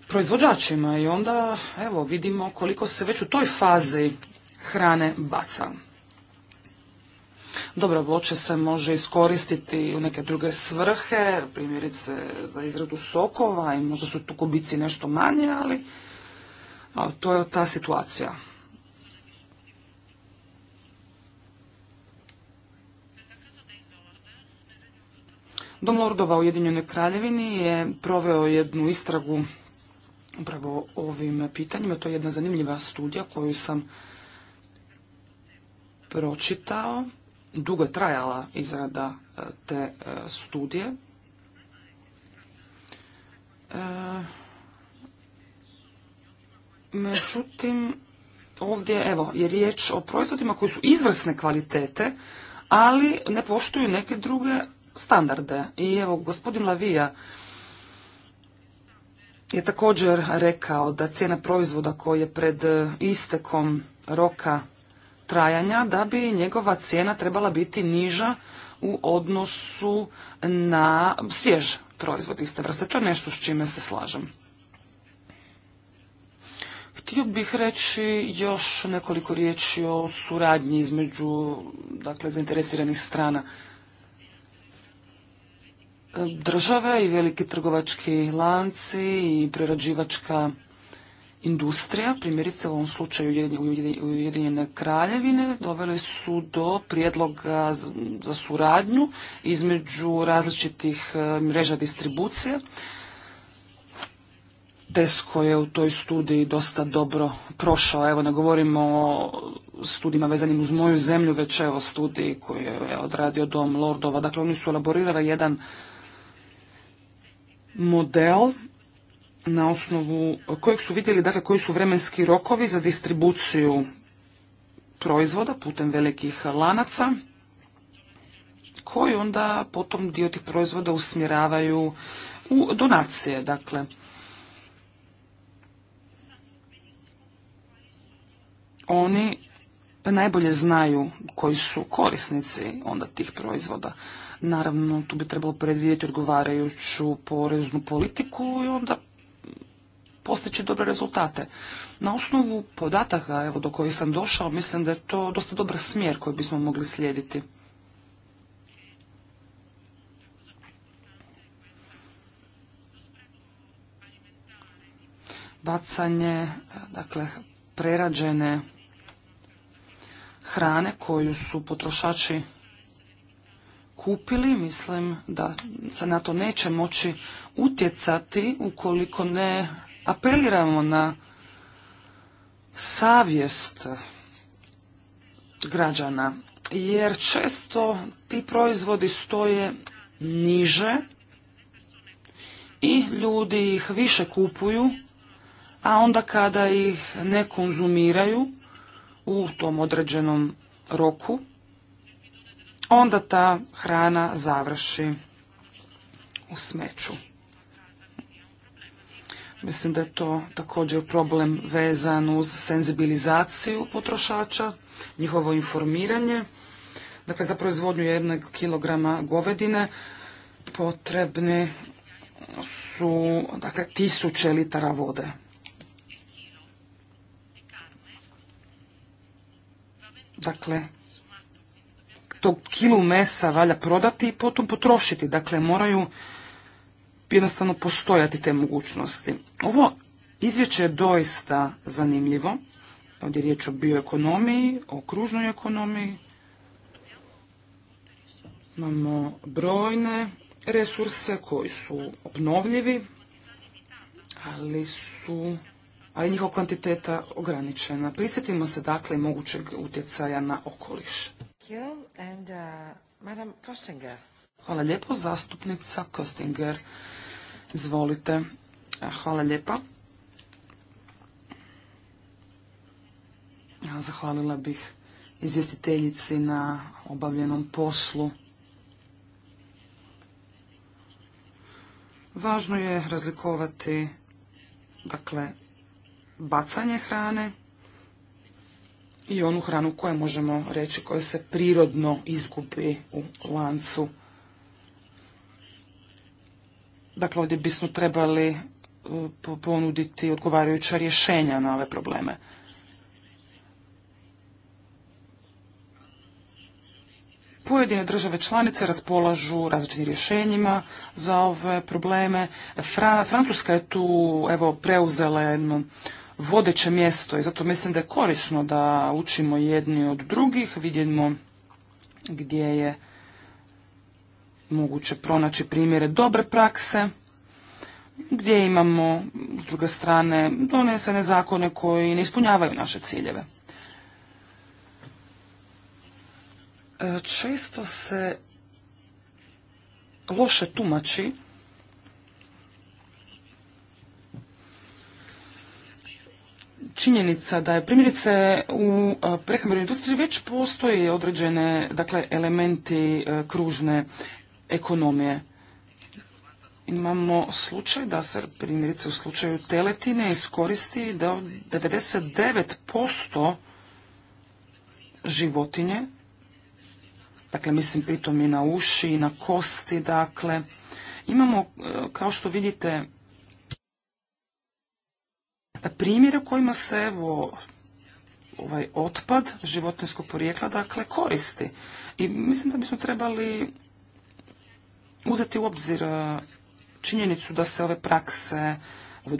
proizvođačima i onda evo vidimo koliko se već u toj fazi hrane baca. Dobro, voće se može iskoristiti u neke druge svrhe, primjerice za izradu sokova i možda su tu kubici nešto manje, ali to je ta situacija. Dom Lordova u Ujedinjenoj kraljevini je proveo jednu istragu upravo ovim pitanjima. To je jedna zanimljiva studija koju sam pročitao. Dugo je trajala izrada e, te e, studije. E, međutim, ovdje evo, je riječ o proizvodima koji su izvrsne kvalitete, ali ne poštuju neke druge standarde. I evo, gospodin Lavija je također rekao da cijena proizvoda koji je pred e, istekom roka trajanja, da bi njegova cijena trebala biti niža u odnosu na svjež proizvod iste vrste. To je nešto s čime se slažem. Htio bih reći još nekoliko riječi o suradnji između dakle, zainteresiranih strana države i veliki trgovački lanci i prerađivačka industrija, primjerice u ovom slučaju Ujedinjene kraljevine, doveli su do prijedloga za suradnju između različitih e, mreža distribucije. Tesco je u toj studiji dosta dobro prošao. Evo, ne govorimo o studijima vezanim uz moju zemlju, već evo studiji koji je odradio Dom Lordova. Dakle, oni su elaborirali jedan model na osnovu kojeg su vidjeli dakle, koji su vremenski rokovi za distribuciju proizvoda putem velikih lanaca koji onda potom dio tih proizvoda usmjeravaju u donacije. Dakle, oni najbolje znaju koji su korisnici onda tih proizvoda. Naravno, tu bi trebalo predvidjeti odgovarajuću poreznu politiku i onda postići dobre rezultate. Na osnovu podataka evo, do kojih sam došao, mislim da je to dosta dobar smjer koji bismo mogli slijediti. Bacanje, dakle, prerađene hrane koju su potrošači kupili. Mislim da se na to neće moći utjecati ukoliko ne apeliramo na savjest građana. Jer često ti proizvodi stoje niže i ljudi ih više kupuju, a onda kada ih ne konzumiraju u tom određenom roku, onda ta hrana završi u smeću. Mislim da je to također problem vezan uz senzibilizaciju potrošača, njihovo informiranje. Dakle, za proizvodnju jednog kilograma govedine potrebne su dakle, tisuće litara vode. Dakle, tog kilu mesa valja prodati i potom potrošiti. Dakle, moraju jednostavno postojati te mogućnosti. Ovo izvješće je doista zanimljivo. Ovdje je riječ o bioekonomiji, o kružnoj ekonomiji. Imamo brojne resurse koji su obnovljivi, ali su ali njihova kvantiteta ograničena. Prisjetimo se dakle mogućeg utjecaja na okoliš. Uh, hvala lijepo, zastupnica Kostinger. Izvolite. Hvala lijepa. Zahvalila bih izvjestiteljici na obavljenom poslu. Važno je razlikovati dakle bacanje hrane i onu hranu koju možemo reći koja se prirodno izgubi u lancu. Dakle, ovdje bismo trebali e, ponuditi odgovarajuća rješenja na ove probleme. Pojedine države članice raspolažu različitim rješenjima za ove probleme. Francuska je tu evo, preuzela jednu vodeće mjesto i zato mislim da je korisno da učimo jedni od drugih, vidimo gdje je moguće pronaći primjere dobre prakse, gdje imamo, s druge strane, donesene zakone koji ne ispunjavaju naše ciljeve. E, često se loše tumači činjenica da je primjerice u e, prehrambenoj industriji već postoje određene dakle, elementi e, kružne ekonomije. Imamo slučaj da se primjerice u slučaju teletine iskoristi da 99% životinje, dakle mislim pritom i na uši i na kosti, dakle imamo e, kao što vidite primjere u kojima se evo ovaj otpad životinskog porijekla dakle koristi. I mislim da bismo trebali uzeti u obzir e, činjenicu da se ove prakse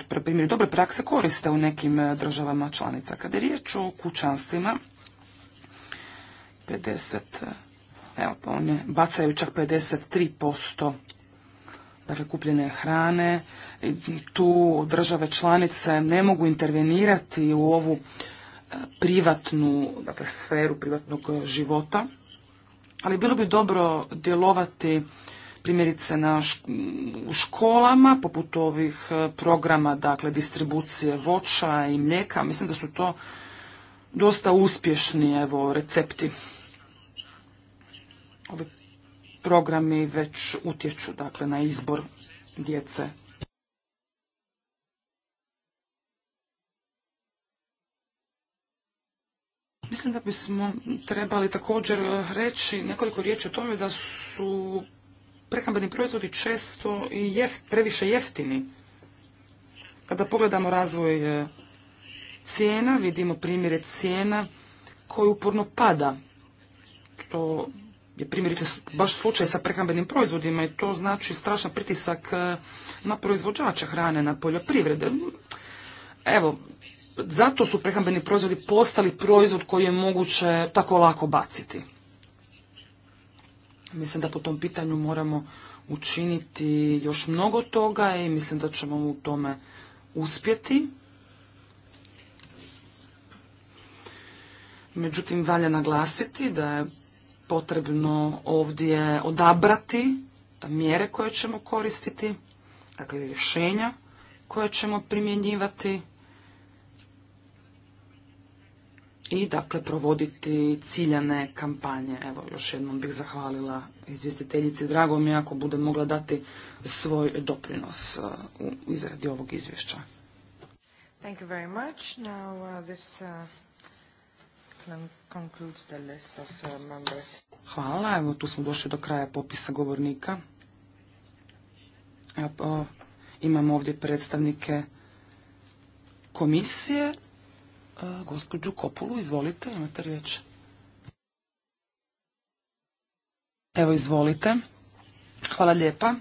primjer dobre prakse koriste u nekim e, državama članica. Kada je riječ o kućanstvima, 50, e, evo, pa bacaju čak 53% dakle kupljene hrane. Tu države članice ne mogu intervenirati u ovu e, privatnu dakle, sferu privatnog života, ali bilo bi dobro djelovati primjerice na u školama, poput ovih e, programa dakle, distribucije voća i mlijeka. Mislim da su to dosta uspješni evo, recepti programi već utječu dakle, na izbor djece. Mislim da bismo trebali također reći nekoliko riječi o tome da su prehrambeni proizvodi često i jeft, previše jeftini. Kada pogledamo razvoj e, cijena, vidimo primjere cijena koji uporno pada. To je primjerice baš slučaj sa prehrambenim proizvodima i to znači strašan pritisak e, na proizvođača hrane, na poljoprivrede. Evo, zato su prehrambeni proizvodi postali proizvod koji je moguće tako lako baciti. Mislim da po tom pitanju moramo učiniti još mnogo toga i mislim da ćemo u tome uspjeti. Međutim, valja naglasiti da je potrebno ovdje odabrati mjere koje ćemo koristiti, dakle rješenja koje ćemo primjenjivati i dakle provoditi ciljane kampanje. Evo još jednom bih zahvalila izvjestiteljici. Drago mi je ako bude mogla dati svoj doprinos e, u izradi ovog izvješća. Thank you uh, uh, Uh, Hvala, evo tu smo došli do kraja popisa govornika. Pa, imamo ovdje predstavnike komisije. E, gospođu Kopulu, izvolite, imate riječ. Evo, izvolite. Hvala lijepa.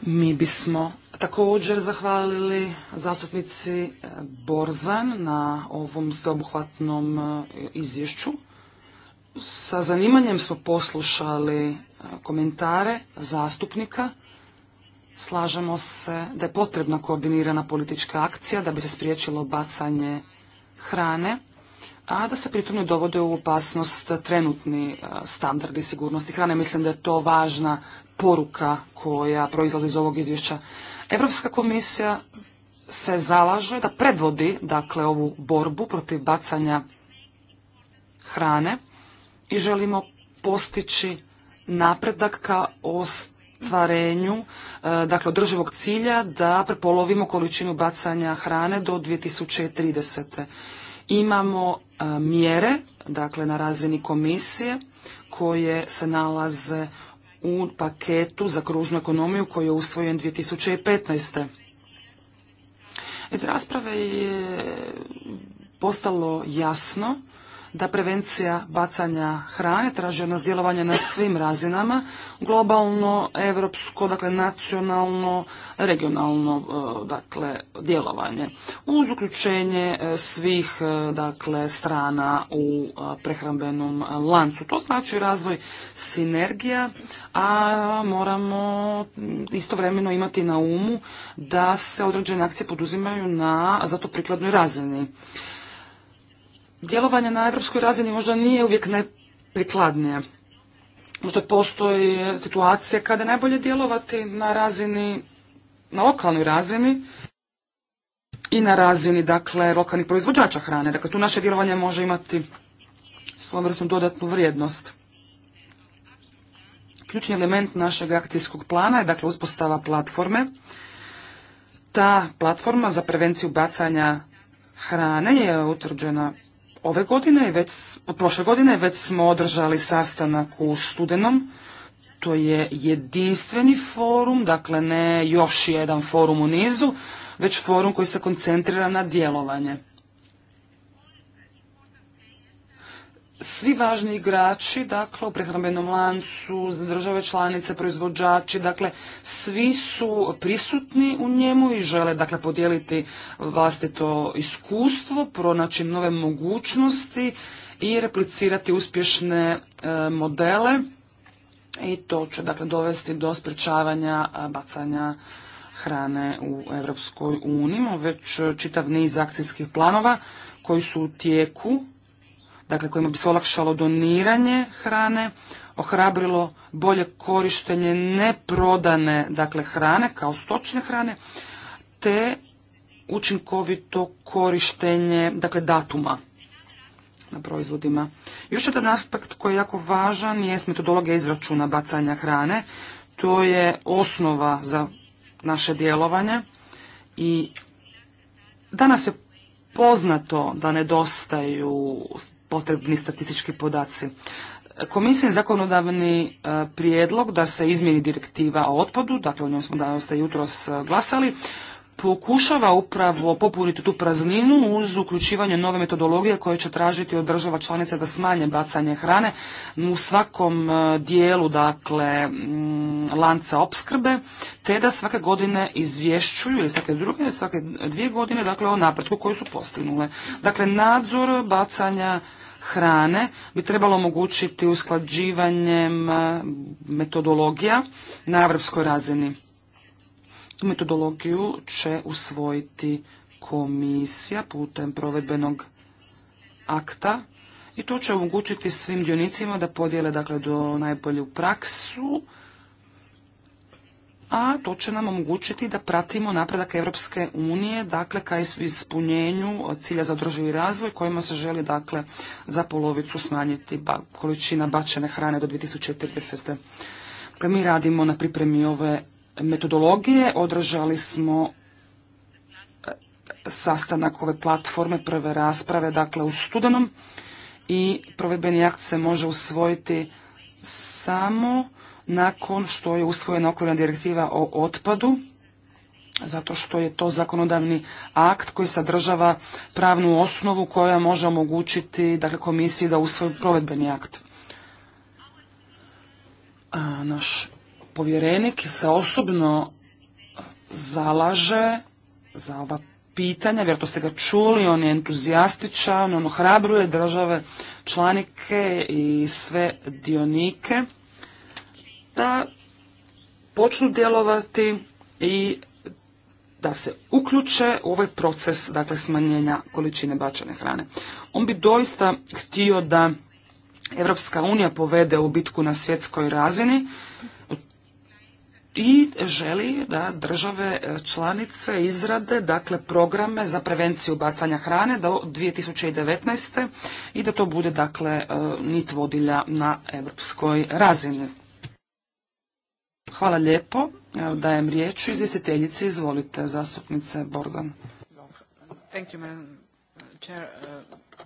Mi bismo također zahvalili zastupnici e, Borzan na ovom sveobuhvatnom e, izvješću. Sa zanimanjem smo poslušali e, komentare zastupnika. Slažemo se da je potrebna koordinirana politička akcija da bi se spriječilo bacanje hrane, a da se pritom ne dovode u opasnost trenutni standardi sigurnosti hrane. Mislim da je to važna poruka koja proizlazi iz ovog izvješća. Europska komisija se zalaže da predvodi dakle ovu borbu protiv bacanja hrane i želimo postići napredak ka ostvarenju e, dakle održivog cilja da prepolovimo količinu bacanja hrane do 2030. Imamo e, mjere dakle na razini komisije koje se nalaze u paketu za kružnu ekonomiju koji je usvojen 2015. Iz rasprave je postalo jasno da prevencija bacanja hrane traži od nas djelovanje na svim razinama, globalno, evropsko, dakle nacionalno, regionalno e, dakle djelovanje uz uključenje e, svih e, dakle strana u prehrambenom lancu. To znači razvoj sinergija, a moramo istovremeno imati na umu da se određene akcije poduzimaju na zato prikladnoj razini djelovanje na europskoj razini možda nije uvijek najprikladnije. Možda postoji situacija kada je najbolje djelovati na razini, na lokalnoj razini i na razini, dakle, lokalnih proizvođača hrane. Dakle, tu naše djelovanje može imati svojevrsnu dodatnu vrijednost. Ključni element našeg akcijskog plana je, dakle, uspostava platforme. Ta platforma za prevenciju bacanja hrane je utvrđena ove godine, već, prošle godine već smo održali sastanak u studenom. To je jedinstveni forum, dakle ne još jedan forum u nizu, već forum koji se koncentrira na djelovanje. svi važni igrači, dakle, u prehrambenom lancu, države članice, proizvođači, dakle, svi su prisutni u njemu i žele, dakle, podijeliti vlastito iskustvo, pronaći nove mogućnosti i replicirati uspješne e, modele i to će, dakle, dovesti do sprečavanja e, bacanja hrane u Europskoj uniji. Već čitav niz akcijskih planova koji su u tijeku dakle kojima bi se olakšalo doniranje hrane, ohrabrilo bolje korištenje neprodane dakle hrane kao stočne hrane, te učinkovito korištenje dakle datuma na proizvodima. Još jedan aspekt koji je jako važan je metodologija izračuna bacanja hrane. To je osnova za naše djelovanje i danas je poznato da nedostaju potrebni statistički podaci. je zakonodavni e, prijedlog da se izmjeni direktiva o otpadu, dakle o njom smo danas ste jutros e, glasali, pokušava upravo popuniti tu prazninu uz uključivanje nove metodologije koje će tražiti od država članica da smanje bacanje hrane u svakom e, dijelu dakle mm, lanca opskrbe te da svake godine izvješćuju ili svake druge, svake dvije godine dakle o napretku koji su postignule. Dakle nadzor bacanja hrane bi trebalo omogućiti usklađivanjem e, metodologija na europskoj razini. Tu metodologiju će usvojiti komisija putem provedbenog akta i to će omogućiti svim dionicima da podijele dakle do najbolju praksu a to će nam omogućiti da pratimo napredak Europske unije, dakle, ka ispunjenju cilja za održivi razvoj, kojima se želi, dakle, za polovicu smanjiti količina bačene hrane do 2040. Dakle, mi radimo na pripremi ove metodologije, održali smo e, sastanak ove platforme, prve rasprave, dakle, u studenom i provedbeni akt se može usvojiti samo nakon što je usvojena okvirna direktiva o otpadu, zato što je to zakonodavni akt koji sadržava pravnu osnovu koja može omogućiti dakle, komisiji da usvoji provedbeni akt. naš povjerenik se osobno zalaže za ova pitanja, vjerojatno ste ga čuli, on je entuzijastičan, on ohrabruje države, članike i sve dionike da počnu djelovati i da se uključe u ovaj proces dakle, smanjenja količine bačene hrane. On bi doista htio da Evropska unija povede u bitku na svjetskoj razini i želi da države članice izrade dakle programe za prevenciju bacanja hrane do 2019. i da to bude dakle nit vodilja na europskoj razini. Hvala lijepo. dajem riječ izvjestiteljici. Izvolite, zastupnice Borzan. Uh,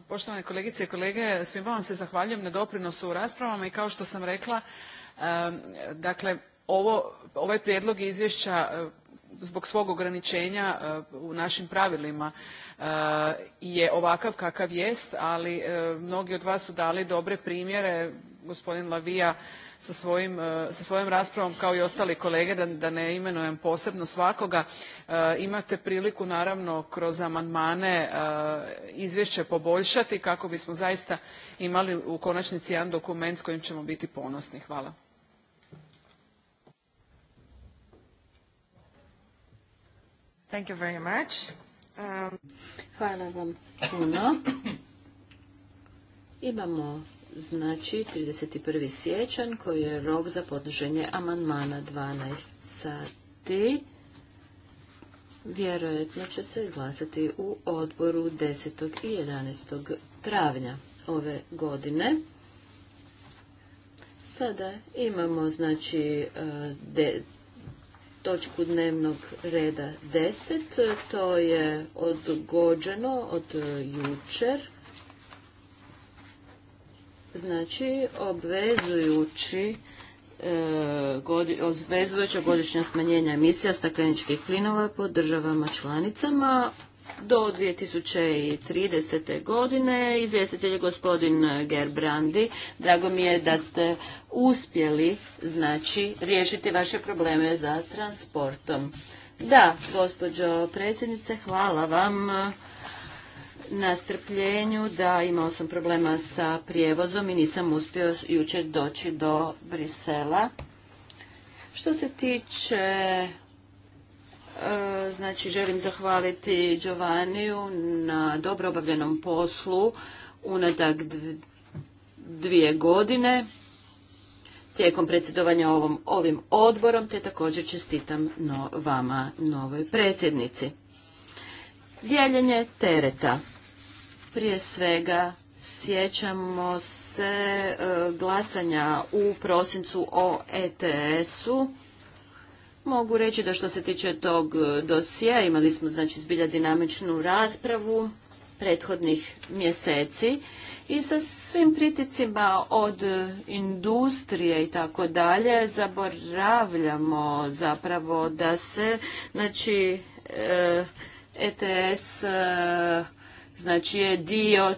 poštovane kolegice i kolege, svim vam se zahvaljujem na doprinosu u raspravama i kao što sam rekla, um, dakle, ovaj prijedlog izvješća uh, zbog svog ograničenja uh, u našim pravilima je ovakav kakav jest, ali mnogi od vas su dali dobre primjere, gospodin Lavija sa, svojim, e, svojom raspravom kao i ostali kolege da, da ne imenujem posebno svakoga e, imate priliku naravno kroz amandmane e, izvješće poboljšati kako bismo zaista imali u konačnici jedan dokument s kojim ćemo biti ponosni. Hvala. Thank you very much. Um, Hvala vam puno. Imamo znači 31. sjećan, koji je rok za podnoženje amandmana 12 sati. Vjerojatno će se glasati u odboru 10. i 11. travnja ove godine. Sada imamo znači e, de, točku dnevnog reda 10. To je odgođeno od jučer Znači, obvezujući e, obvezujuća godišnja smanjenja emisija stakleničkih plinova po državama članicama do 2030. godine. Izvjestitelj je gospodin Gerbrandi. Drago mi je da ste uspjeli znači, riješiti vaše probleme za transportom. Da, gospođo predsjednice, hvala vam na strpljenju da imao sam problema sa prijevozom i nisam uspio jučer doći do Brisela. Što se tiče e, znači želim zahvaliti Giovaniju na dobro obavljenom poslu unadak dvije godine tijekom predsjedovanja ovim odborom te također čestitam vama novoj predsjednici. Dijeljenje tereta. Prije svega sjećamo se e, glasanja u prosincu o ETS-u. Mogu reći da što se tiče tog e, dosija imali smo znači zbilja dinamičnu raspravu prethodnih mjeseci i sa svim priticima od e, industrije i tako dalje zaboravljamo zapravo da se znači ETS znači je dio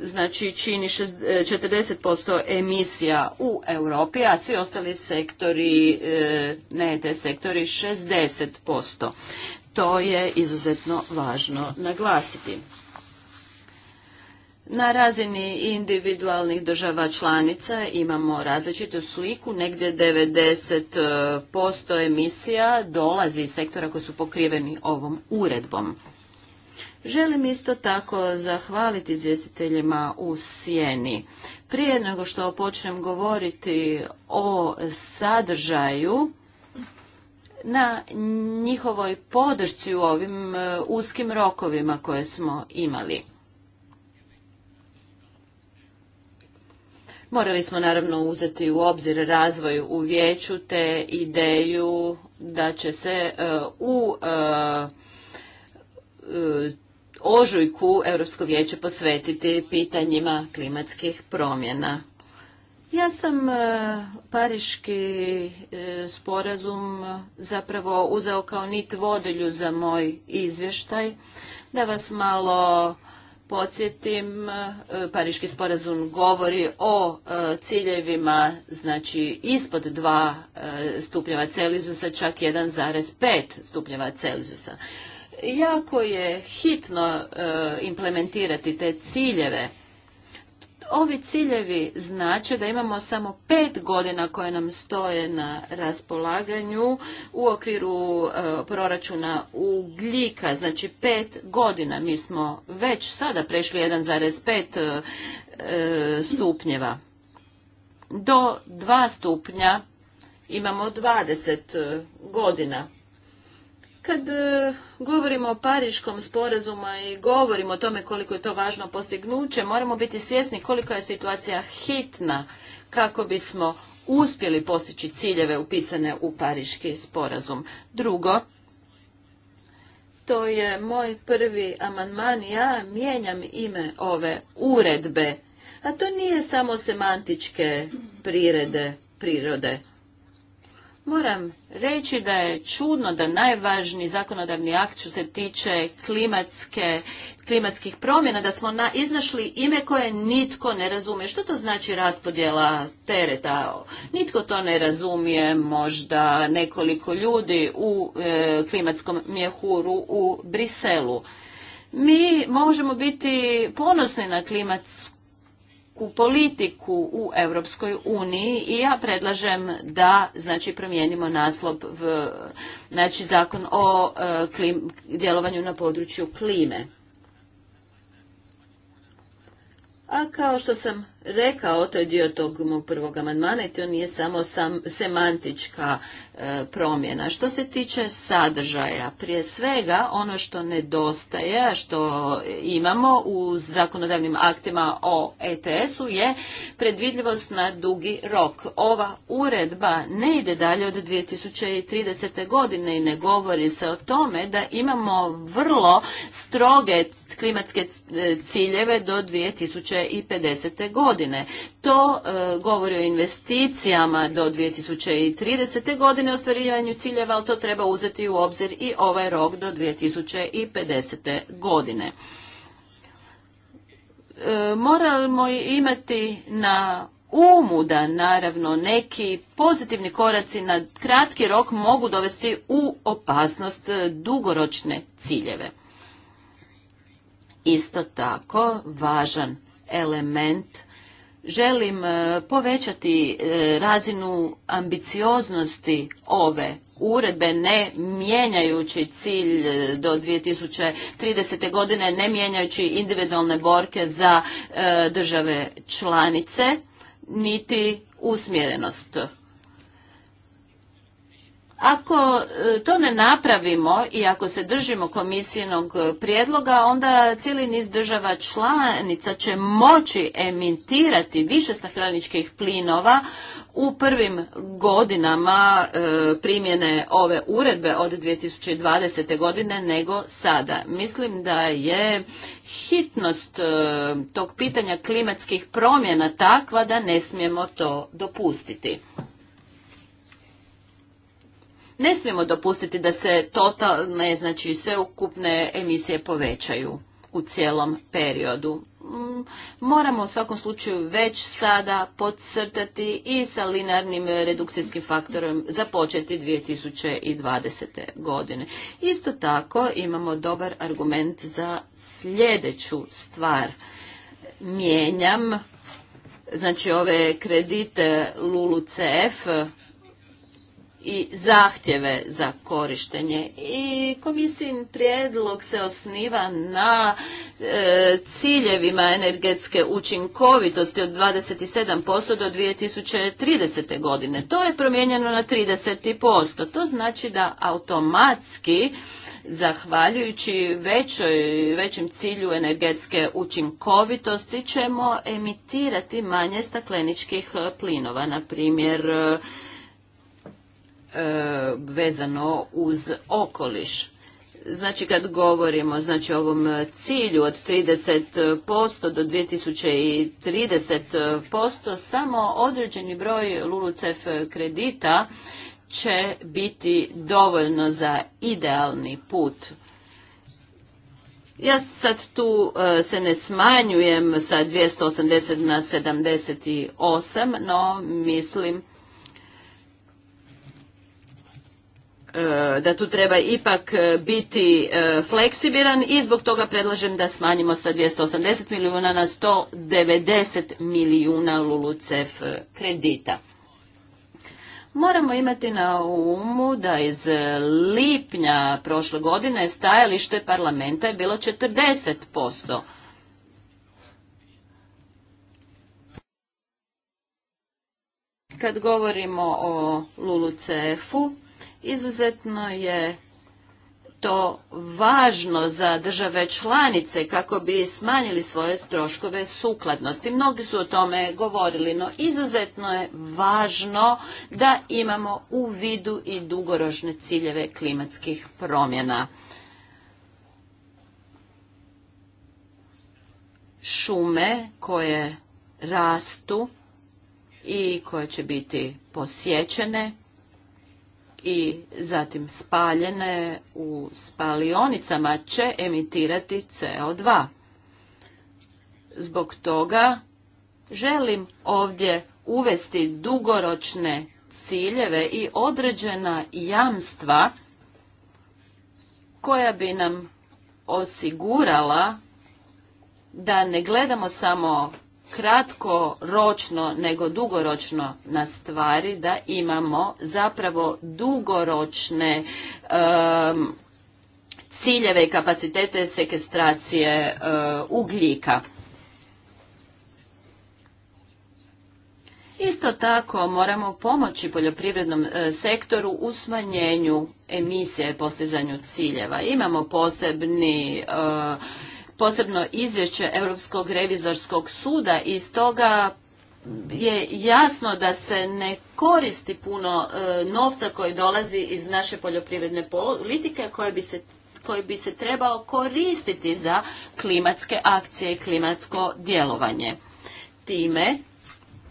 znači čini 40% e, emisija u Europi, a svi ostali sektori, e, ne te sektori, 60%. To je izuzetno važno naglasiti. Na razini individualnih država članica imamo različitu sliku, negdje 90% emisija dolazi iz sektora koji su pokriveni ovom uredbom. Želim isto tako zahvaliti izvjestiteljima u Sjeni. Prije nego što počnem govoriti o sadržaju, na njihovoj podršci u ovim e, uskim rokovima koje smo imali. Morali smo naravno uzeti u obzir razvoj u vijeću te ideju da će se e, u e, ožujku Europsko vijeće posvetiti pitanjima klimatskih promjena. Ja sam e, Pariški e, sporazum zapravo uzeo kao nit vodilju za moj izvještaj. Da vas malo podsjetim, e, Pariški sporazum govori o ciljevima, znači ispod dva stupnjeva Celzijusa, čak 1,5 stupnjeva Celzijusa. Jako je hitno e, implementirati te ciljeve. Ovi ciljevi znače da imamo samo pet godina koje nam stoje na raspolaganju u okviru e, proračuna ugljika. Znači pet godina mi smo već sada prešli 1,5 e, stupnjeva. Do dva stupnja imamo 20 godina. Kad e, govorimo o pariškom sporazumu i govorimo o tome koliko je to važno postignuće, moramo biti svjesni koliko je situacija hitna kako bismo uspjeli postići ciljeve upisane u pariški sporazum. Drugo, to je moj prvi amandman, ja mijenjam ime ove uredbe, a to nije samo semantičke prirede, prirode. Moram reći da je čudno da najvažniji zakonodavni akt što se tiče klimatske, klimatskih promjena, da smo na, iznašli ime koje nitko ne razumije. Što to znači raspodjela tereta? Nitko to ne razumije, možda nekoliko ljudi u e, klimatskom mjehuru u Briselu. Mi možemo biti ponosni na klimatsku politiku u Europskoj uniji i ja predlažem da znači promijenimo naslov v, znači zakon o e, klim, djelovanju na području klime. A kao što sam rekao, to je dio tog mog prvog amandmana i to nije samo sam, semantička e, promjena. Što se tiče sadržaja, prije svega ono što nedostaje, što imamo u zakonodavnim aktima o ETS-u je predvidljivost na dugi rok. Ova uredba ne ide dalje od 2030. godine i ne govori se o tome da imamo vrlo stroge klimatske ciljeve do 2050. godine godine. To e, govori o investicijama do 2030. godine, ostvarivanju ciljeva, ali to treba uzeti u obzir i ovaj rok do 2050. godine. E, moramo imati na umu da naravno neki pozitivni koraci na kratki rok mogu dovesti u opasnost e, dugoročne ciljeve. Isto tako važan element želim e, povećati e, razinu ambicioznosti ove uredbe ne mijenjajući cilj e, do 2030. godine, ne mijenjajući individualne borke za države članice, niti usmjerenost ako e, to ne napravimo i ako se držimo komisijenog prijedloga, onda cijeli niz država članica će moći emitirati više stakleničkih plinova u prvim godinama e, primjene ove uredbe od 2020. godine nego sada. Mislim da je hitnost e, tog pitanja klimatskih promjena takva da ne smijemo to dopustiti. Ne smijemo dopustiti da se totalne, znači ukupne emisije povećaju u cijelom periodu. Mm, moramo u svakom slučaju već sada podcrtati i sa linarnim redukcijskim faktorom započeti 2020. godine. Isto tako imamo dobar argument za sljedeću stvar. Mijenjam znači ove kredite LULU-CF i zahtjeve za korištenje. I komisijin prijedlog se osniva na e, ciljevima energetske učinkovitosti od 27% do 2030. godine. To je promijenjeno na 30%. To znači da automatski zahvaljujući većoj, većem cilju energetske učinkovitosti ćemo emitirati manje stakleničkih plinova. Na primjer, E, vezano uz okoliš. Znači kad govorimo znači o ovom cilju od 30% do 2030% samo određeni broj LULUCEF kredita će biti dovoljno za idealni put. Ja sad tu e, se ne smanjujem sa 280 na 78, no mislim E, da tu treba ipak e, biti e, fleksibilan i zbog toga predlažem da smanjimo sa 280 milijuna na 190 milijuna LULUCEF kredita. Moramo imati na umu da iz lipnja prošle godine stajalište parlamenta je bilo 40%. Kad govorimo o LULUCF-u, Izuzetno je to važno za države članice kako bi smanjili svoje troškove sukladnosti. Mnogi su o tome govorili, no izuzetno je važno da imamo u vidu i dugoročne ciljeve klimatskih promjena. Šume koje rastu i koje će biti posjećene i zatim spaljene u spalionicama će emitirati CO2. Zbog toga želim ovdje uvesti dugoročne ciljeve i određena jamstva koja bi nam osigurala da ne gledamo samo ročno nego dugoročno na stvari da imamo zapravo dugoročne ciljeve i kapacitete sekestracije eh, ugljika. Isto tako moramo pomoći poljoprivrednom eh, sektoru u smanjenju emisije i postizanju ciljeva. Imamo posebni eh, posebno izvješće Europskog revizorskog suda i stoga je jasno da se ne koristi puno e, novca koji dolazi iz naše poljoprivredne politike koje bi se koji bi se trebao koristiti za klimatske akcije i klimatsko djelovanje. Time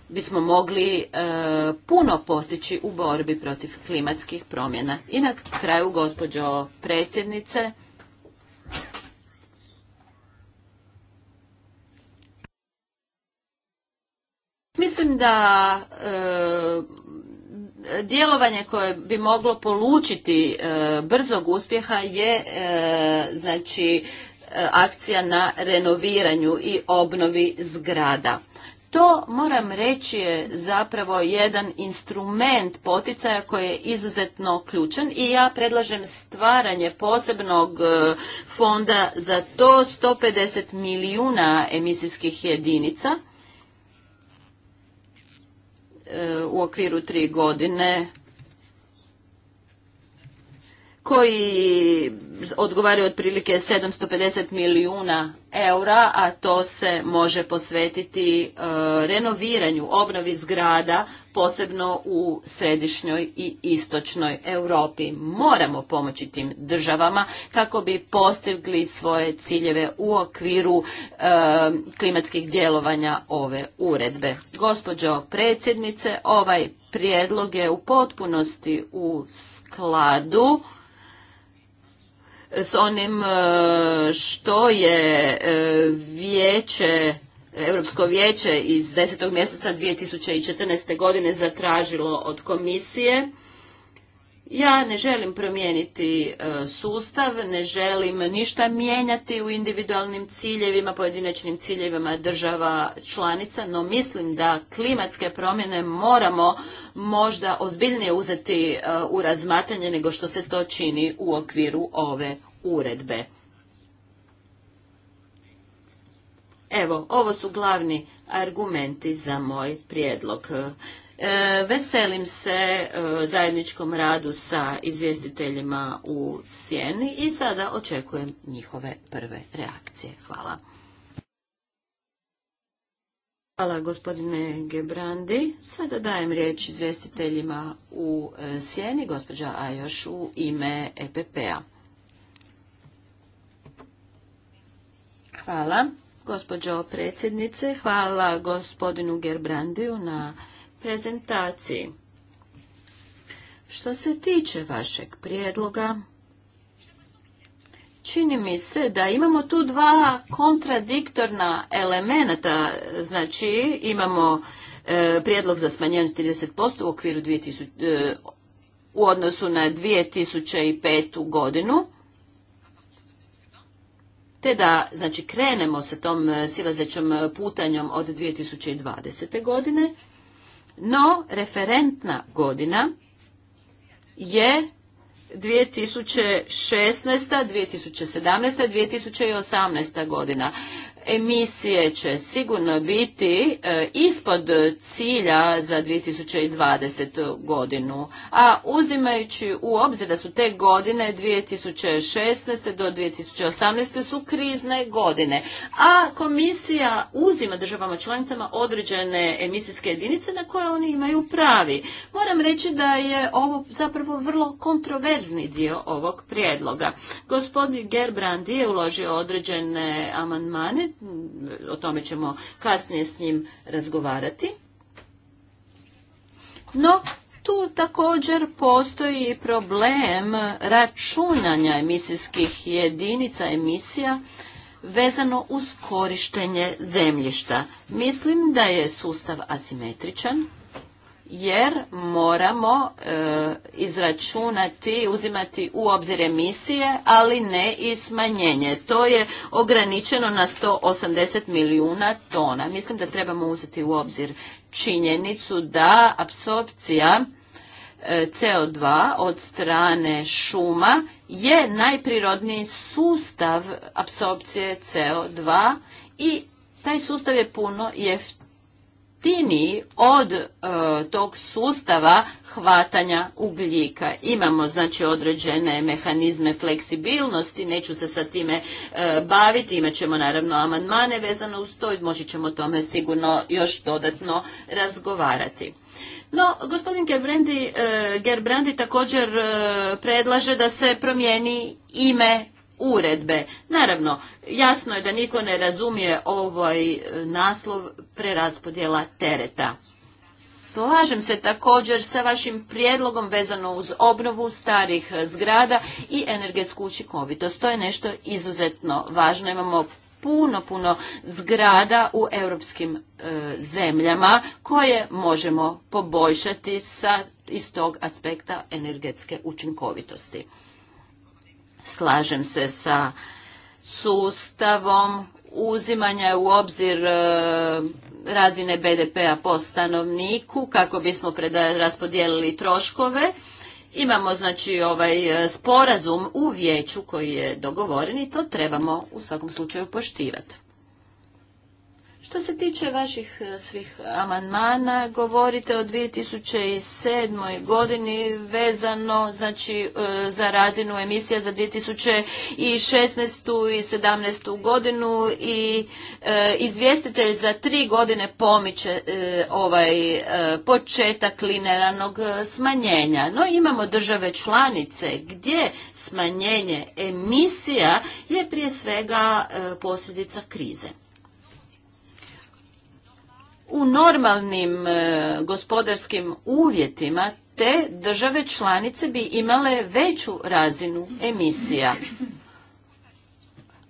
bismo mogli e, puno postići u borbi protiv klimatskih promjena. I na kraju, gospođo predsjednice, Mislim da e, djelovanje koje bi moglo polučiti e, brzog uspjeha je e, znači akcija na renoviranju i obnovi zgrada. To moram reći je zapravo jedan instrument poticaja koji je izuzetno ključan i ja predlažem stvaranje posebnog fonda za to 150 milijuna emisijskih jedinica E, u okviru tri godine koji odgovaraju otprilike 750 milijuna eura, a to se može posvetiti e, renoviranju, obnovi zgrada posebno u središnjoj i istočnoj Europi. Moramo pomoći tim državama kako bi postigli svoje ciljeve u okviru e, klimatskih djelovanja ove uredbe. Gospođo predsjednice, ovaj prijedlog je u potpunosti u skladu s onim e, što je e, vijeće Europsko vijeće iz 10. mjeseca 2014. godine zatražilo od komisije. Ja ne želim promijeniti e, sustav, ne želim ništa mijenjati u individualnim ciljevima, pojedinačnim ciljevima država članica, no mislim da klimatske promjene moramo možda ozbiljnije uzeti e, u razmatranje nego što se to čini u okviru ove uredbe. Evo, ovo su glavni argumenti za moj prijedlog. E, veselim se e, zajedničkom radu sa izvjestiteljima u Sjeni i sada očekujem njihove prve reakcije. Hvala. Hvala gospodine Gebrandi. Sada dajem riječ izvjestiteljima u e, Sjeni, gospođa Ajoš u ime EPP-a. Hvala. Gospođo predsjednice, hvala gospodinu Gerbrandiju na prezentaciji. Što se tiče vašeg prijedloga, čini mi se da imamo tu dva kontradiktorna elementa. Znači, imamo e, prijedlog za smanjenje 30% u okviru e, u odnosu na 2005. godinu te da znači krenemo sa tom e, silazećom e, putanjom od 2020. godine, no referentna godina je 2016., 2017., 2018. godina emisije će sigurno biti e, ispod cilja za 2020. godinu, a uzimajući u obzir da su te godine 2016. do 2018. su krizne godine, a komisija uzima državama članicama određene emisijske jedinice na koje oni imaju pravi. Moram reći da je ovo zapravo vrlo kontroverzni dio ovog prijedloga. Gospodin Gerbrand je uložio određene amandmane Mm, o tome ćemo kasnije s njim razgovarati. No, tu također postoji problem računanja emisijskih jedinica emisija vezano uz korištenje zemljišta. Mislim da je sustav asimetričan jer moramo e, izračunati, uzimati u obzir emisije, ali ne i smanjenje. To je ograničeno na 180 milijuna tona. Mislim da trebamo uzeti u obzir činjenicu da apsorpcija e, CO2 od strane šuma je najprirodniji sustav apsorpcije CO2 i taj sustav je puno jeftiniji jeftiniji od e, tog sustava hvatanja ugljika. Imamo znači određene mehanizme fleksibilnosti, neću se sa time e, baviti, imat ćemo naravno amandmane vezano uz to i moći ćemo o tome sigurno još dodatno razgovarati. No, gospodin Gerbrandi, e, Gerbrandi također predlaže da se promijeni ime uredbe. Naravno, jasno je da niko ne razumije ovaj e, naslov preraspodjela tereta. Slažem se također sa vašim prijedlogom vezano uz obnovu starih e, zgrada i energetsku učinkovitost. To je nešto izuzetno važno. Imamo puno, puno zgrada u europskim e, zemljama koje možemo poboljšati sa iz tog aspekta energetske učinkovitosti. Slažem se sa sustavom uzimanja u obzir e, razine BDP-a po stanovniku kako bismo raspodijelili troškove. Imamo znači ovaj e, sporazum u vijeću koji je dogovoren i to trebamo u svakom slučaju poštivati. Što se tiče vaših e, svih amandmana, govorite o 2007. godini vezano znači, e, za razinu emisija za 2016. i 2017. godinu i e, za tri godine pomiče e, ovaj početak linearnog smanjenja. No imamo države članice gdje smanjenje emisija je prije svega posljedica krize u normalnim e, gospodarskim uvjetima te države članice bi imale veću razinu emisija.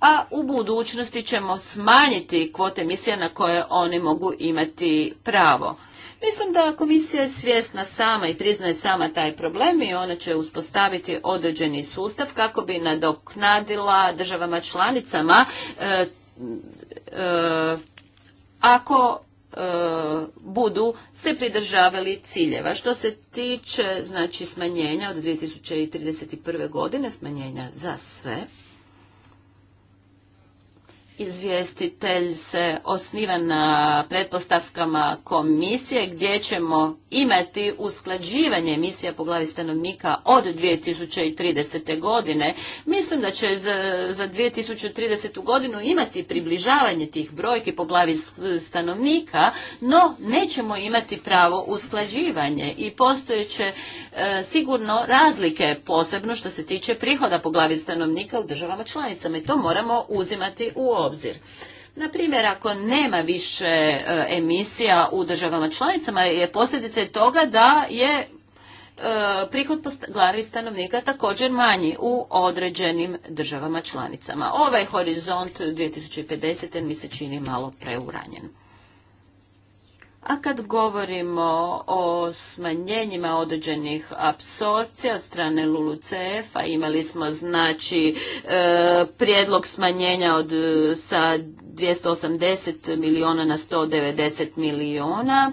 A u budućnosti ćemo smanjiti kvote emisija na koje oni mogu imati pravo. Mislim da komisija je svjesna sama i priznaje sama taj problem i ona će uspostaviti određeni sustav kako bi nadoknadila državama članicama e, e, ako E, budu se pridržavali ciljeva. Što se tiče znači smanjenja od 2031. godine, smanjenja za sve, Izvjestitelj se osniva na pretpostavkama komisije gdje ćemo imati usklađivanje emisija po glavi stanovnika od 2030. godine. Mislim da će za, 2030. godinu imati približavanje tih brojki po glavi stanovnika, no nećemo imati pravo usklađivanje i postojeće e, sigurno razlike, posebno što se tiče prihoda po glavi stanovnika u državama članicama i to moramo uzimati u obzir. Na primjer, ako nema više e, emisija u državama članicama, je posljedice toga da je e, prihod po glavi stanovnika također manji u određenim državama članicama. Ovaj horizont 2050. mi se čini malo preuranjen. A kad govorimo o smanjenjima određenih apsorcija od strane LULUCF-a, imali smo znači e, prijedlog smanjenja od, e, sa 280 miliona na 190 miliona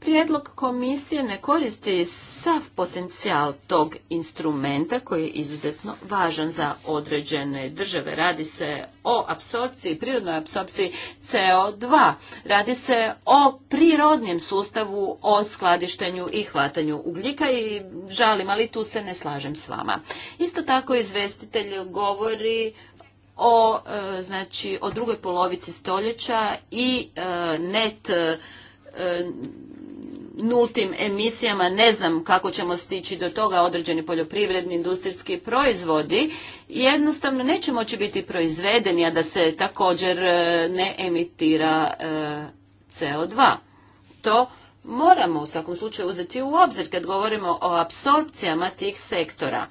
prijedlog komisije ne koristi sav potencijal tog instrumenta koji je izuzetno važan za određene države. Radi se o apsorpciji, prirodnoj apsorpciji CO2. Radi se o prirodnjem sustavu, o skladištenju i hvatanju ugljika i žalim, ali tu se ne slažem s vama. Isto tako izvestitelj govori o, e, znači, o drugoj polovici stoljeća i e, net e, nultim emisijama, ne znam kako ćemo stići do toga određeni poljoprivredni industrijski proizvodi, jednostavno neće moći biti proizvedeni, a da se također e, ne emitira e, CO2. To moramo u svakom slučaju uzeti u obzir kad govorimo o apsorpcijama tih sektora.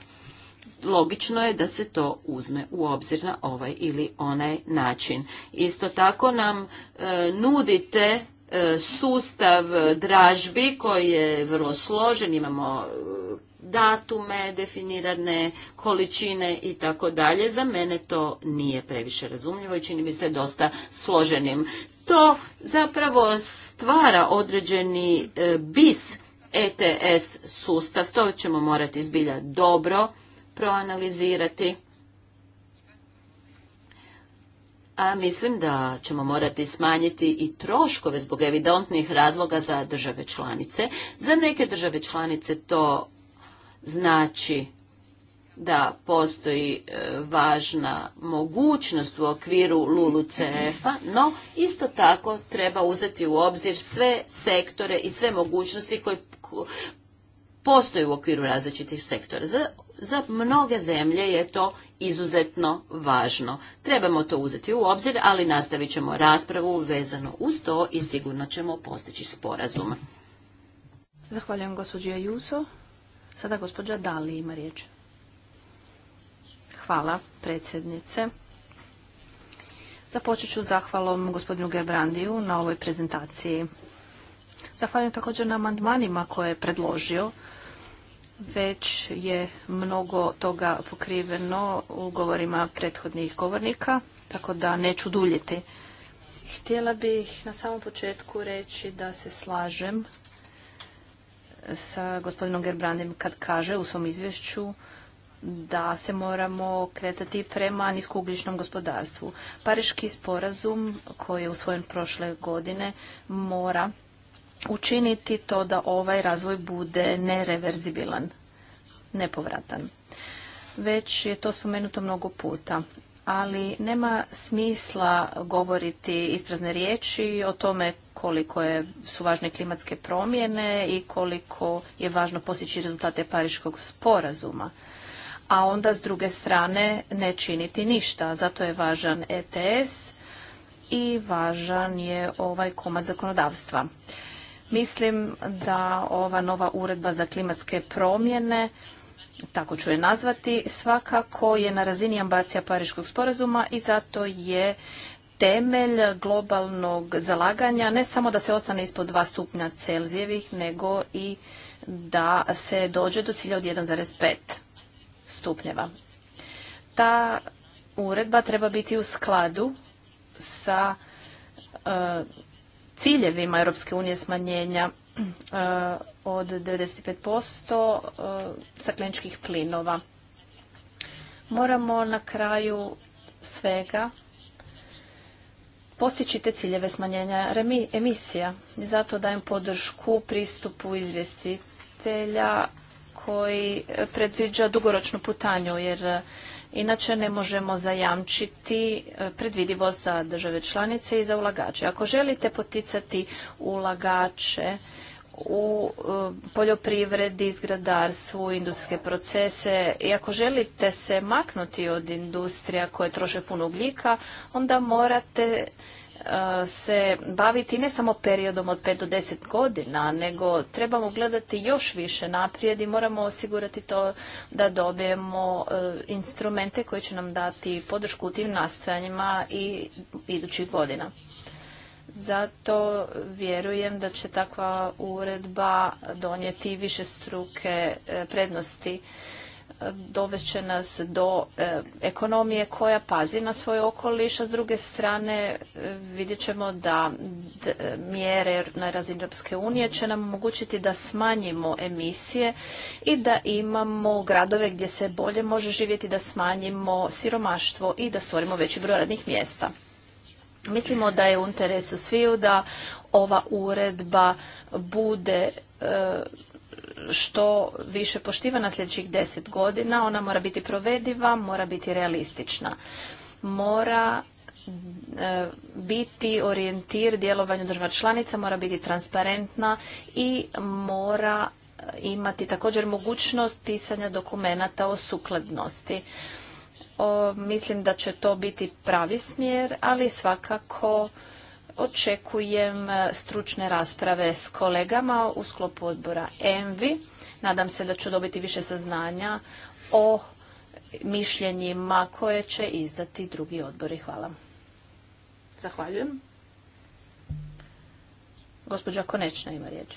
Logično je da se to uzme u obzir na ovaj ili onaj način. Isto tako nam e, nudite E, sustav dražbi koji je vrlo složen, imamo e, datume, definirane količine i tako dalje. Za mene to nije previše razumljivo i čini mi se dosta složenim. To zapravo stvara određeni e, bis ETS sustav, to ćemo morati zbilja dobro proanalizirati. a mislim da ćemo morati smanjiti i troškove zbog evidentnih razloga za države članice. Za neke države članice to znači da postoji e, važna mogućnost u okviru LULU-CF-a, no isto tako treba uzeti u obzir sve sektore i sve mogućnosti koje postoje u okviru različitih sektora. Za za mnoge zemlje je to izuzetno važno. Trebamo to uzeti u obzir, ali nastavit ćemo raspravu vezano uz to i sigurno ćemo postići sporazum. Zahvaljujem gospođi juso Sada gospođa Dali ima riječ. Hvala predsjednice. Započet ću zahvalom gospodinu Gerbrandiju na ovoj prezentaciji. Zahvaljujem također na amandmanima koje je predložio već je mnogo toga pokriveno govorima prethodnih govornika, tako da neću duljiti. Htjela bih na samom početku reći da se slažem sa gospodinom Gerbrandem kad kaže u svom izvješću da se moramo kretati prema niskougljičnom gospodarstvu. Pariški sporazum koji je usvojen prošle godine mora učiniti to da ovaj razvoj bude nereverzibilan, nepovratan. Već je to spomenuto mnogo puta, ali nema smisla govoriti isprazne riječi o tome koliko je, su važne klimatske promjene i koliko je važno postići rezultate Pariškog sporazuma a onda s druge strane ne činiti ništa. Zato je važan ETS i važan je ovaj komad zakonodavstva. Mislim da ova nova uredba za klimatske promjene tako ću je nazvati, svakako je na razini ambacija Pariškog sporazuma i zato je temelj globalnog zalaganja ne samo da se ostane ispod dva stupnja Celzijevih, nego i da se dođe do cilja od 1,5 stupnjeva. Ta uredba treba biti u skladu sa e, ciljevima Europske unije smanjenja eh, od 95% eh, stakleničkih plinova. Moramo na kraju svega postići te ciljeve smanjenja emisija. I zato dajem podršku pristupu izvjestitelja koji predviđa dugoročnu putanju, jer Inače ne možemo zajamčiti e, predvidivost za države članice i za ulagače. Ako želite poticati ulagače u e, poljoprivredi, zgradarstvu, industrijske procese i ako želite se maknuti od industrija koje troše puno ugljika, onda morate se baviti ne samo periodom od 5 do 10 godina, nego trebamo gledati još više naprijed i moramo osigurati to da dobijemo e, instrumente koji će nam dati podršku u tim nastojanjima i idućih godina. Zato vjerujem da će takva uredba donijeti više struke e, prednosti dovest će nas do e, ekonomije koja pazi na svoj okoliš, a s druge strane e, vidjet ćemo da e, mjere na razini Europske unije će nam omogućiti da smanjimo emisije i da imamo gradove gdje se bolje može živjeti, da smanjimo siromaštvo i da stvorimo veći broj radnih mjesta. Mislimo da je u interesu sviju da ova uredba bude što više poštiva na sljedećih deset godina. Ona mora biti provediva, mora biti realistična. Mora e, biti orijentir djelovanju država članica, mora biti transparentna i mora imati također mogućnost pisanja dokumenata o sukladnosti. mislim da će to biti pravi smjer, ali svakako očekujem e, stručne rasprave s kolegama u sklopu odbora ENVI. Nadam se da ću dobiti više saznanja o mišljenjima koje će izdati drugi odbori. Hvala. Zahvaljujem. Gospođa Konečna ima riječ.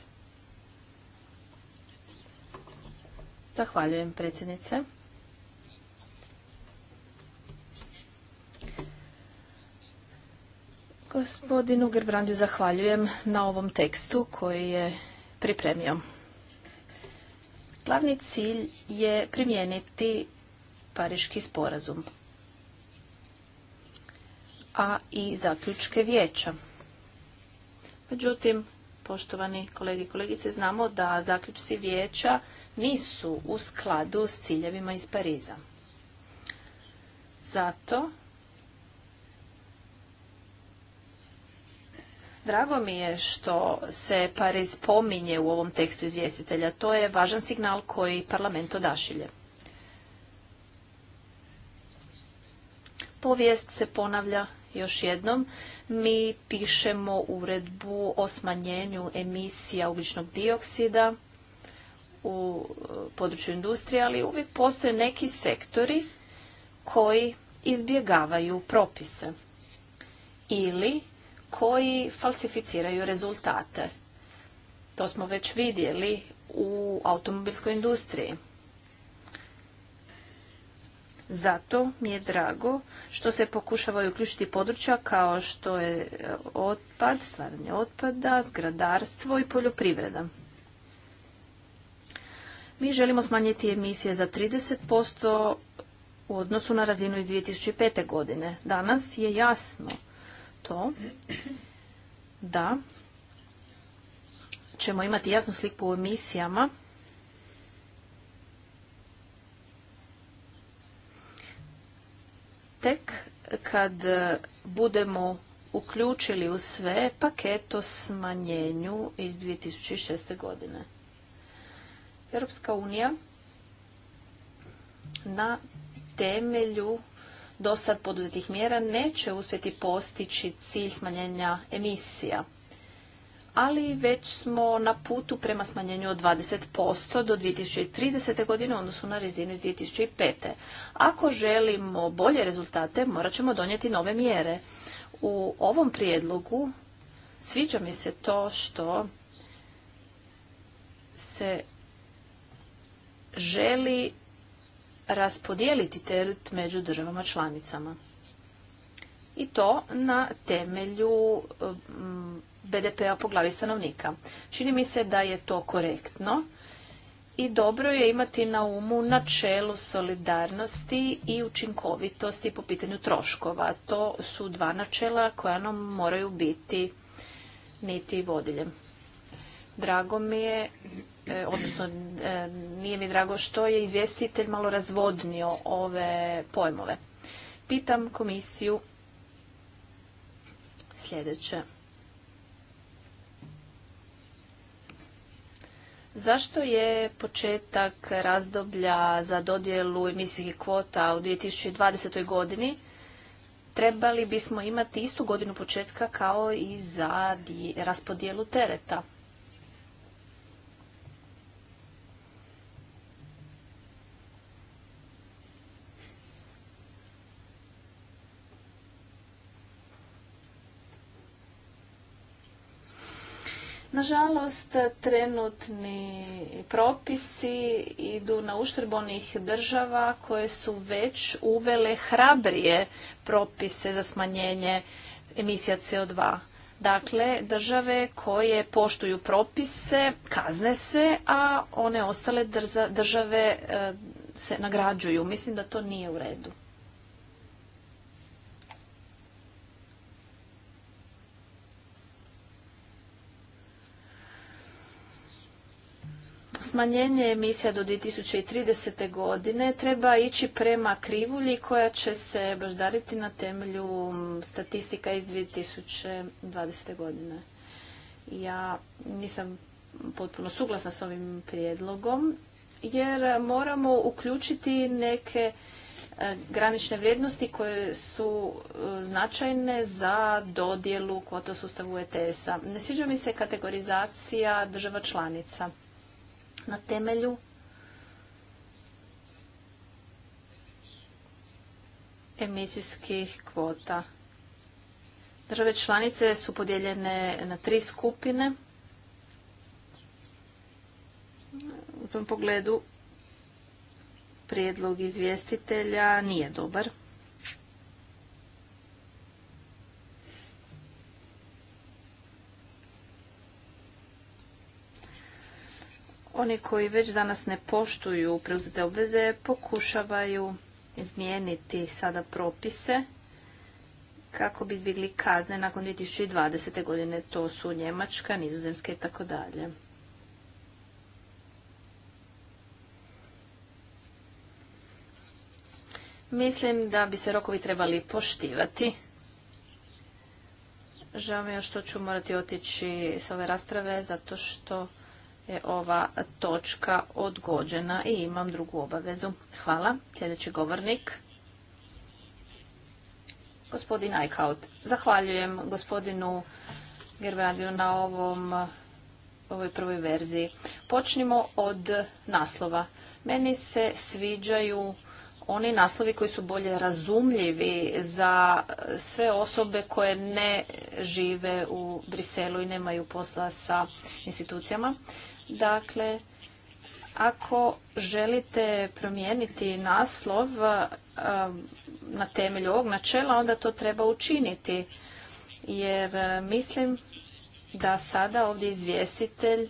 Zahvaljujem predsjednice. Gospodinu Gerbrandiju zahvaljujem na ovom tekstu koji je pripremio. Glavni cilj je primijeniti Pariški sporazum, a i zaključke vijeća. Međutim, poštovani kolegi i kolegice, znamo da zaključci vijeća nisu u skladu s ciljevima iz Pariza. Zato Drago mi je što se Pariz pominje u ovom tekstu izvjestitelja. To je važan signal koji parlament odašilje. Povijest se ponavlja još jednom. Mi pišemo uredbu o smanjenju emisija ugljičnog dioksida u e, području industrije, ali uvijek postoje neki sektori koji izbjegavaju propise ili koji falsificiraju rezultate. To smo već vidjeli u automobilskoj industriji. Zato mi je drago što se pokušavaju uključiti područja kao što je otpad, stvaranje otpada, zgradarstvo i poljoprivreda. Mi želimo smanjiti emisije za 30% u odnosu na razinu iz 2005. godine. Danas je jasno to da ćemo imati jasnu sliku u emisijama tek kad budemo uključili u sve paketo o smanjenju iz 2006. godine. Europska unija na temelju do sad poduzetih mjera neće uspjeti postići cilj smanjenja emisija. Ali već smo na putu prema smanjenju od 20% do 2030. godine, odnosno na rezinu iz 2005. Ako želimo bolje rezultate, morat ćemo donijeti nove mjere. U ovom prijedlogu sviđa mi se to što se želi raspodijeliti teret među državama članicama. I to na temelju mm, BDP-a po glavi stanovnika. Čini mi se da je to korektno i dobro je imati na umu načelu solidarnosti i učinkovitosti po pitanju troškova. To su dva načela koja nam moraju biti niti vodiljem. Drago mi je E, odnosno e, nije mi drago što je izvjestitelj malo razvodnio ove pojmove. Pitam komisiju sljedeće. Zašto je početak razdoblja za dodjelu emisijskih kvota u 2020. godini? Trebali bismo imati istu godinu početka kao i za raspodjelu tereta. Nažalost, trenutni propisi idu na uštrb onih država koje su već uvele hrabrije propise za smanjenje emisija CO2. Dakle, države koje poštuju propise kazne se, a one ostale države e, se nagrađuju. Mislim da to nije u redu. smanjenje emisija do 2030. godine treba ići prema krivulji koja će se baždariti na temelju statistika iz 2020. godine. Ja nisam potpuno suglasna s ovim prijedlogom jer moramo uključiti neke e, granične vrijednosti koje su e, značajne za dodjelu kvota sustavu ETS-a. Ne sviđa mi se kategorizacija država članica na temelju emisijskih kvota. Države članice su podijeljene na tri skupine. U tom pogledu prijedlog izvjestitelja nije dobar. Oni koji već danas ne poštuju preuzete obveze pokušavaju izmijeniti sada propise kako bi izbjegli kazne nakon 2020. godine. To su Njemačka, Nizozemska i tako dalje. Mislim da bi se rokovi trebali poštivati. Žao mi je što ću morati otići s ove rasprave zato što je ova točka odgođena i imam drugu obavezu. Hvala. Sljedeći govornik. Gospodin Eichhout. Zahvaljujem gospodinu Gerbradiju na ovom ovoj prvoj verziji. Počnimo od naslova. Meni se sviđaju oni naslovi koji su bolje razumljivi za sve osobe koje ne žive u Briselu i nemaju posla sa institucijama. Dakle, ako želite promijeniti naslov na temelju ovog načela, onda to treba učiniti. Jer mislim da sada ovdje izvjestitelj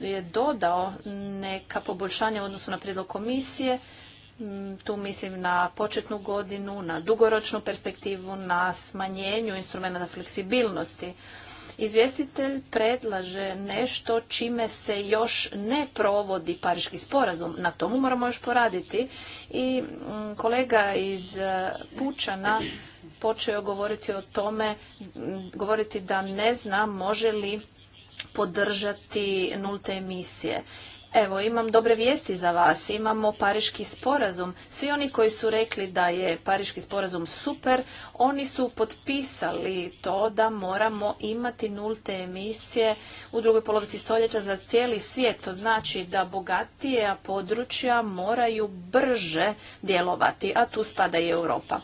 je dodao neka poboljšanja u odnosu na prijedlog komisije Mm, tu mislim na početnu godinu, na dugoročnu perspektivu, na smanjenju instrumenta fleksibilnosti. Izvjestitelj predlaže nešto čime se još ne provodi pariški sporazum. Na tomu moramo još poraditi. I mm, kolega iz e, Pučana počeo govoriti o tome, mm, govoriti da ne zna može li podržati nulte emisije. Evo, imam dobre vijesti za vas. Imamo Pariški sporazum. Svi oni koji su rekli da je Pariški sporazum super, oni su potpisali to da moramo imati nulte emisije u drugoj polovici stoljeća za cijeli svijet. To znači da bogatija područja moraju brže djelovati, a tu spada i Europa.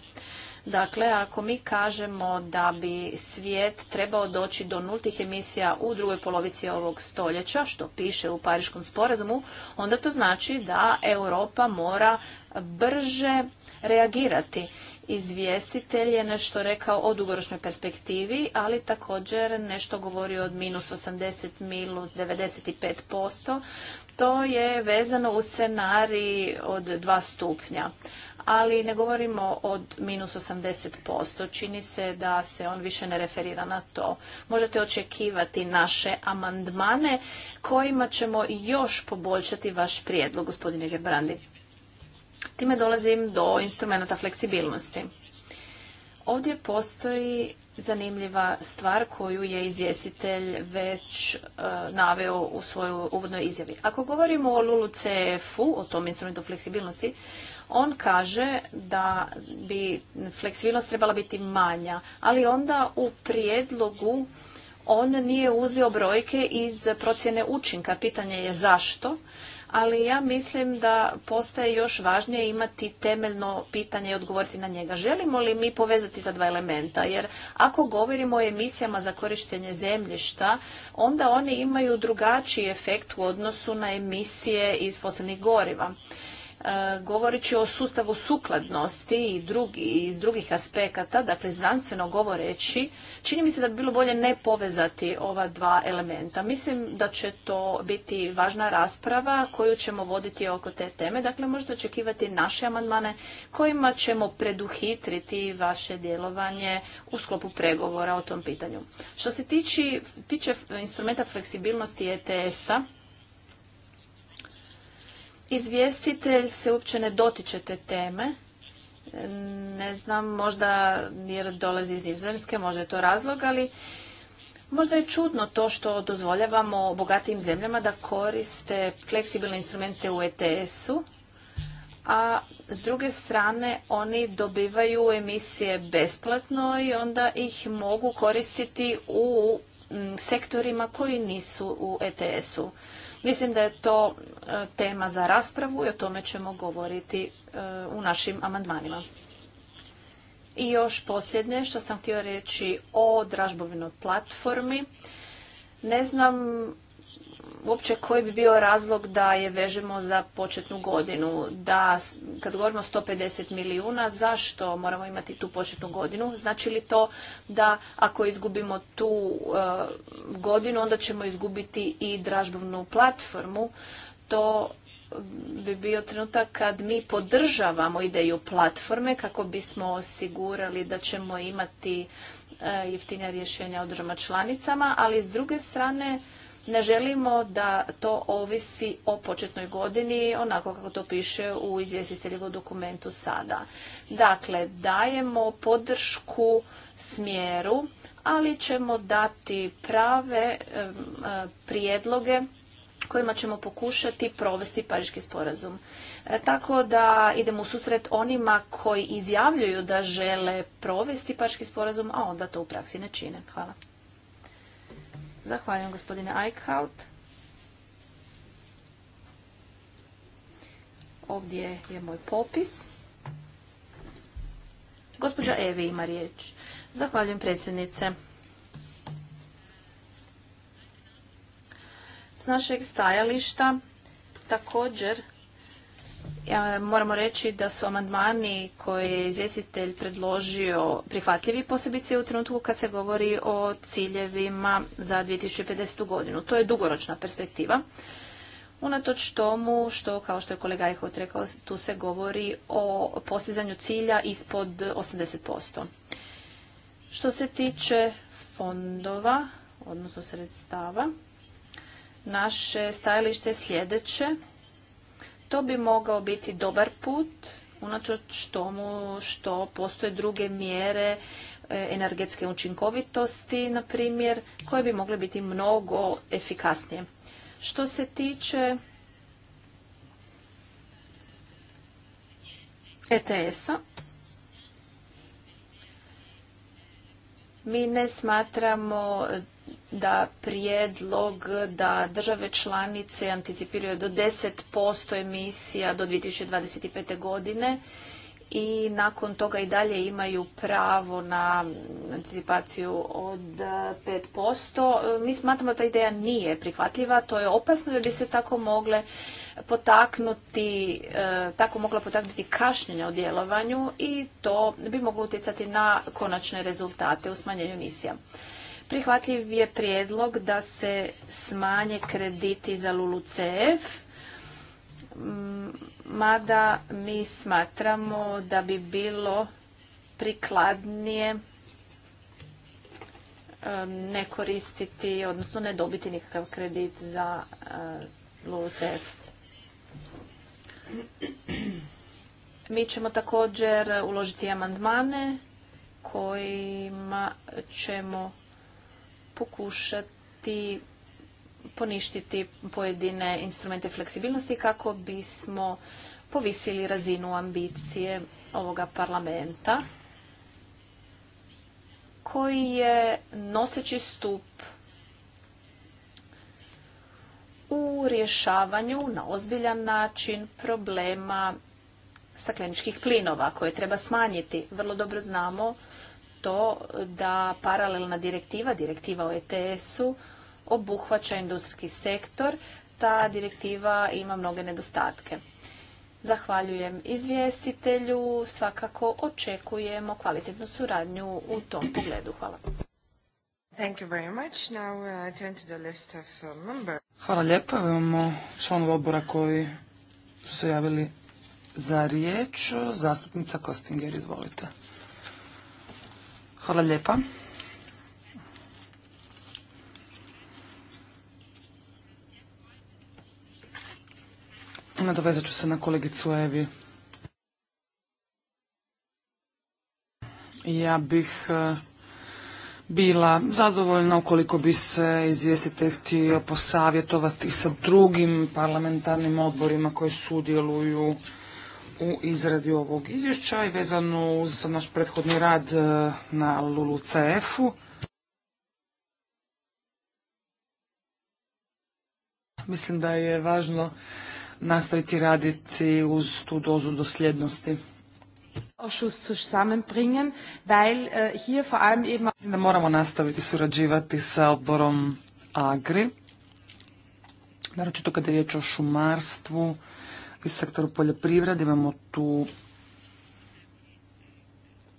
Dakle, ako mi kažemo da bi svijet trebao doći do nultih emisija u drugoj polovici ovog stoljeća, što piše u Pariškom sporazumu, onda to znači da Europa mora brže reagirati. Izvjestitelj je nešto rekao o dugoročnoj perspektivi, ali također nešto govori od minus 80, minus 95%. To je vezano u scenarij od dva stupnja ali ne govorimo od minus 80%. Čini se da se on više ne referira na to. Možete očekivati naše amandmane kojima ćemo još poboljšati vaš prijedlog, gospodine Gerbrandi. Time dolazim do instrumenta fleksibilnosti. Ovdje postoji zanimljiva stvar koju je izvjestitelj već e, naveo u svojoj uvodnoj izjavi. Ako govorimo o LULU-CF-u, o tom instrumentu fleksibilnosti, on kaže da bi fleksibilnost trebala biti manja, ali onda u prijedlogu on nije uzeo brojke iz procjene učinka. Pitanje je zašto, ali ja mislim da postaje još važnije imati temeljno pitanje i odgovoriti na njega. Želimo li mi povezati ta dva elementa? Jer ako govorimo o emisijama za korištenje zemljišta, onda one imaju drugačiji efekt u odnosu na emisije iz fosilnih goriva. E, govoreći o sustavu sukladnosti i drugi, iz drugih aspekata, dakle znanstveno govoreći, čini mi se da bi bilo bolje ne povezati ova dva elementa. Mislim da će to biti važna rasprava koju ćemo voditi oko te teme. Dakle, možete očekivati naše amandmane kojima ćemo preduhitriti vaše djelovanje u sklopu pregovora o tom pitanju. Što se tiče, tiče instrumenta fleksibilnosti ETS-a, Izvjestitelj se uopće ne dotiče te teme. Ne znam, možda jer dolazi iz Nizozemske, možda je to razlog, ali možda je čudno to što dozvoljavamo bogatijim zemljama da koriste fleksibilne instrumente u ETS-u, a s druge strane oni dobivaju emisije besplatno i onda ih mogu koristiti u sektorima koji nisu u ETS-u. Mislim da je to e, tema za raspravu i o tome ćemo govoriti e, u našim amandmanima. I još posljednje što sam htio reći o dražbovinoj platformi. Ne znam uopće koji bi bio razlog da je vežemo za početnu godinu? Da, kad govorimo 150 milijuna, zašto moramo imati tu početnu godinu? Znači li to da ako izgubimo tu e, godinu, onda ćemo izgubiti i dražbovnu platformu? To mm, bi bio trenutak kad mi podržavamo ideju platforme kako bismo osigurali da ćemo imati e, jeftinja rješenja u državama članicama, ali s druge strane ne želimo da to ovisi o početnoj godini, onako kako to piše u izvjestiteljevu dokumentu sada. Dakle, dajemo podršku smjeru, ali ćemo dati prave e, prijedloge kojima ćemo pokušati provesti Pariški sporazum. E, tako da idemo u susret onima koji izjavljuju da žele provesti Pariški sporazum, a onda to u praksi ne čine. Hvala. Zahvaljujem gospodine Eichhout. Ovdje je moj popis. Gospođa Evi ima riječ. Zahvaljujem predsjednice. S našeg stajališta također Moramo reći da su amandmani koje je izvjestitelj predložio prihvatljivi posebice u trenutku kad se govori o ciljevima za 2050. godinu. To je dugoročna perspektiva. Unatoč tomu što, kao što je kolega Eichhout rekao, tu se govori o postizanju cilja ispod 80%. Što se tiče fondova, odnosno sredstava, naše stajalište je sljedeće. To bi mogao biti dobar put, unatoč tomu što postoje druge mjere e, energetske učinkovitosti, na primjer, koje bi mogle biti mnogo efikasnije. Što se tiče ETS-a, mi ne smatramo da prijedlog da države članice anticipiraju do 10% emisija do 2025. godine i nakon toga i dalje imaju pravo na anticipaciju od 5%. Mi smatramo da ta ideja nije prihvatljiva, to je opasno da bi se tako mogle potaknuti, e, tako mogla potaknuti kašnjenja u djelovanju i to bi moglo utjecati na konačne rezultate u smanjenju emisija. Prihvatljiv je prijedlog da se smanje krediti za LULUCF, mada mi smatramo da bi bilo prikladnije e, ne koristiti, odnosno ne dobiti nikakav kredit za e, LULUCF. Mi ćemo također uložiti amandmane kojima ćemo pokušati poništiti pojedine instrumente fleksibilnosti kako bismo povisili razinu ambicije ovoga parlamenta koji je noseći stup u rješavanju na ozbiljan način problema stakleničkih plinova koje treba smanjiti. Vrlo dobro znamo to da paralelna direktiva, direktiva o ETS-u, obuhvaća industrijski sektor. Ta direktiva ima mnoge nedostatke. Zahvaljujem izvjestitelju, svakako očekujemo kvalitetnu suradnju u tom pogledu. Hvala. Thank you very much. Hvala lijepo. Imamo članova odbora koji su se javili za riječ. Zastupnica Kostinger, izvolite. Hvala lijepa. Nadovezat ću se na kolegicu Evi. Ja bih e, bila zadovoljna ukoliko bi se izvjestitelj htio posavjetovati sa drugim parlamentarnim odborima koji sudjeluju u izradi ovog izvješća i vezano uz naš prethodni rad e, na Lulu CF-u. Mislim da je važno nastaviti raditi uz tu dozu dosljednosti. E, Mislim da moramo nastaviti surađivati sa odborom Agri, naročito kada je riječ o šumarstvu i sektoru poljoprivrede. Imamo tu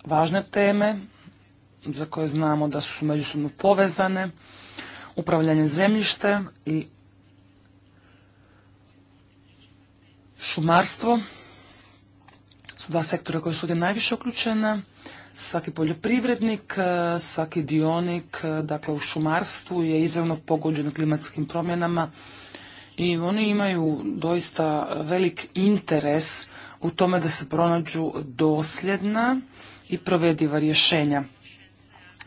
važne teme za koje znamo da su međusobno povezane, upravljanje zemljištem i šumarstvo su dva sektora koje su ovdje najviše uključena. Svaki poljoprivrednik, e, svaki dionik, e, dakle u šumarstvu je izravno pogođen klimatskim promjenama i oni imaju doista velik interes u tome da se pronađu dosljedna i provediva rješenja.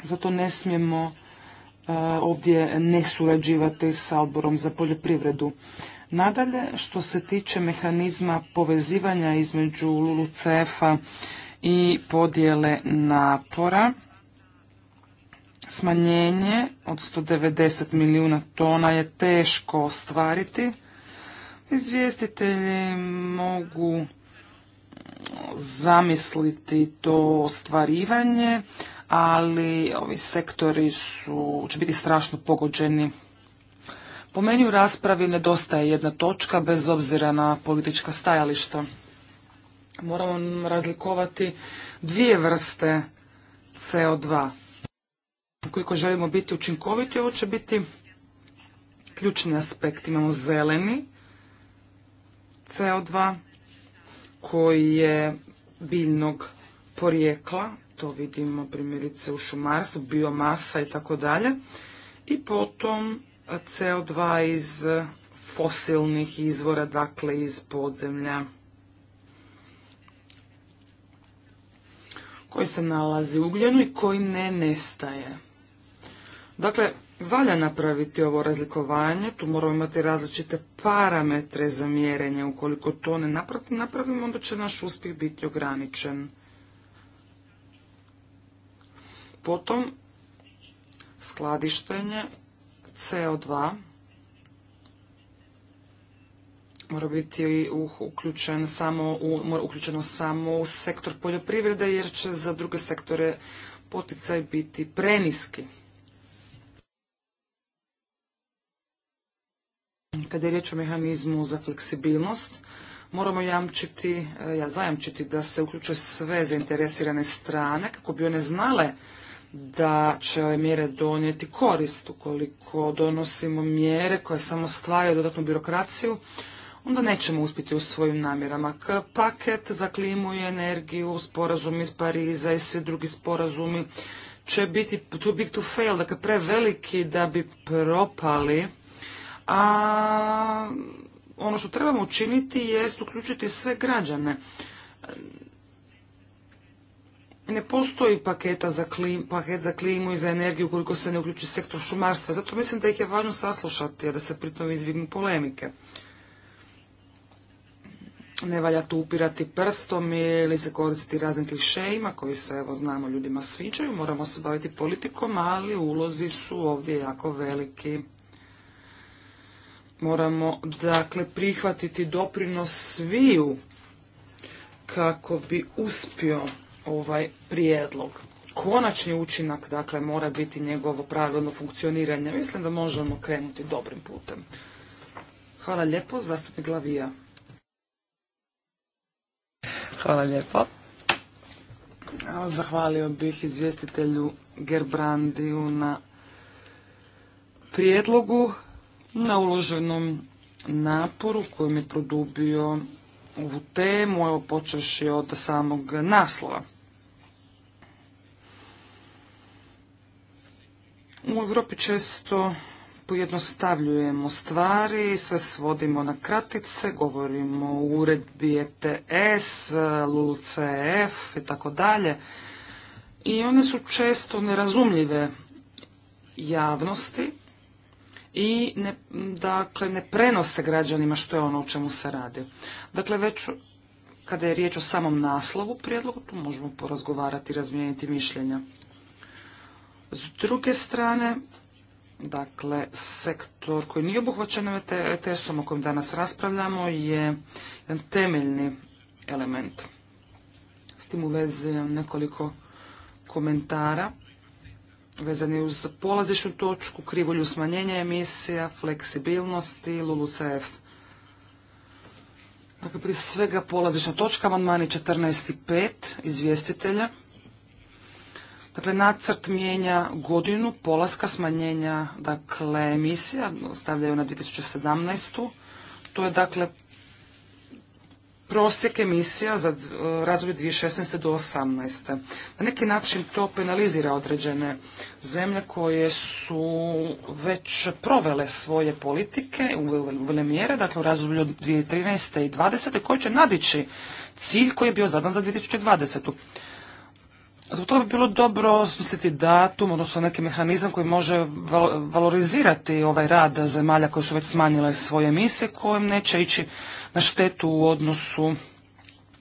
Zato ne smijemo e, ovdje ne surađivati sa odborom za poljoprivredu. Nadalje, što se tiče mehanizma povezivanja između LULUCF-a i podjele napora, Smanjenje od 190 milijuna tona je teško ostvariti. Izvjestitelji mogu zamisliti to ostvarivanje, ali ovi sektori su, će biti strašno pogođeni. Po meni u raspravi nedostaje jedna točka bez obzira na politička stajališta. Moramo razlikovati dvije vrste CO2. Koliko želimo biti učinkoviti, ovo će biti ključni aspekt. Imamo zeleni CO2 koji je biljnog porijekla, to vidimo primjerice u šumarstvu, biomasa i tako dalje. I potom CO2 iz fosilnih izvora, dakle iz podzemlja. koji se nalazi u ugljenu i koji ne nestaje. Dakle, valja napraviti ovo razlikovanje, tu moramo imati različite parametre za mjerenje. Ukoliko to ne napravimo, onda će naš uspjeh biti ograničen. Potom, skladištenje CO2 mora biti uključen samo mora uključeno samo u sektor poljoprivrede jer će za druge sektore poticaj biti preniski. Kada je riječ o mehanizmu za fleksibilnost, moramo jamčiti, e, ja zajamčiti da se uključe sve zainteresirane strane kako bi one znale da će ove mjere donijeti korist. Ukoliko donosimo mjere koje samo stvaraju dodatnu birokraciju, onda nećemo uspjeti u svojim namjerama. K paket za klimu i energiju, sporazum iz Pariza i svi drugi sporazumi će biti too big to fail, dakle preveliki da bi propali a ono što trebamo učiniti je uključiti sve građane. Ne postoji paketa za klim, paket za klimu i za energiju koliko se ne uključi sektor šumarstva. Zato mislim da ih je važno saslušati, a da se pritom izbjegnu polemike. Ne valja tu upirati prstom ili se koristiti raznim klišejima koji se, evo znamo, ljudima sviđaju. Moramo se baviti politikom, ali ulozi su ovdje jako veliki. Moramo dakle prihvatiti doprinos sviju kako bi uspio ovaj prijedlog. Konačni učinak dakle mora biti njegovo pravilno funkcioniranje. Mislim da možemo krenuti dobrim putem. Hvala lijepo, zastupnik Glavija. Hvala lijepo. Zahvalio bih izvjestitelju Gerbrandiju na prijedlogu na uloženom naporu kojim je produbio ovu temu, evo počeš od samog naslova. U Europi često pojednostavljujemo stvari, sve svodimo na kratice, govorimo o uredbi ETS, LULCF i tako dalje. I one su često nerazumljive javnosti, i ne, dakle, ne prenose građanima što je ono o čemu se radi. Dakle, već kada je riječ o samom naslovu prijedloga, tu možemo porazgovarati i razmijeniti mišljenja. S druge strane, dakle, sektor koji nije obuhvaćen ETS-om o kojem danas raspravljamo je jedan temeljni element. S tim u vezi nekoliko komentara vezani uz polazišnu točku, krivulju smanjenja emisija, fleksibilnosti, LULUCF. Dakle, prije svega polazišna točka, amandmani 14 i pet izvjestitelja. Dakle, nacrt mijenja godinu polaska smanjenja dakle, emisija, stavljaju na 2017. To je dakle prosjek emisija za e, razdoblje 2016. do 2018. Na neki način to penalizira određene zemlje koje su već provele svoje politike, uvele mjere, dakle u razdoblju od 2013. i 2020. koji će nadići cilj koji je bio zadan za 2020. Zbog toga bi bilo dobro osmisliti datum, odnosno neki mehanizam koji može valorizirati ovaj rad zemalja koje su već smanjile svoje emisije, kojim neće ići na štetu u odnosu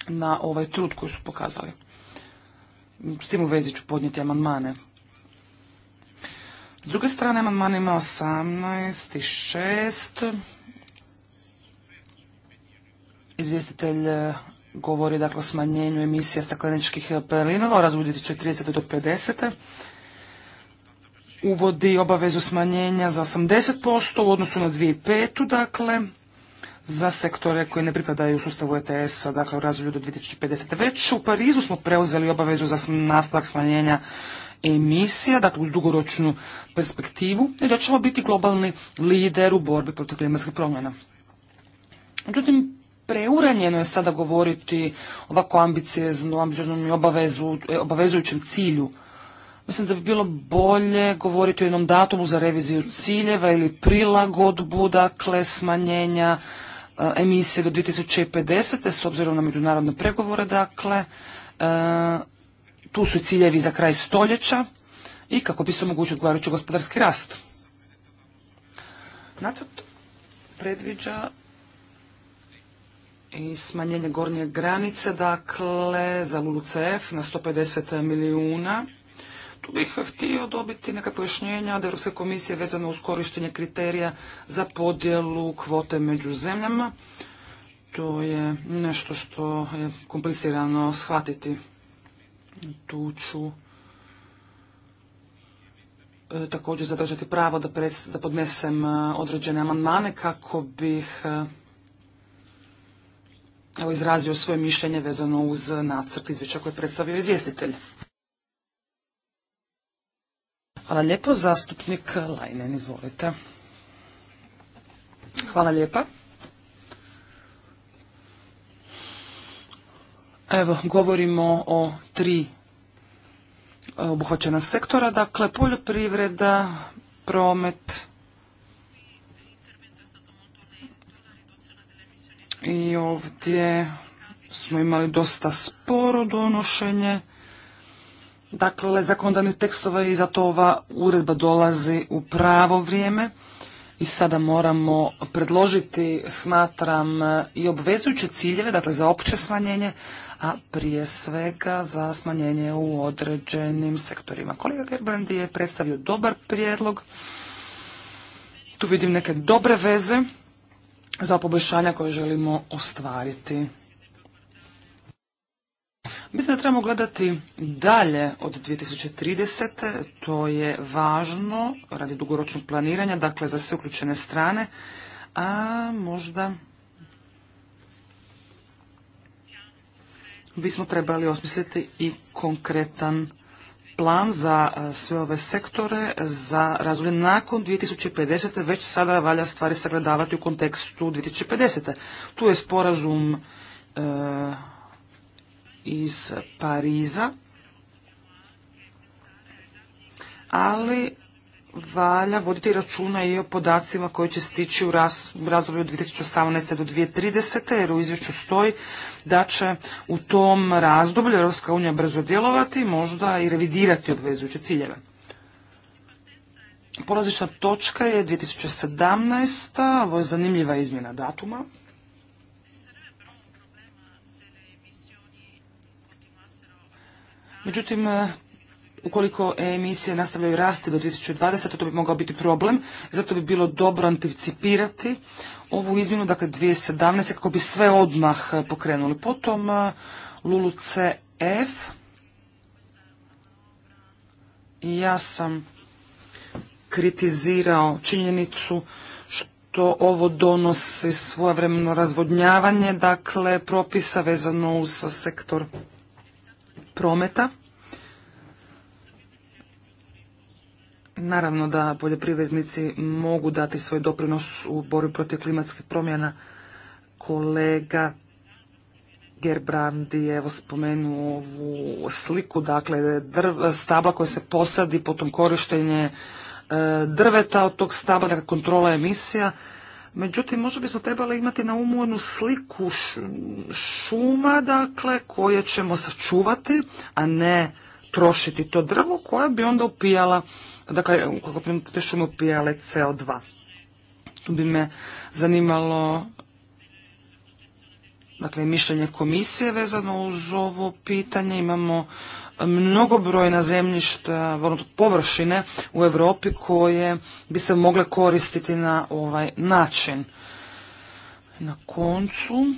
na ovaj trud koji su pokazali. S tim u vezi ću podnijeti amandmane. S druge strane, amandman ima 18 i 6. Izvjestitelj e, govori dakle, o smanjenju emisija stakleničkih e, plinova, razvoditi će 30 do 50. Uvodi obavezu smanjenja za 80% u odnosu na 2005. Dakle, za sektore koji ne pripadaju sustavu ETS-a, dakle u razvoju do 2050. Već u Parizu smo preuzeli obavezu za nastavak smanjenja emisija, dakle uz dugoročnu perspektivu, i da ćemo biti globalni lider u borbi protiv klimatskih promjena. Međutim, preuranjeno je sada govoriti ovako ambicijeznu ambicioznom i obavezujućem cilju. Mislim da bi bilo bolje govoriti o jednom datumu za reviziju ciljeva ili prilagodbu, dakle, smanjenja E, emisije do 2050. s obzirom na međunarodne pregovore, dakle, e, tu su ciljevi za kraj stoljeća i kako bi se omogućio odgovarajući gospodarski rast. Nacrt predviđa i smanjenje gornje granice, dakle, za CF na 150 milijuna tu bih htio dobiti neka pojašnjenja od Europske komisije vezano uz korištenje kriterija za podjelu kvote među zemljama. To je nešto što je komplicirano shvatiti. Tu ću e, također zadržati pravo da, pred, podnesem e, određene amandmane kako bih e, izrazio svoje mišljenje vezano uz nacrt izvješća koje je predstavio izvjestitelj. Hvala lijepo. Zastupnik Lajnen, izvolite. Hvala lijepa. Evo, govorimo o tri obuhvaćena sektora, dakle poljoprivreda, promet i ovdje smo imali dosta sporo donošenje dakle, zakonodavnih tekstova i zato ova uredba dolazi u pravo vrijeme. I sada moramo predložiti, smatram, i obvezujuće ciljeve, dakle za opće smanjenje, a prije svega za smanjenje u određenim sektorima. Kolega Gerbrandi je predstavio dobar prijedlog. Tu vidim neke dobre veze za poboljšanja koje želimo ostvariti. Mislim da trebamo gledati dalje od 2030. To je važno radi dugoročnog planiranja, dakle za sve uključene strane, a možda bismo trebali osmisliti i konkretan plan za e, sve ove sektore za razvoj nakon 2050. Već sada valja stvari sagledavati u kontekstu 2050. Tu je sporazum e, iz Pariza, ali valja voditi računa i o podacima koji će stići u razdoblju od 2018. do 2030. jer u izvješću stoji da će u tom razdoblju Europska unija brzo djelovati, možda i revidirati obvezujuće ciljeve. Polazična točka je 2017. Ovo je zanimljiva izmjena datuma. Međutim, e, ukoliko emisije nastavljaju rasti do 2020. to bi mogao biti problem. Zato bi bilo dobro anticipirati ovu izmjenu, dakle 2017. kako bi sve odmah e, pokrenuli. Potom e, Lulu CF. Ja sam kritizirao činjenicu što ovo donosi svojevremeno razvodnjavanje, dakle propisa vezano uz sektor prometa. Naravno da poljoprivrednici mogu dati svoj doprinos u borbi protiv klimatskih promjena. Kolega Gerbrandi je spomenuo ovu sliku, dakle drv, stabla koje se posadi, potom korištenje e, drveta od tog stabla, dakle, kontrola emisija. Međutim, možda bismo trebali imati na umu jednu sliku šuma, dakle, koje ćemo sačuvati, a ne trošiti to drvo koje bi onda upijala, dakle, kako bi te šume upijale CO2. Tu bi me zanimalo dakle, mišljenje komisije vezano uz ovo pitanje. Imamo mnogobrojna zemljišta, ono, površine u Europi koje bi se mogle koristiti na ovaj način. Na koncu,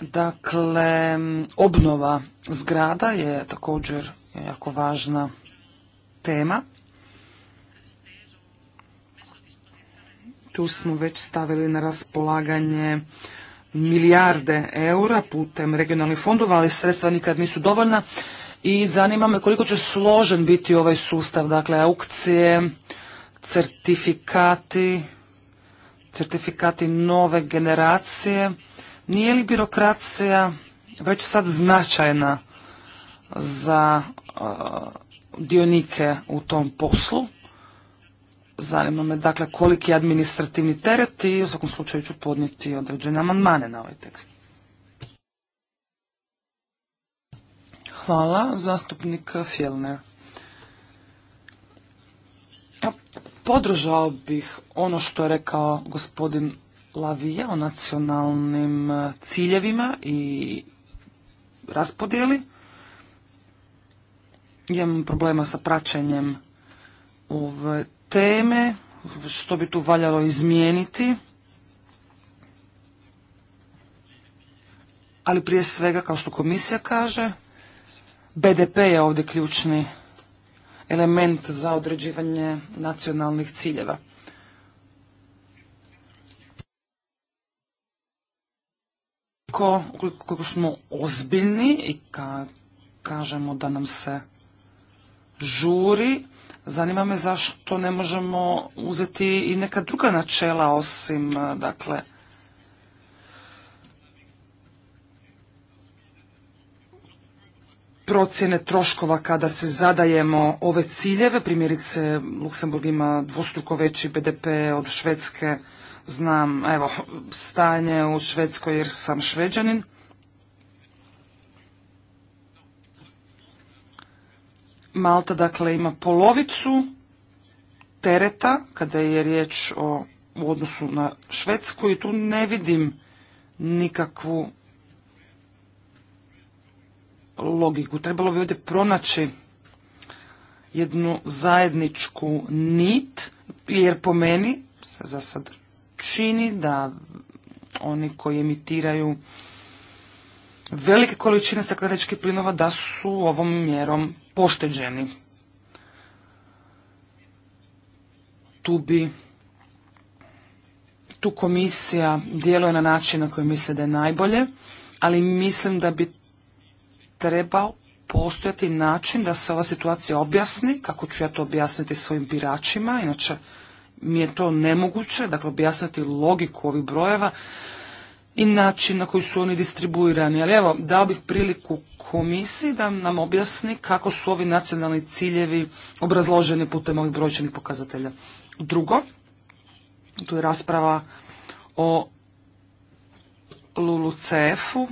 dakle, obnova zgrada je također jako važna tema. Tu smo već stavili na raspolaganje milijarde eura putem regionalnih fondova, ali sredstva nikad nisu dovoljna i zanima me koliko će složen biti ovaj sustav, dakle aukcije, certifikati, certifikati nove generacije. Nije li birokracija već sad značajna za dionike u tom poslu? Zanima me dakle koliki je administrativni teret i u svakom slučaju ću podnijeti određene amandmane na ovaj tekst. Hvala. Zastupnik Fjellner. podržao bih ono što je rekao gospodin Lavija o nacionalnim e, ciljevima i raspodjeli. Imam problema sa praćenjem ove teme, što bi tu valjalo izmijeniti. Ali prije svega, kao što komisija kaže, BDP je ovdje ključni element za određivanje nacionalnih ciljeva. Koliko smo ozbiljni i kažemo da nam se žuri, Zanima me zašto ne možemo uzeti i neka druga načela osim, e, dakle, procjene troškova kada se zadajemo ove ciljeve. Primjerice, Luksemburg ima dvostruko veći BDP od Švedske. Znam, evo, stanje u Švedskoj jer sam šveđanin. Malta dakle ima polovicu tereta kada je riječ o u odnosu na Švedsku i tu ne vidim nikakvu logiku. Trebalo bi ovdje pronaći jednu zajedničku nit, jer po meni se za sad čini da oni koji emitiraju velike količine stakleničkih plinova da su ovom mjerom pošteđeni. Tu bi tu komisija djeluje na način na koji misle da je najbolje, ali mislim da bi trebao postojati način da se ova situacija objasni, kako ću ja to objasniti svojim biračima, inače mi je to nemoguće, dakle objasniti logiku ovih brojeva, i način na koji su oni distribuirani. Ali evo, dao bih priliku komisiji da nam objasni kako su ovi nacionalni ciljevi obrazloženi putem ovih brojčanih pokazatelja. Drugo, tu je rasprava o cf u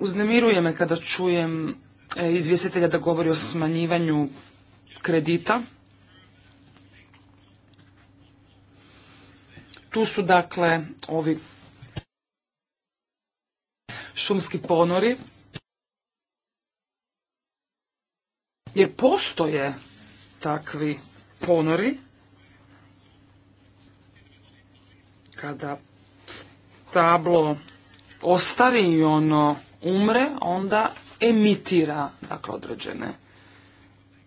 Uznemiruje me kada čujem e, izvjestitelja da govori o smanjivanju kredita. Tu su dakle ovi šumski ponori. Jer postoje takvi ponori kada tablo ostari i ono umre, onda emitira dakle, određene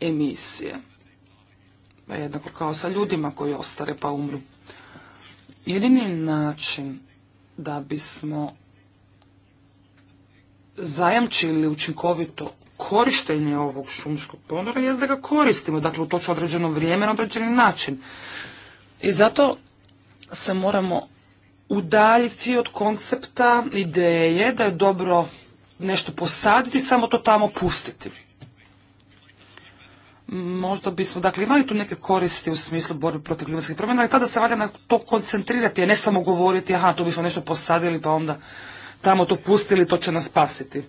emisije. Pa jednako kao sa ljudima koji ostare pa umru. Jedini način da bismo zajamčili učinkovito korištenje ovog šumskog ponora je da ga koristimo, dakle u točno određeno vrijeme na određeni način. I zato se moramo udaljiti od koncepta ideje da je dobro nešto posaditi, samo to tamo pustiti možda bismo dakle, imali tu neke koristi u smislu borbe protiv klimatskih promjena, ali tada se valja na to koncentrirati, a ne samo govoriti aha, tu bismo nešto posadili pa onda tamo to pustili, to će nas spasiti.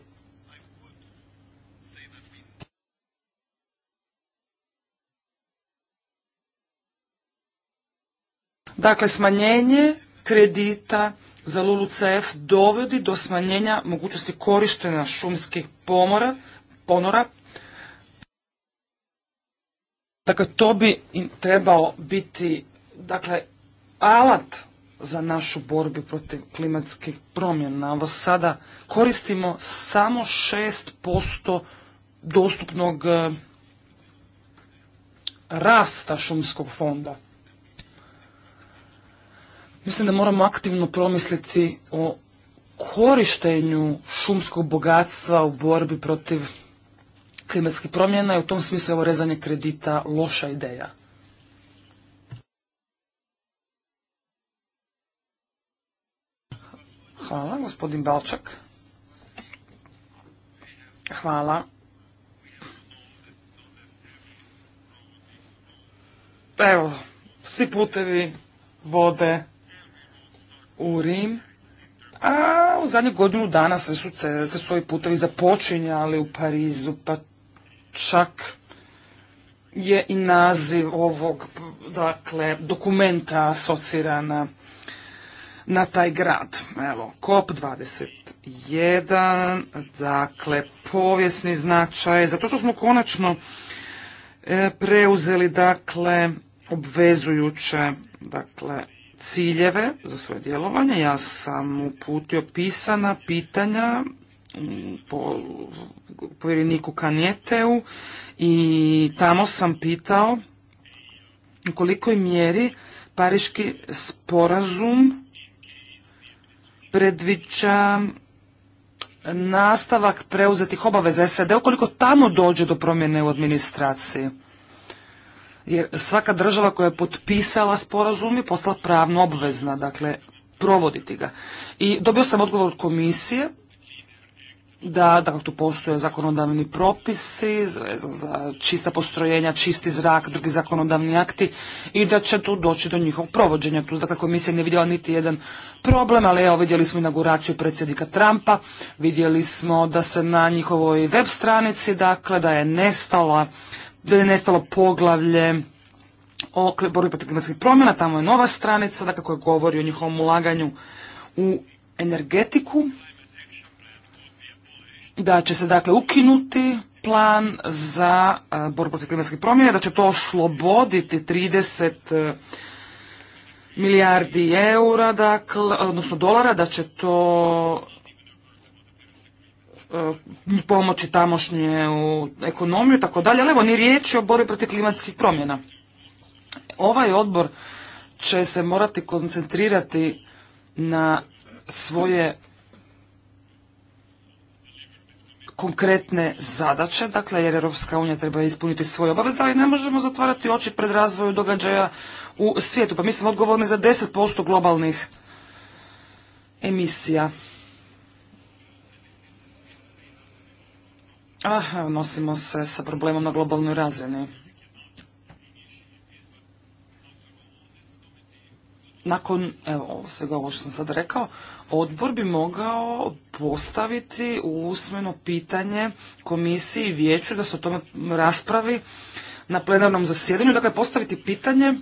Dakle, smanjenje kredita za LULUCF dovodi do smanjenja mogućnosti korištenja šumskih pomora, ponora, Dakle, to bi trebao biti dakle, alat za našu borbu protiv klimatskih promjena. Ovo sada koristimo samo 6% dostupnog e, rasta šumskog fonda. Mislim da moramo aktivno promisliti o korištenju šumskog bogatstva u borbi protiv klimatskih promjena i u tom smislu je ovo rezanje kredita loša ideja. Hvala, gospodin Balčak. Hvala. Evo, svi putevi vode u Rim, a u zadnjih godinu dana su, se, su ovi putevi započinjali u Parizu, pa čak je i naziv ovog dakle, dokumenta asocirana na, taj grad. Evo, COP21, dakle, povijesni značaj, zato što smo konačno e, preuzeli, dakle, obvezujuće, dakle, ciljeve za svoje djelovanje. Ja sam uputio pisana pitanja po, povjereniku Kanjeteu i tamo sam pitao u kolikoj mjeri Pariški sporazum predviđa nastavak preuzetih obaveza SAD ukoliko tamo dođe do promjene u administraciji. Jer svaka država koja je potpisala sporazum je postala pravno obvezna, dakle provoditi ga. I dobio sam odgovor komisije da, da dakle, tu postoje zakonodavni propisi za čista postrojenja, čisti zrak, drugi zakonodavni akti i da će tu doći do njihovog provođenja. Tu dakle komisija nije vidjela niti jedan problem, ali evo vidjeli smo inauguraciju predsjednika Trumpa, vidjeli smo da se na njihovoj web stranici, dakle da je nestala, da je nestalo poglavlje o borbi protiv klimatskih promjena, tamo je nova stranica, dakle koja govori o njihovom ulaganju u energetiku, da će se dakle ukinuti plan za e, borbu protiv klimatskih promjena, da će to osloboditi 30 e, milijardi eura, dakle, odnosno dolara, da će to e, pomoći tamošnje u ekonomiju, tako dalje, ali evo ni riječ o borbi protiv klimatskih promjena. Ovaj odbor će se morati koncentrirati na svoje konkretne zadaće, dakle jer Europska unija treba ispuniti svoje obaveze, ali ne možemo zatvarati oči pred razvoju događaja u svijetu. Pa mi smo odgovorni za 10% globalnih emisija. Ah, nosimo se sa problemom na globalnoj razini. Nakon, evo, svega ovo što sam sad rekao, odbor bi mogao postaviti usmeno pitanje komisiji i vijeću da se o tome raspravi na plenarnom zasjedanju. Dakle, postaviti pitanje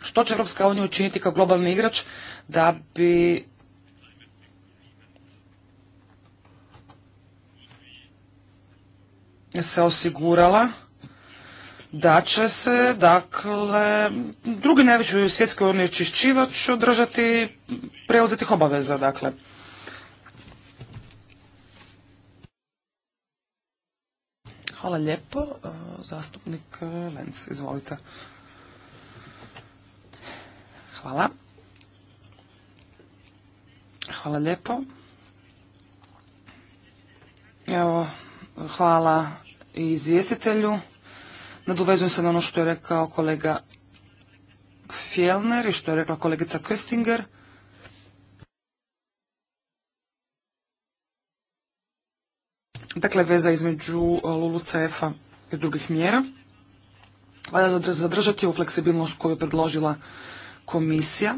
što će Europska unija učiniti kao globalni igrač da bi se osigurala da će se, dakle, drugi najveći svjetski onečišćivač održati preuzetih obaveza, dakle. Hvala lijepo. E, zastupnik Lenc, izvolite. Hvala. Hvala lijepo. Evo, hvala i izvjestitelju. Nadovezujem se na ono što je rekao kolega Fjellner i što je rekla kolegica Köstinger. Dakle, veza između e, LULUCF-a i drugih mjera. Valja zadržati ovu fleksibilnost koju je predložila komisija.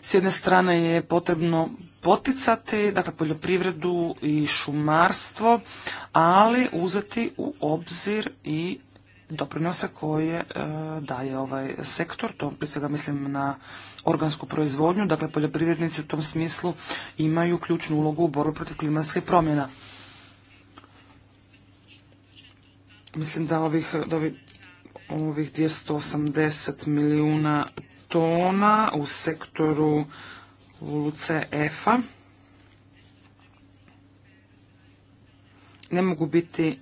S jedne strane je potrebno poticati dakle, poljoprivredu i šumarstvo, ali uzeti u obzir i doprinose koje e, daje ovaj sektor, to prije svega mislim na organsku proizvodnju, dakle poljoprivrednici u tom smislu imaju ključnu ulogu u borbi protiv klimatskih promjena. Mislim da ovih, da ovih, ovih 280 milijuna tona u sektoru Luce a ne mogu biti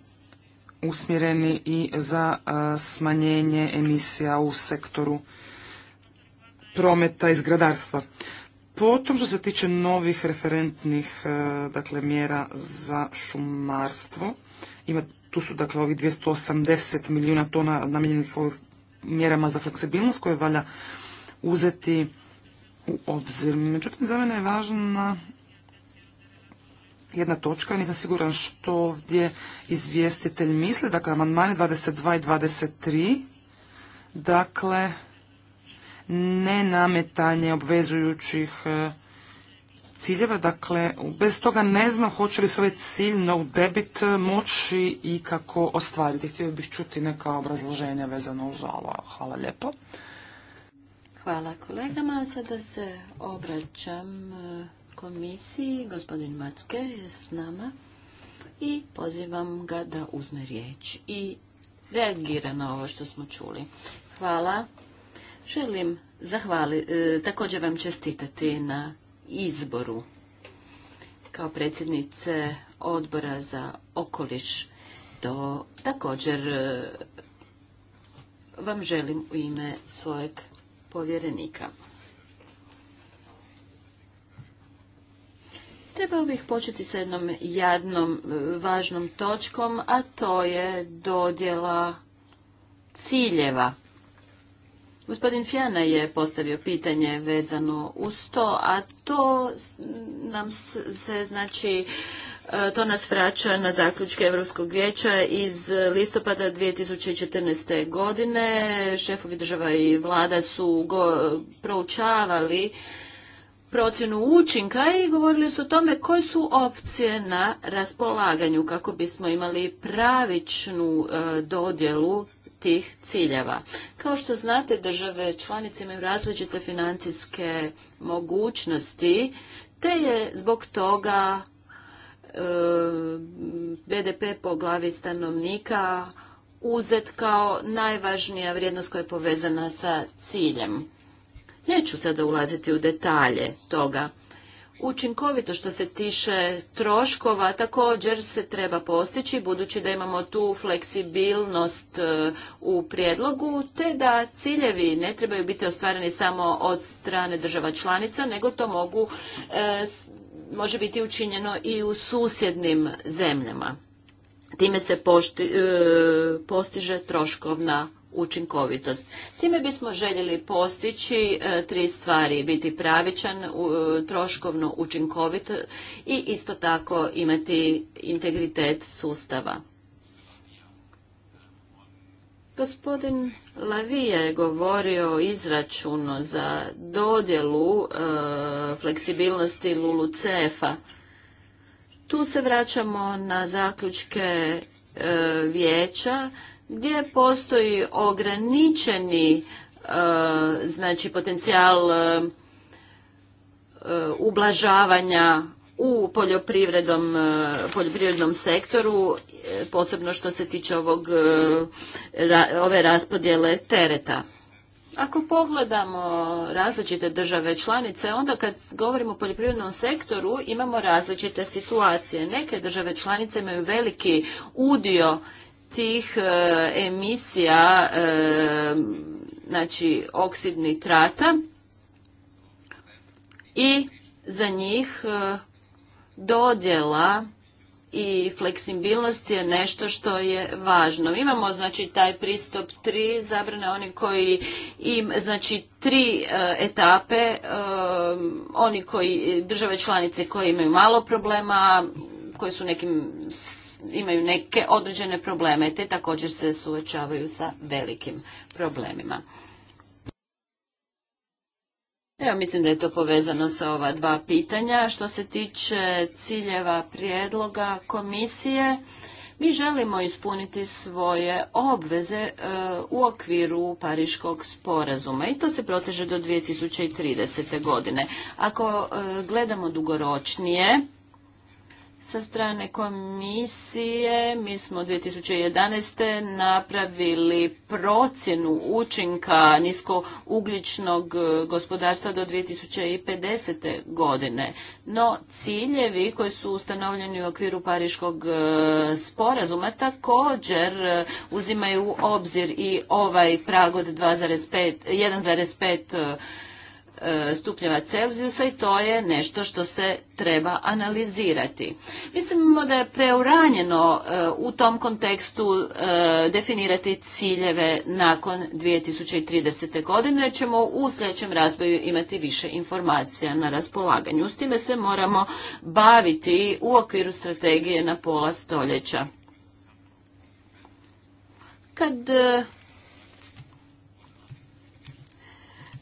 usmjereni i za smanjenje emisija u sektoru prometa i zgradarstva. Potom što se tiče novih referentnih dakle, mjera za šumarstvo, ima, tu su dakle ovih 280 milijuna tona namijenjenih mjerama za fleksibilnost koje valja uzeti u obzir. Međutim, za mene je važna jedna točka, nisam siguran što ovdje izvjestitelj misli, dakle, amandmani 22 i 23, dakle, nenametanje obvezujućih e, ciljeva, dakle, bez toga ne znam hoće li se ovaj cilj no debit e, moći i kako ostvariti. Htio bih čuti neka obrazloženja vezano uz ovo. Hvala lijepo. Hvala kolegama. Sada se obraćam e, komisiji. Gospodin Macke je s nama i pozivam ga da uzme riječ i reagira na ovo što smo čuli. Hvala. Želim zahvali, e, također vam čestitati na izboru kao predsjednice odbora za okoliš. To također e, vam želim u ime svojeg povjerenika. Trebao bih početi sa jednom jadnom e, važnom točkom, a to je dodjela ciljeva. Gospodin Fjana je postavio pitanje vezano uz to, a to nam se znači E, to nas vraća na zaključke Europskog vijeća iz listopada 2014. godine. Šefovi država i vlada su proučavali procjenu učinka i govorili su o tome koje su opcije na raspolaganju kako bismo imali pravičnu e, dodjelu tih ciljeva. Kao što znate, države članice imaju različite financijske mogućnosti, te je zbog toga BDP po glavi stanovnika uzet kao najvažnija vrijednost koja je povezana sa ciljem. Neću sada ulaziti u detalje toga. Učinkovito što se tiše troškova također se treba postići budući da imamo tu fleksibilnost e, u prijedlogu te da ciljevi ne trebaju biti ostvareni samo od strane država članica nego to mogu e, može biti učinjeno i u susjednim zemljama. Time se e, postiže troškovna učinkovitost. Time bismo željeli postići e, tri stvari, biti pravičan, u, e, troškovno učinkovit i isto tako imati integritet sustava. Gospodin Lavija je govorio o izračunu za dodjelu e, fleksibilnosti LULU-CEFA. Tu se vraćamo na zaključke e, vijeća gdje postoji ograničeni e, znači potencijal ublažavanja u poljoprivrednom, poljoprivrednom sektoru posebno što se tiče ovog, e, ove raspodjele tereta. Ako pogledamo različite države članice, onda kad govorimo o poljoprivrednom sektoru imamo različite situacije. Neke države članice imaju veliki udio tih e, emisija e, znači oksidnih trata i za njih dodjela i fleksibilnost je nešto što je važno. Imamo znači taj pristup tri zabrane, oni koji im znači tri e, etape, e, oni koji države članice koje imaju malo problema, koje su nekim imaju neke određene probleme, te također se suočavaju sa velikim problemima ja mislim da je to povezano sa ova dva pitanja. Što se tiče ciljeva prijedloga komisije, mi želimo ispuniti svoje obveze e, u okviru Pariškog sporazuma i to se proteže do 2030. godine. Ako e, gledamo dugoročnije, sa strane komisije mi smo 2011. napravili procjenu učinka niskougličnog e, gospodarstva do 2050. godine. No ciljevi koji su ustanovljeni u okviru Pariškog e, sporazuma također e, uzimaju u obzir i ovaj prag od 1,5 E, stupnjeva Celzijusa i to je nešto što se treba analizirati. Mislimo da je preuranjeno e, u tom kontekstu e, definirati ciljeve nakon 2030. godine jer ćemo u sljedećem razvoju imati više informacija na raspolaganju. S time se moramo baviti u okviru strategije na pola stoljeća. Kad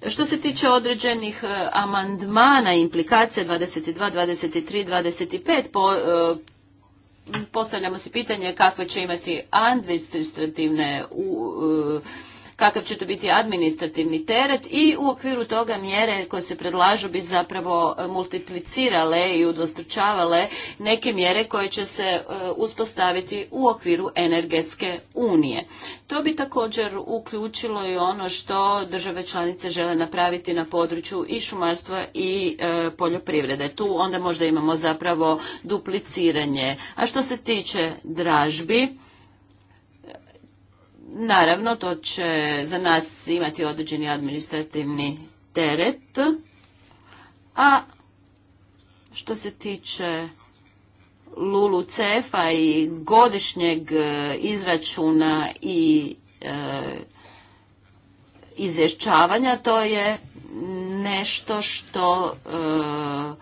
Što se tiče određenih e, amandmana, implikacija 22, 23, 25, postavljamo se pitanje kakve će imati administrativne u, e, kakav će to biti administrativni teret i u okviru toga mjere koje se predlažu bi zapravo e, multiplicirale i udvostručavale neke mjere koje će se e, uspostaviti u okviru energetske unije. To bi također uključilo i ono što države članice žele napraviti na području i šumarstva i e, poljoprivrede. Tu onda možda imamo zapravo dupliciranje. A što se tiče dražbi, Naravno, to će za nas imati određeni administrativni teret, a što se tiče Lulu Cefa i godišnjeg e, izračuna i e, izvješćavanja, to je nešto što e,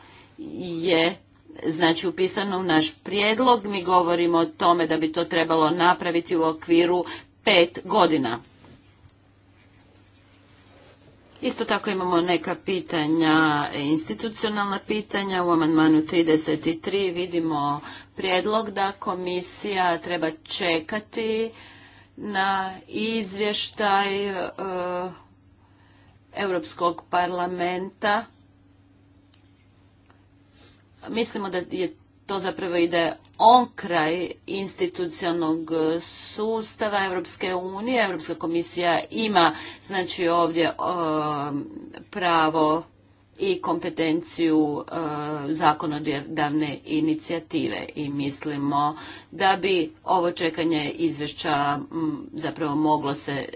je znači upisano u naš prijedlog. Mi govorimo o tome da bi to trebalo napraviti u okviru pet godina. Isto tako imamo neka pitanja, institucionalna pitanja. U amandmanu 33 vidimo prijedlog da komisija treba čekati na izvještaj e, Europskog parlamenta. Mislimo da je to zapravo ide on kraj institucionalnog sustava Europske unije. Europska komisija ima znači ovdje e, pravo i kompetenciju e, zakonodavne inicijative i mislimo da bi ovo čekanje izvješća zapravo moglo se e,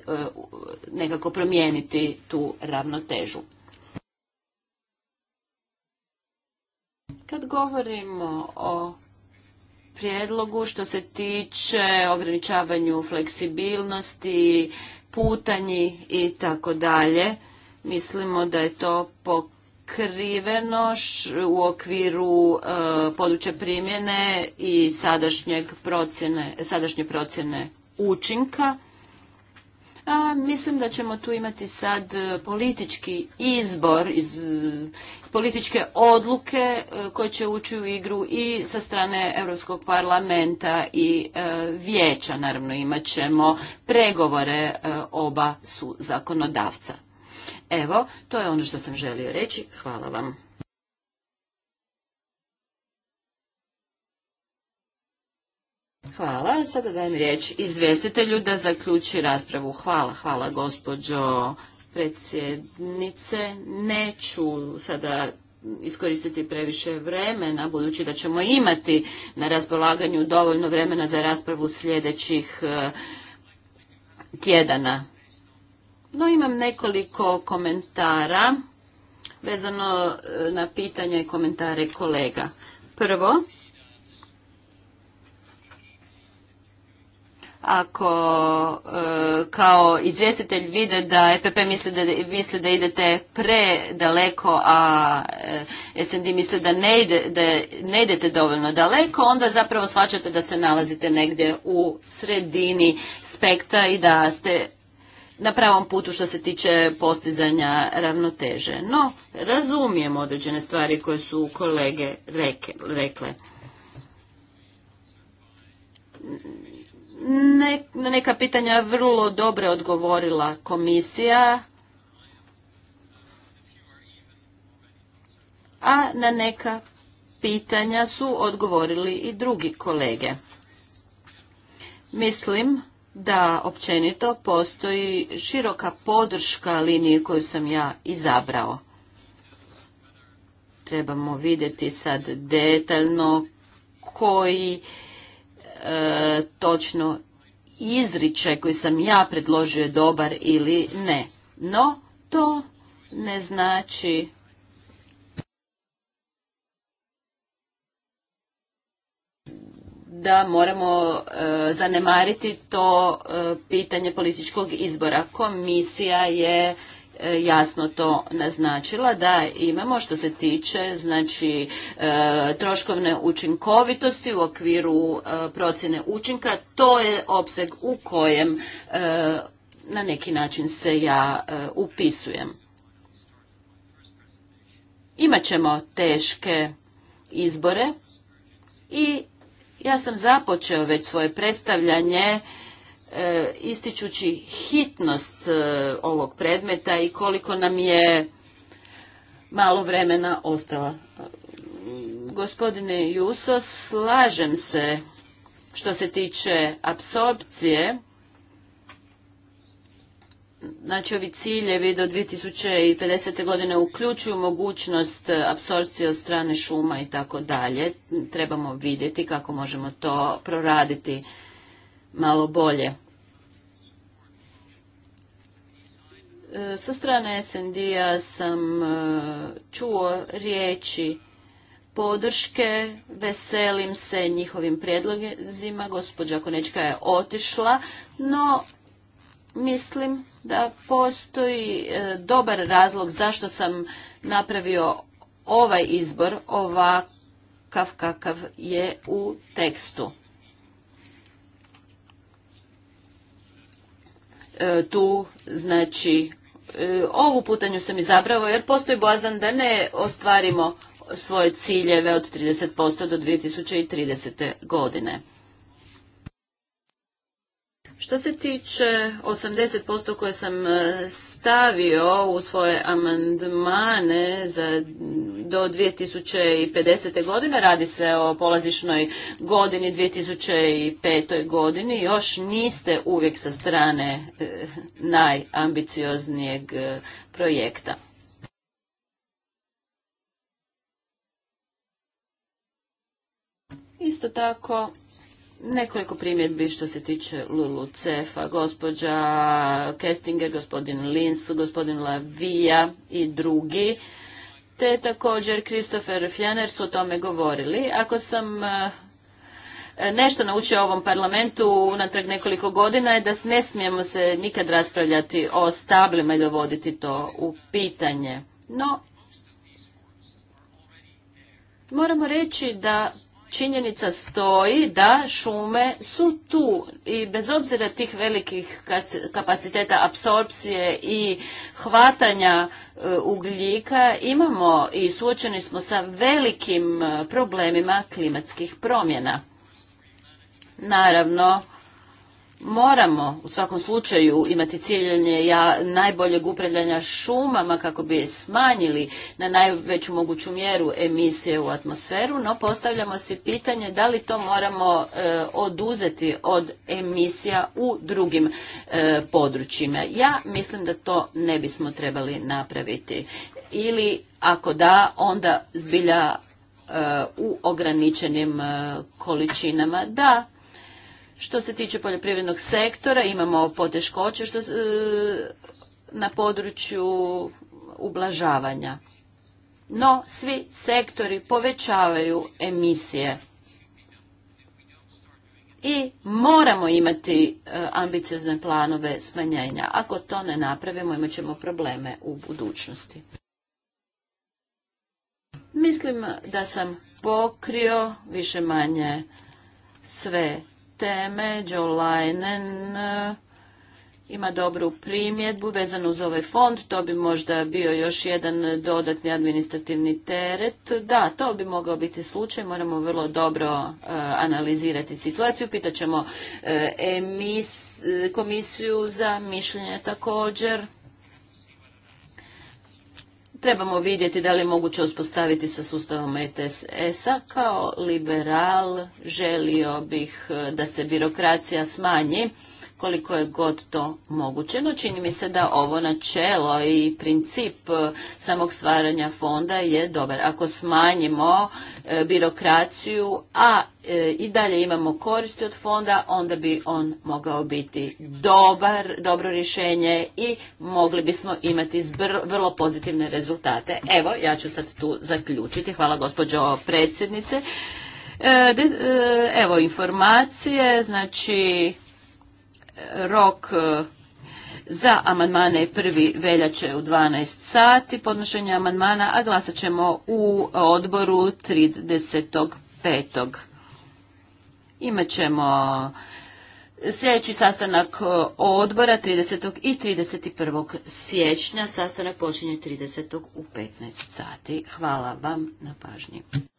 nekako promijeniti tu ravnotežu. Kad govorimo o prijedlogu što se tiče ograničavanju fleksibilnosti, putanji i tako dalje, mislimo da je to pokriveno u okviru e, područja primjene i sadašnjeg procjene, sadašnje procjene učinka a, mislim da ćemo tu imati sad e, politički izbor, iz, e, političke odluke e, koje će ući u igru i sa strane Europskog parlamenta i vijeća. Naravno imat ćemo pregovore oba su zakonodavca. Evo, to je ono što sam želio reći. Hvala vam. Hvala. Sada dajem riječ izvjestitelju da zaključi raspravu. Hvala, hvala gospođo predsjednice. Neću sada iskoristiti previše vremena, budući da ćemo imati na raspolaganju dovoljno vremena za raspravu sljedećih e, tjedana. No imam nekoliko komentara vezano e, na pitanja i komentare kolega. Prvo, ako e, kao izvjestitelj vide da EPP misli da, da idete predaleko, a e, SND misli da ne, ide, da ne idete dovoljno daleko, onda zapravo svačate da se nalazite negdje u sredini spekta i da ste na pravom putu što se tiče postizanja ravnoteže. No, razumijem određene stvari koje su kolege reke, rekle na neka pitanja vrlo dobro odgovorila komisija, a na neka pitanja su odgovorili i drugi kolege. Mislim da općenito postoji široka podrška linije koju sam ja izabrao. Trebamo vidjeti sad detaljno koji E, točno izričaj koji sam ja predložio dobar ili ne. No, to ne znači da moramo e, zanemariti to e, pitanje političkog izbora. Komisija je E, jasno to naznačila da imamo što se tiče znači e, troškovne učinkovitosti u okviru e, procjene učinka to je opseg u kojem na neki način se ja upisujem imaćemo teške izbore i ja sam započeo već svoje predstavljanje E, ističući hitnost e, ovog predmeta i koliko nam je malo vremena ostala. E, gospodine Juso, slažem se što se tiče apsorpcije, znači ovi ciljevi do 2050. godine uključuju mogućnost apsorpcije od strane šuma i tako dalje. Trebamo vidjeti kako možemo to proraditi malo bolje. Sa strane SND-a sam e, čuo riječi podrške, veselim se njihovim prijedlozima, gospođa Konečka je otišla, no mislim da postoji e, dobar razlog zašto sam napravio ovaj izbor ovakav kakav je u tekstu. E, tu znači E, ovu putanju sam izabrao jer postoji bojazan da ne ostvarimo svoje ciljeve od 30% do 2030. godine. Što se tiče 80% koje sam e, stavio u svoje amandmane za do 2050. godine, radi se o polazišnoj godini 2005. godini, još niste uvijek sa strane e, najambicioznijeg e, projekta. Isto tako Nekoliko primjedbi što se tiče Lulu Cefa, gospođa Kestinger, gospodin Lins, gospodin Lavija i drugi, te također Kristofer Fjaner su o tome govorili. Ako sam eh, nešto naučio ovom parlamentu unatrag nekoliko godina je da ne smijemo se nikad raspravljati o stablima i dovoditi to u pitanje. No, moramo reći da činjenica stoji da šume su tu i bez obzira tih velikih kapaciteta apsorpcije i hvatanja e, ugljika imamo i suočeni smo sa velikim e, problemima klimatskih promjena. Naravno, moramo u svakom slučaju imati ciljanje ja, najboljeg upravljanja šumama kako bi smanjili na najveću moguću mjeru emisije u atmosferu, no postavljamo si pitanje da li to moramo e, oduzeti od emisija u drugim e, područjima. Ja mislim da to ne bismo trebali napraviti. Ili ako da, onda zbilja e, u ograničenim količinama da što se tiče poljoprivrednog sektora, imamo poteškoće što, e, na području ublažavanja. No, svi sektori povećavaju emisije i moramo imati e, ambiciozne planove smanjenja. Ako to ne napravimo, imat ćemo probleme u budućnosti. Mislim da sam pokrio više manje sve teme. Joe Linen eh, ima dobru primjedbu vezanu uz ovaj fond. To bi možda bio još jedan dodatni administrativni teret. Da, to bi mogao biti slučaj. Moramo vrlo dobro eh, analizirati situaciju. Pitaćemo eh, emis, komisiju za mišljenje također. Trebamo vidjeti da li je moguće uspostaviti sa sustavom ETS-a. Kao liberal želio bih eh, da se birokracija smanji koliko je god to moguće. No čini mi se da ovo načelo i princip e, samog stvaranja fonda je dobar. Ako smanjimo e, birokraciju, a e, i dalje imamo koristi od fonda, onda bi on mogao biti dobar, dobro rješenje i mogli bismo imati vrlo pozitivne rezultate. Evo, ja ću sad tu zaključiti. Hvala gospođo predsjednice. evo informacije, znači rok e, za amandmane je 1. veljače u 12 sati podnošenja amandmana, a glasat ćemo u odboru 35. Imaćemo sljedeći sastanak odbora 30. i 31. siječnja. Sastanak počinje 30. u 15 sati. Hvala vam na pažnji.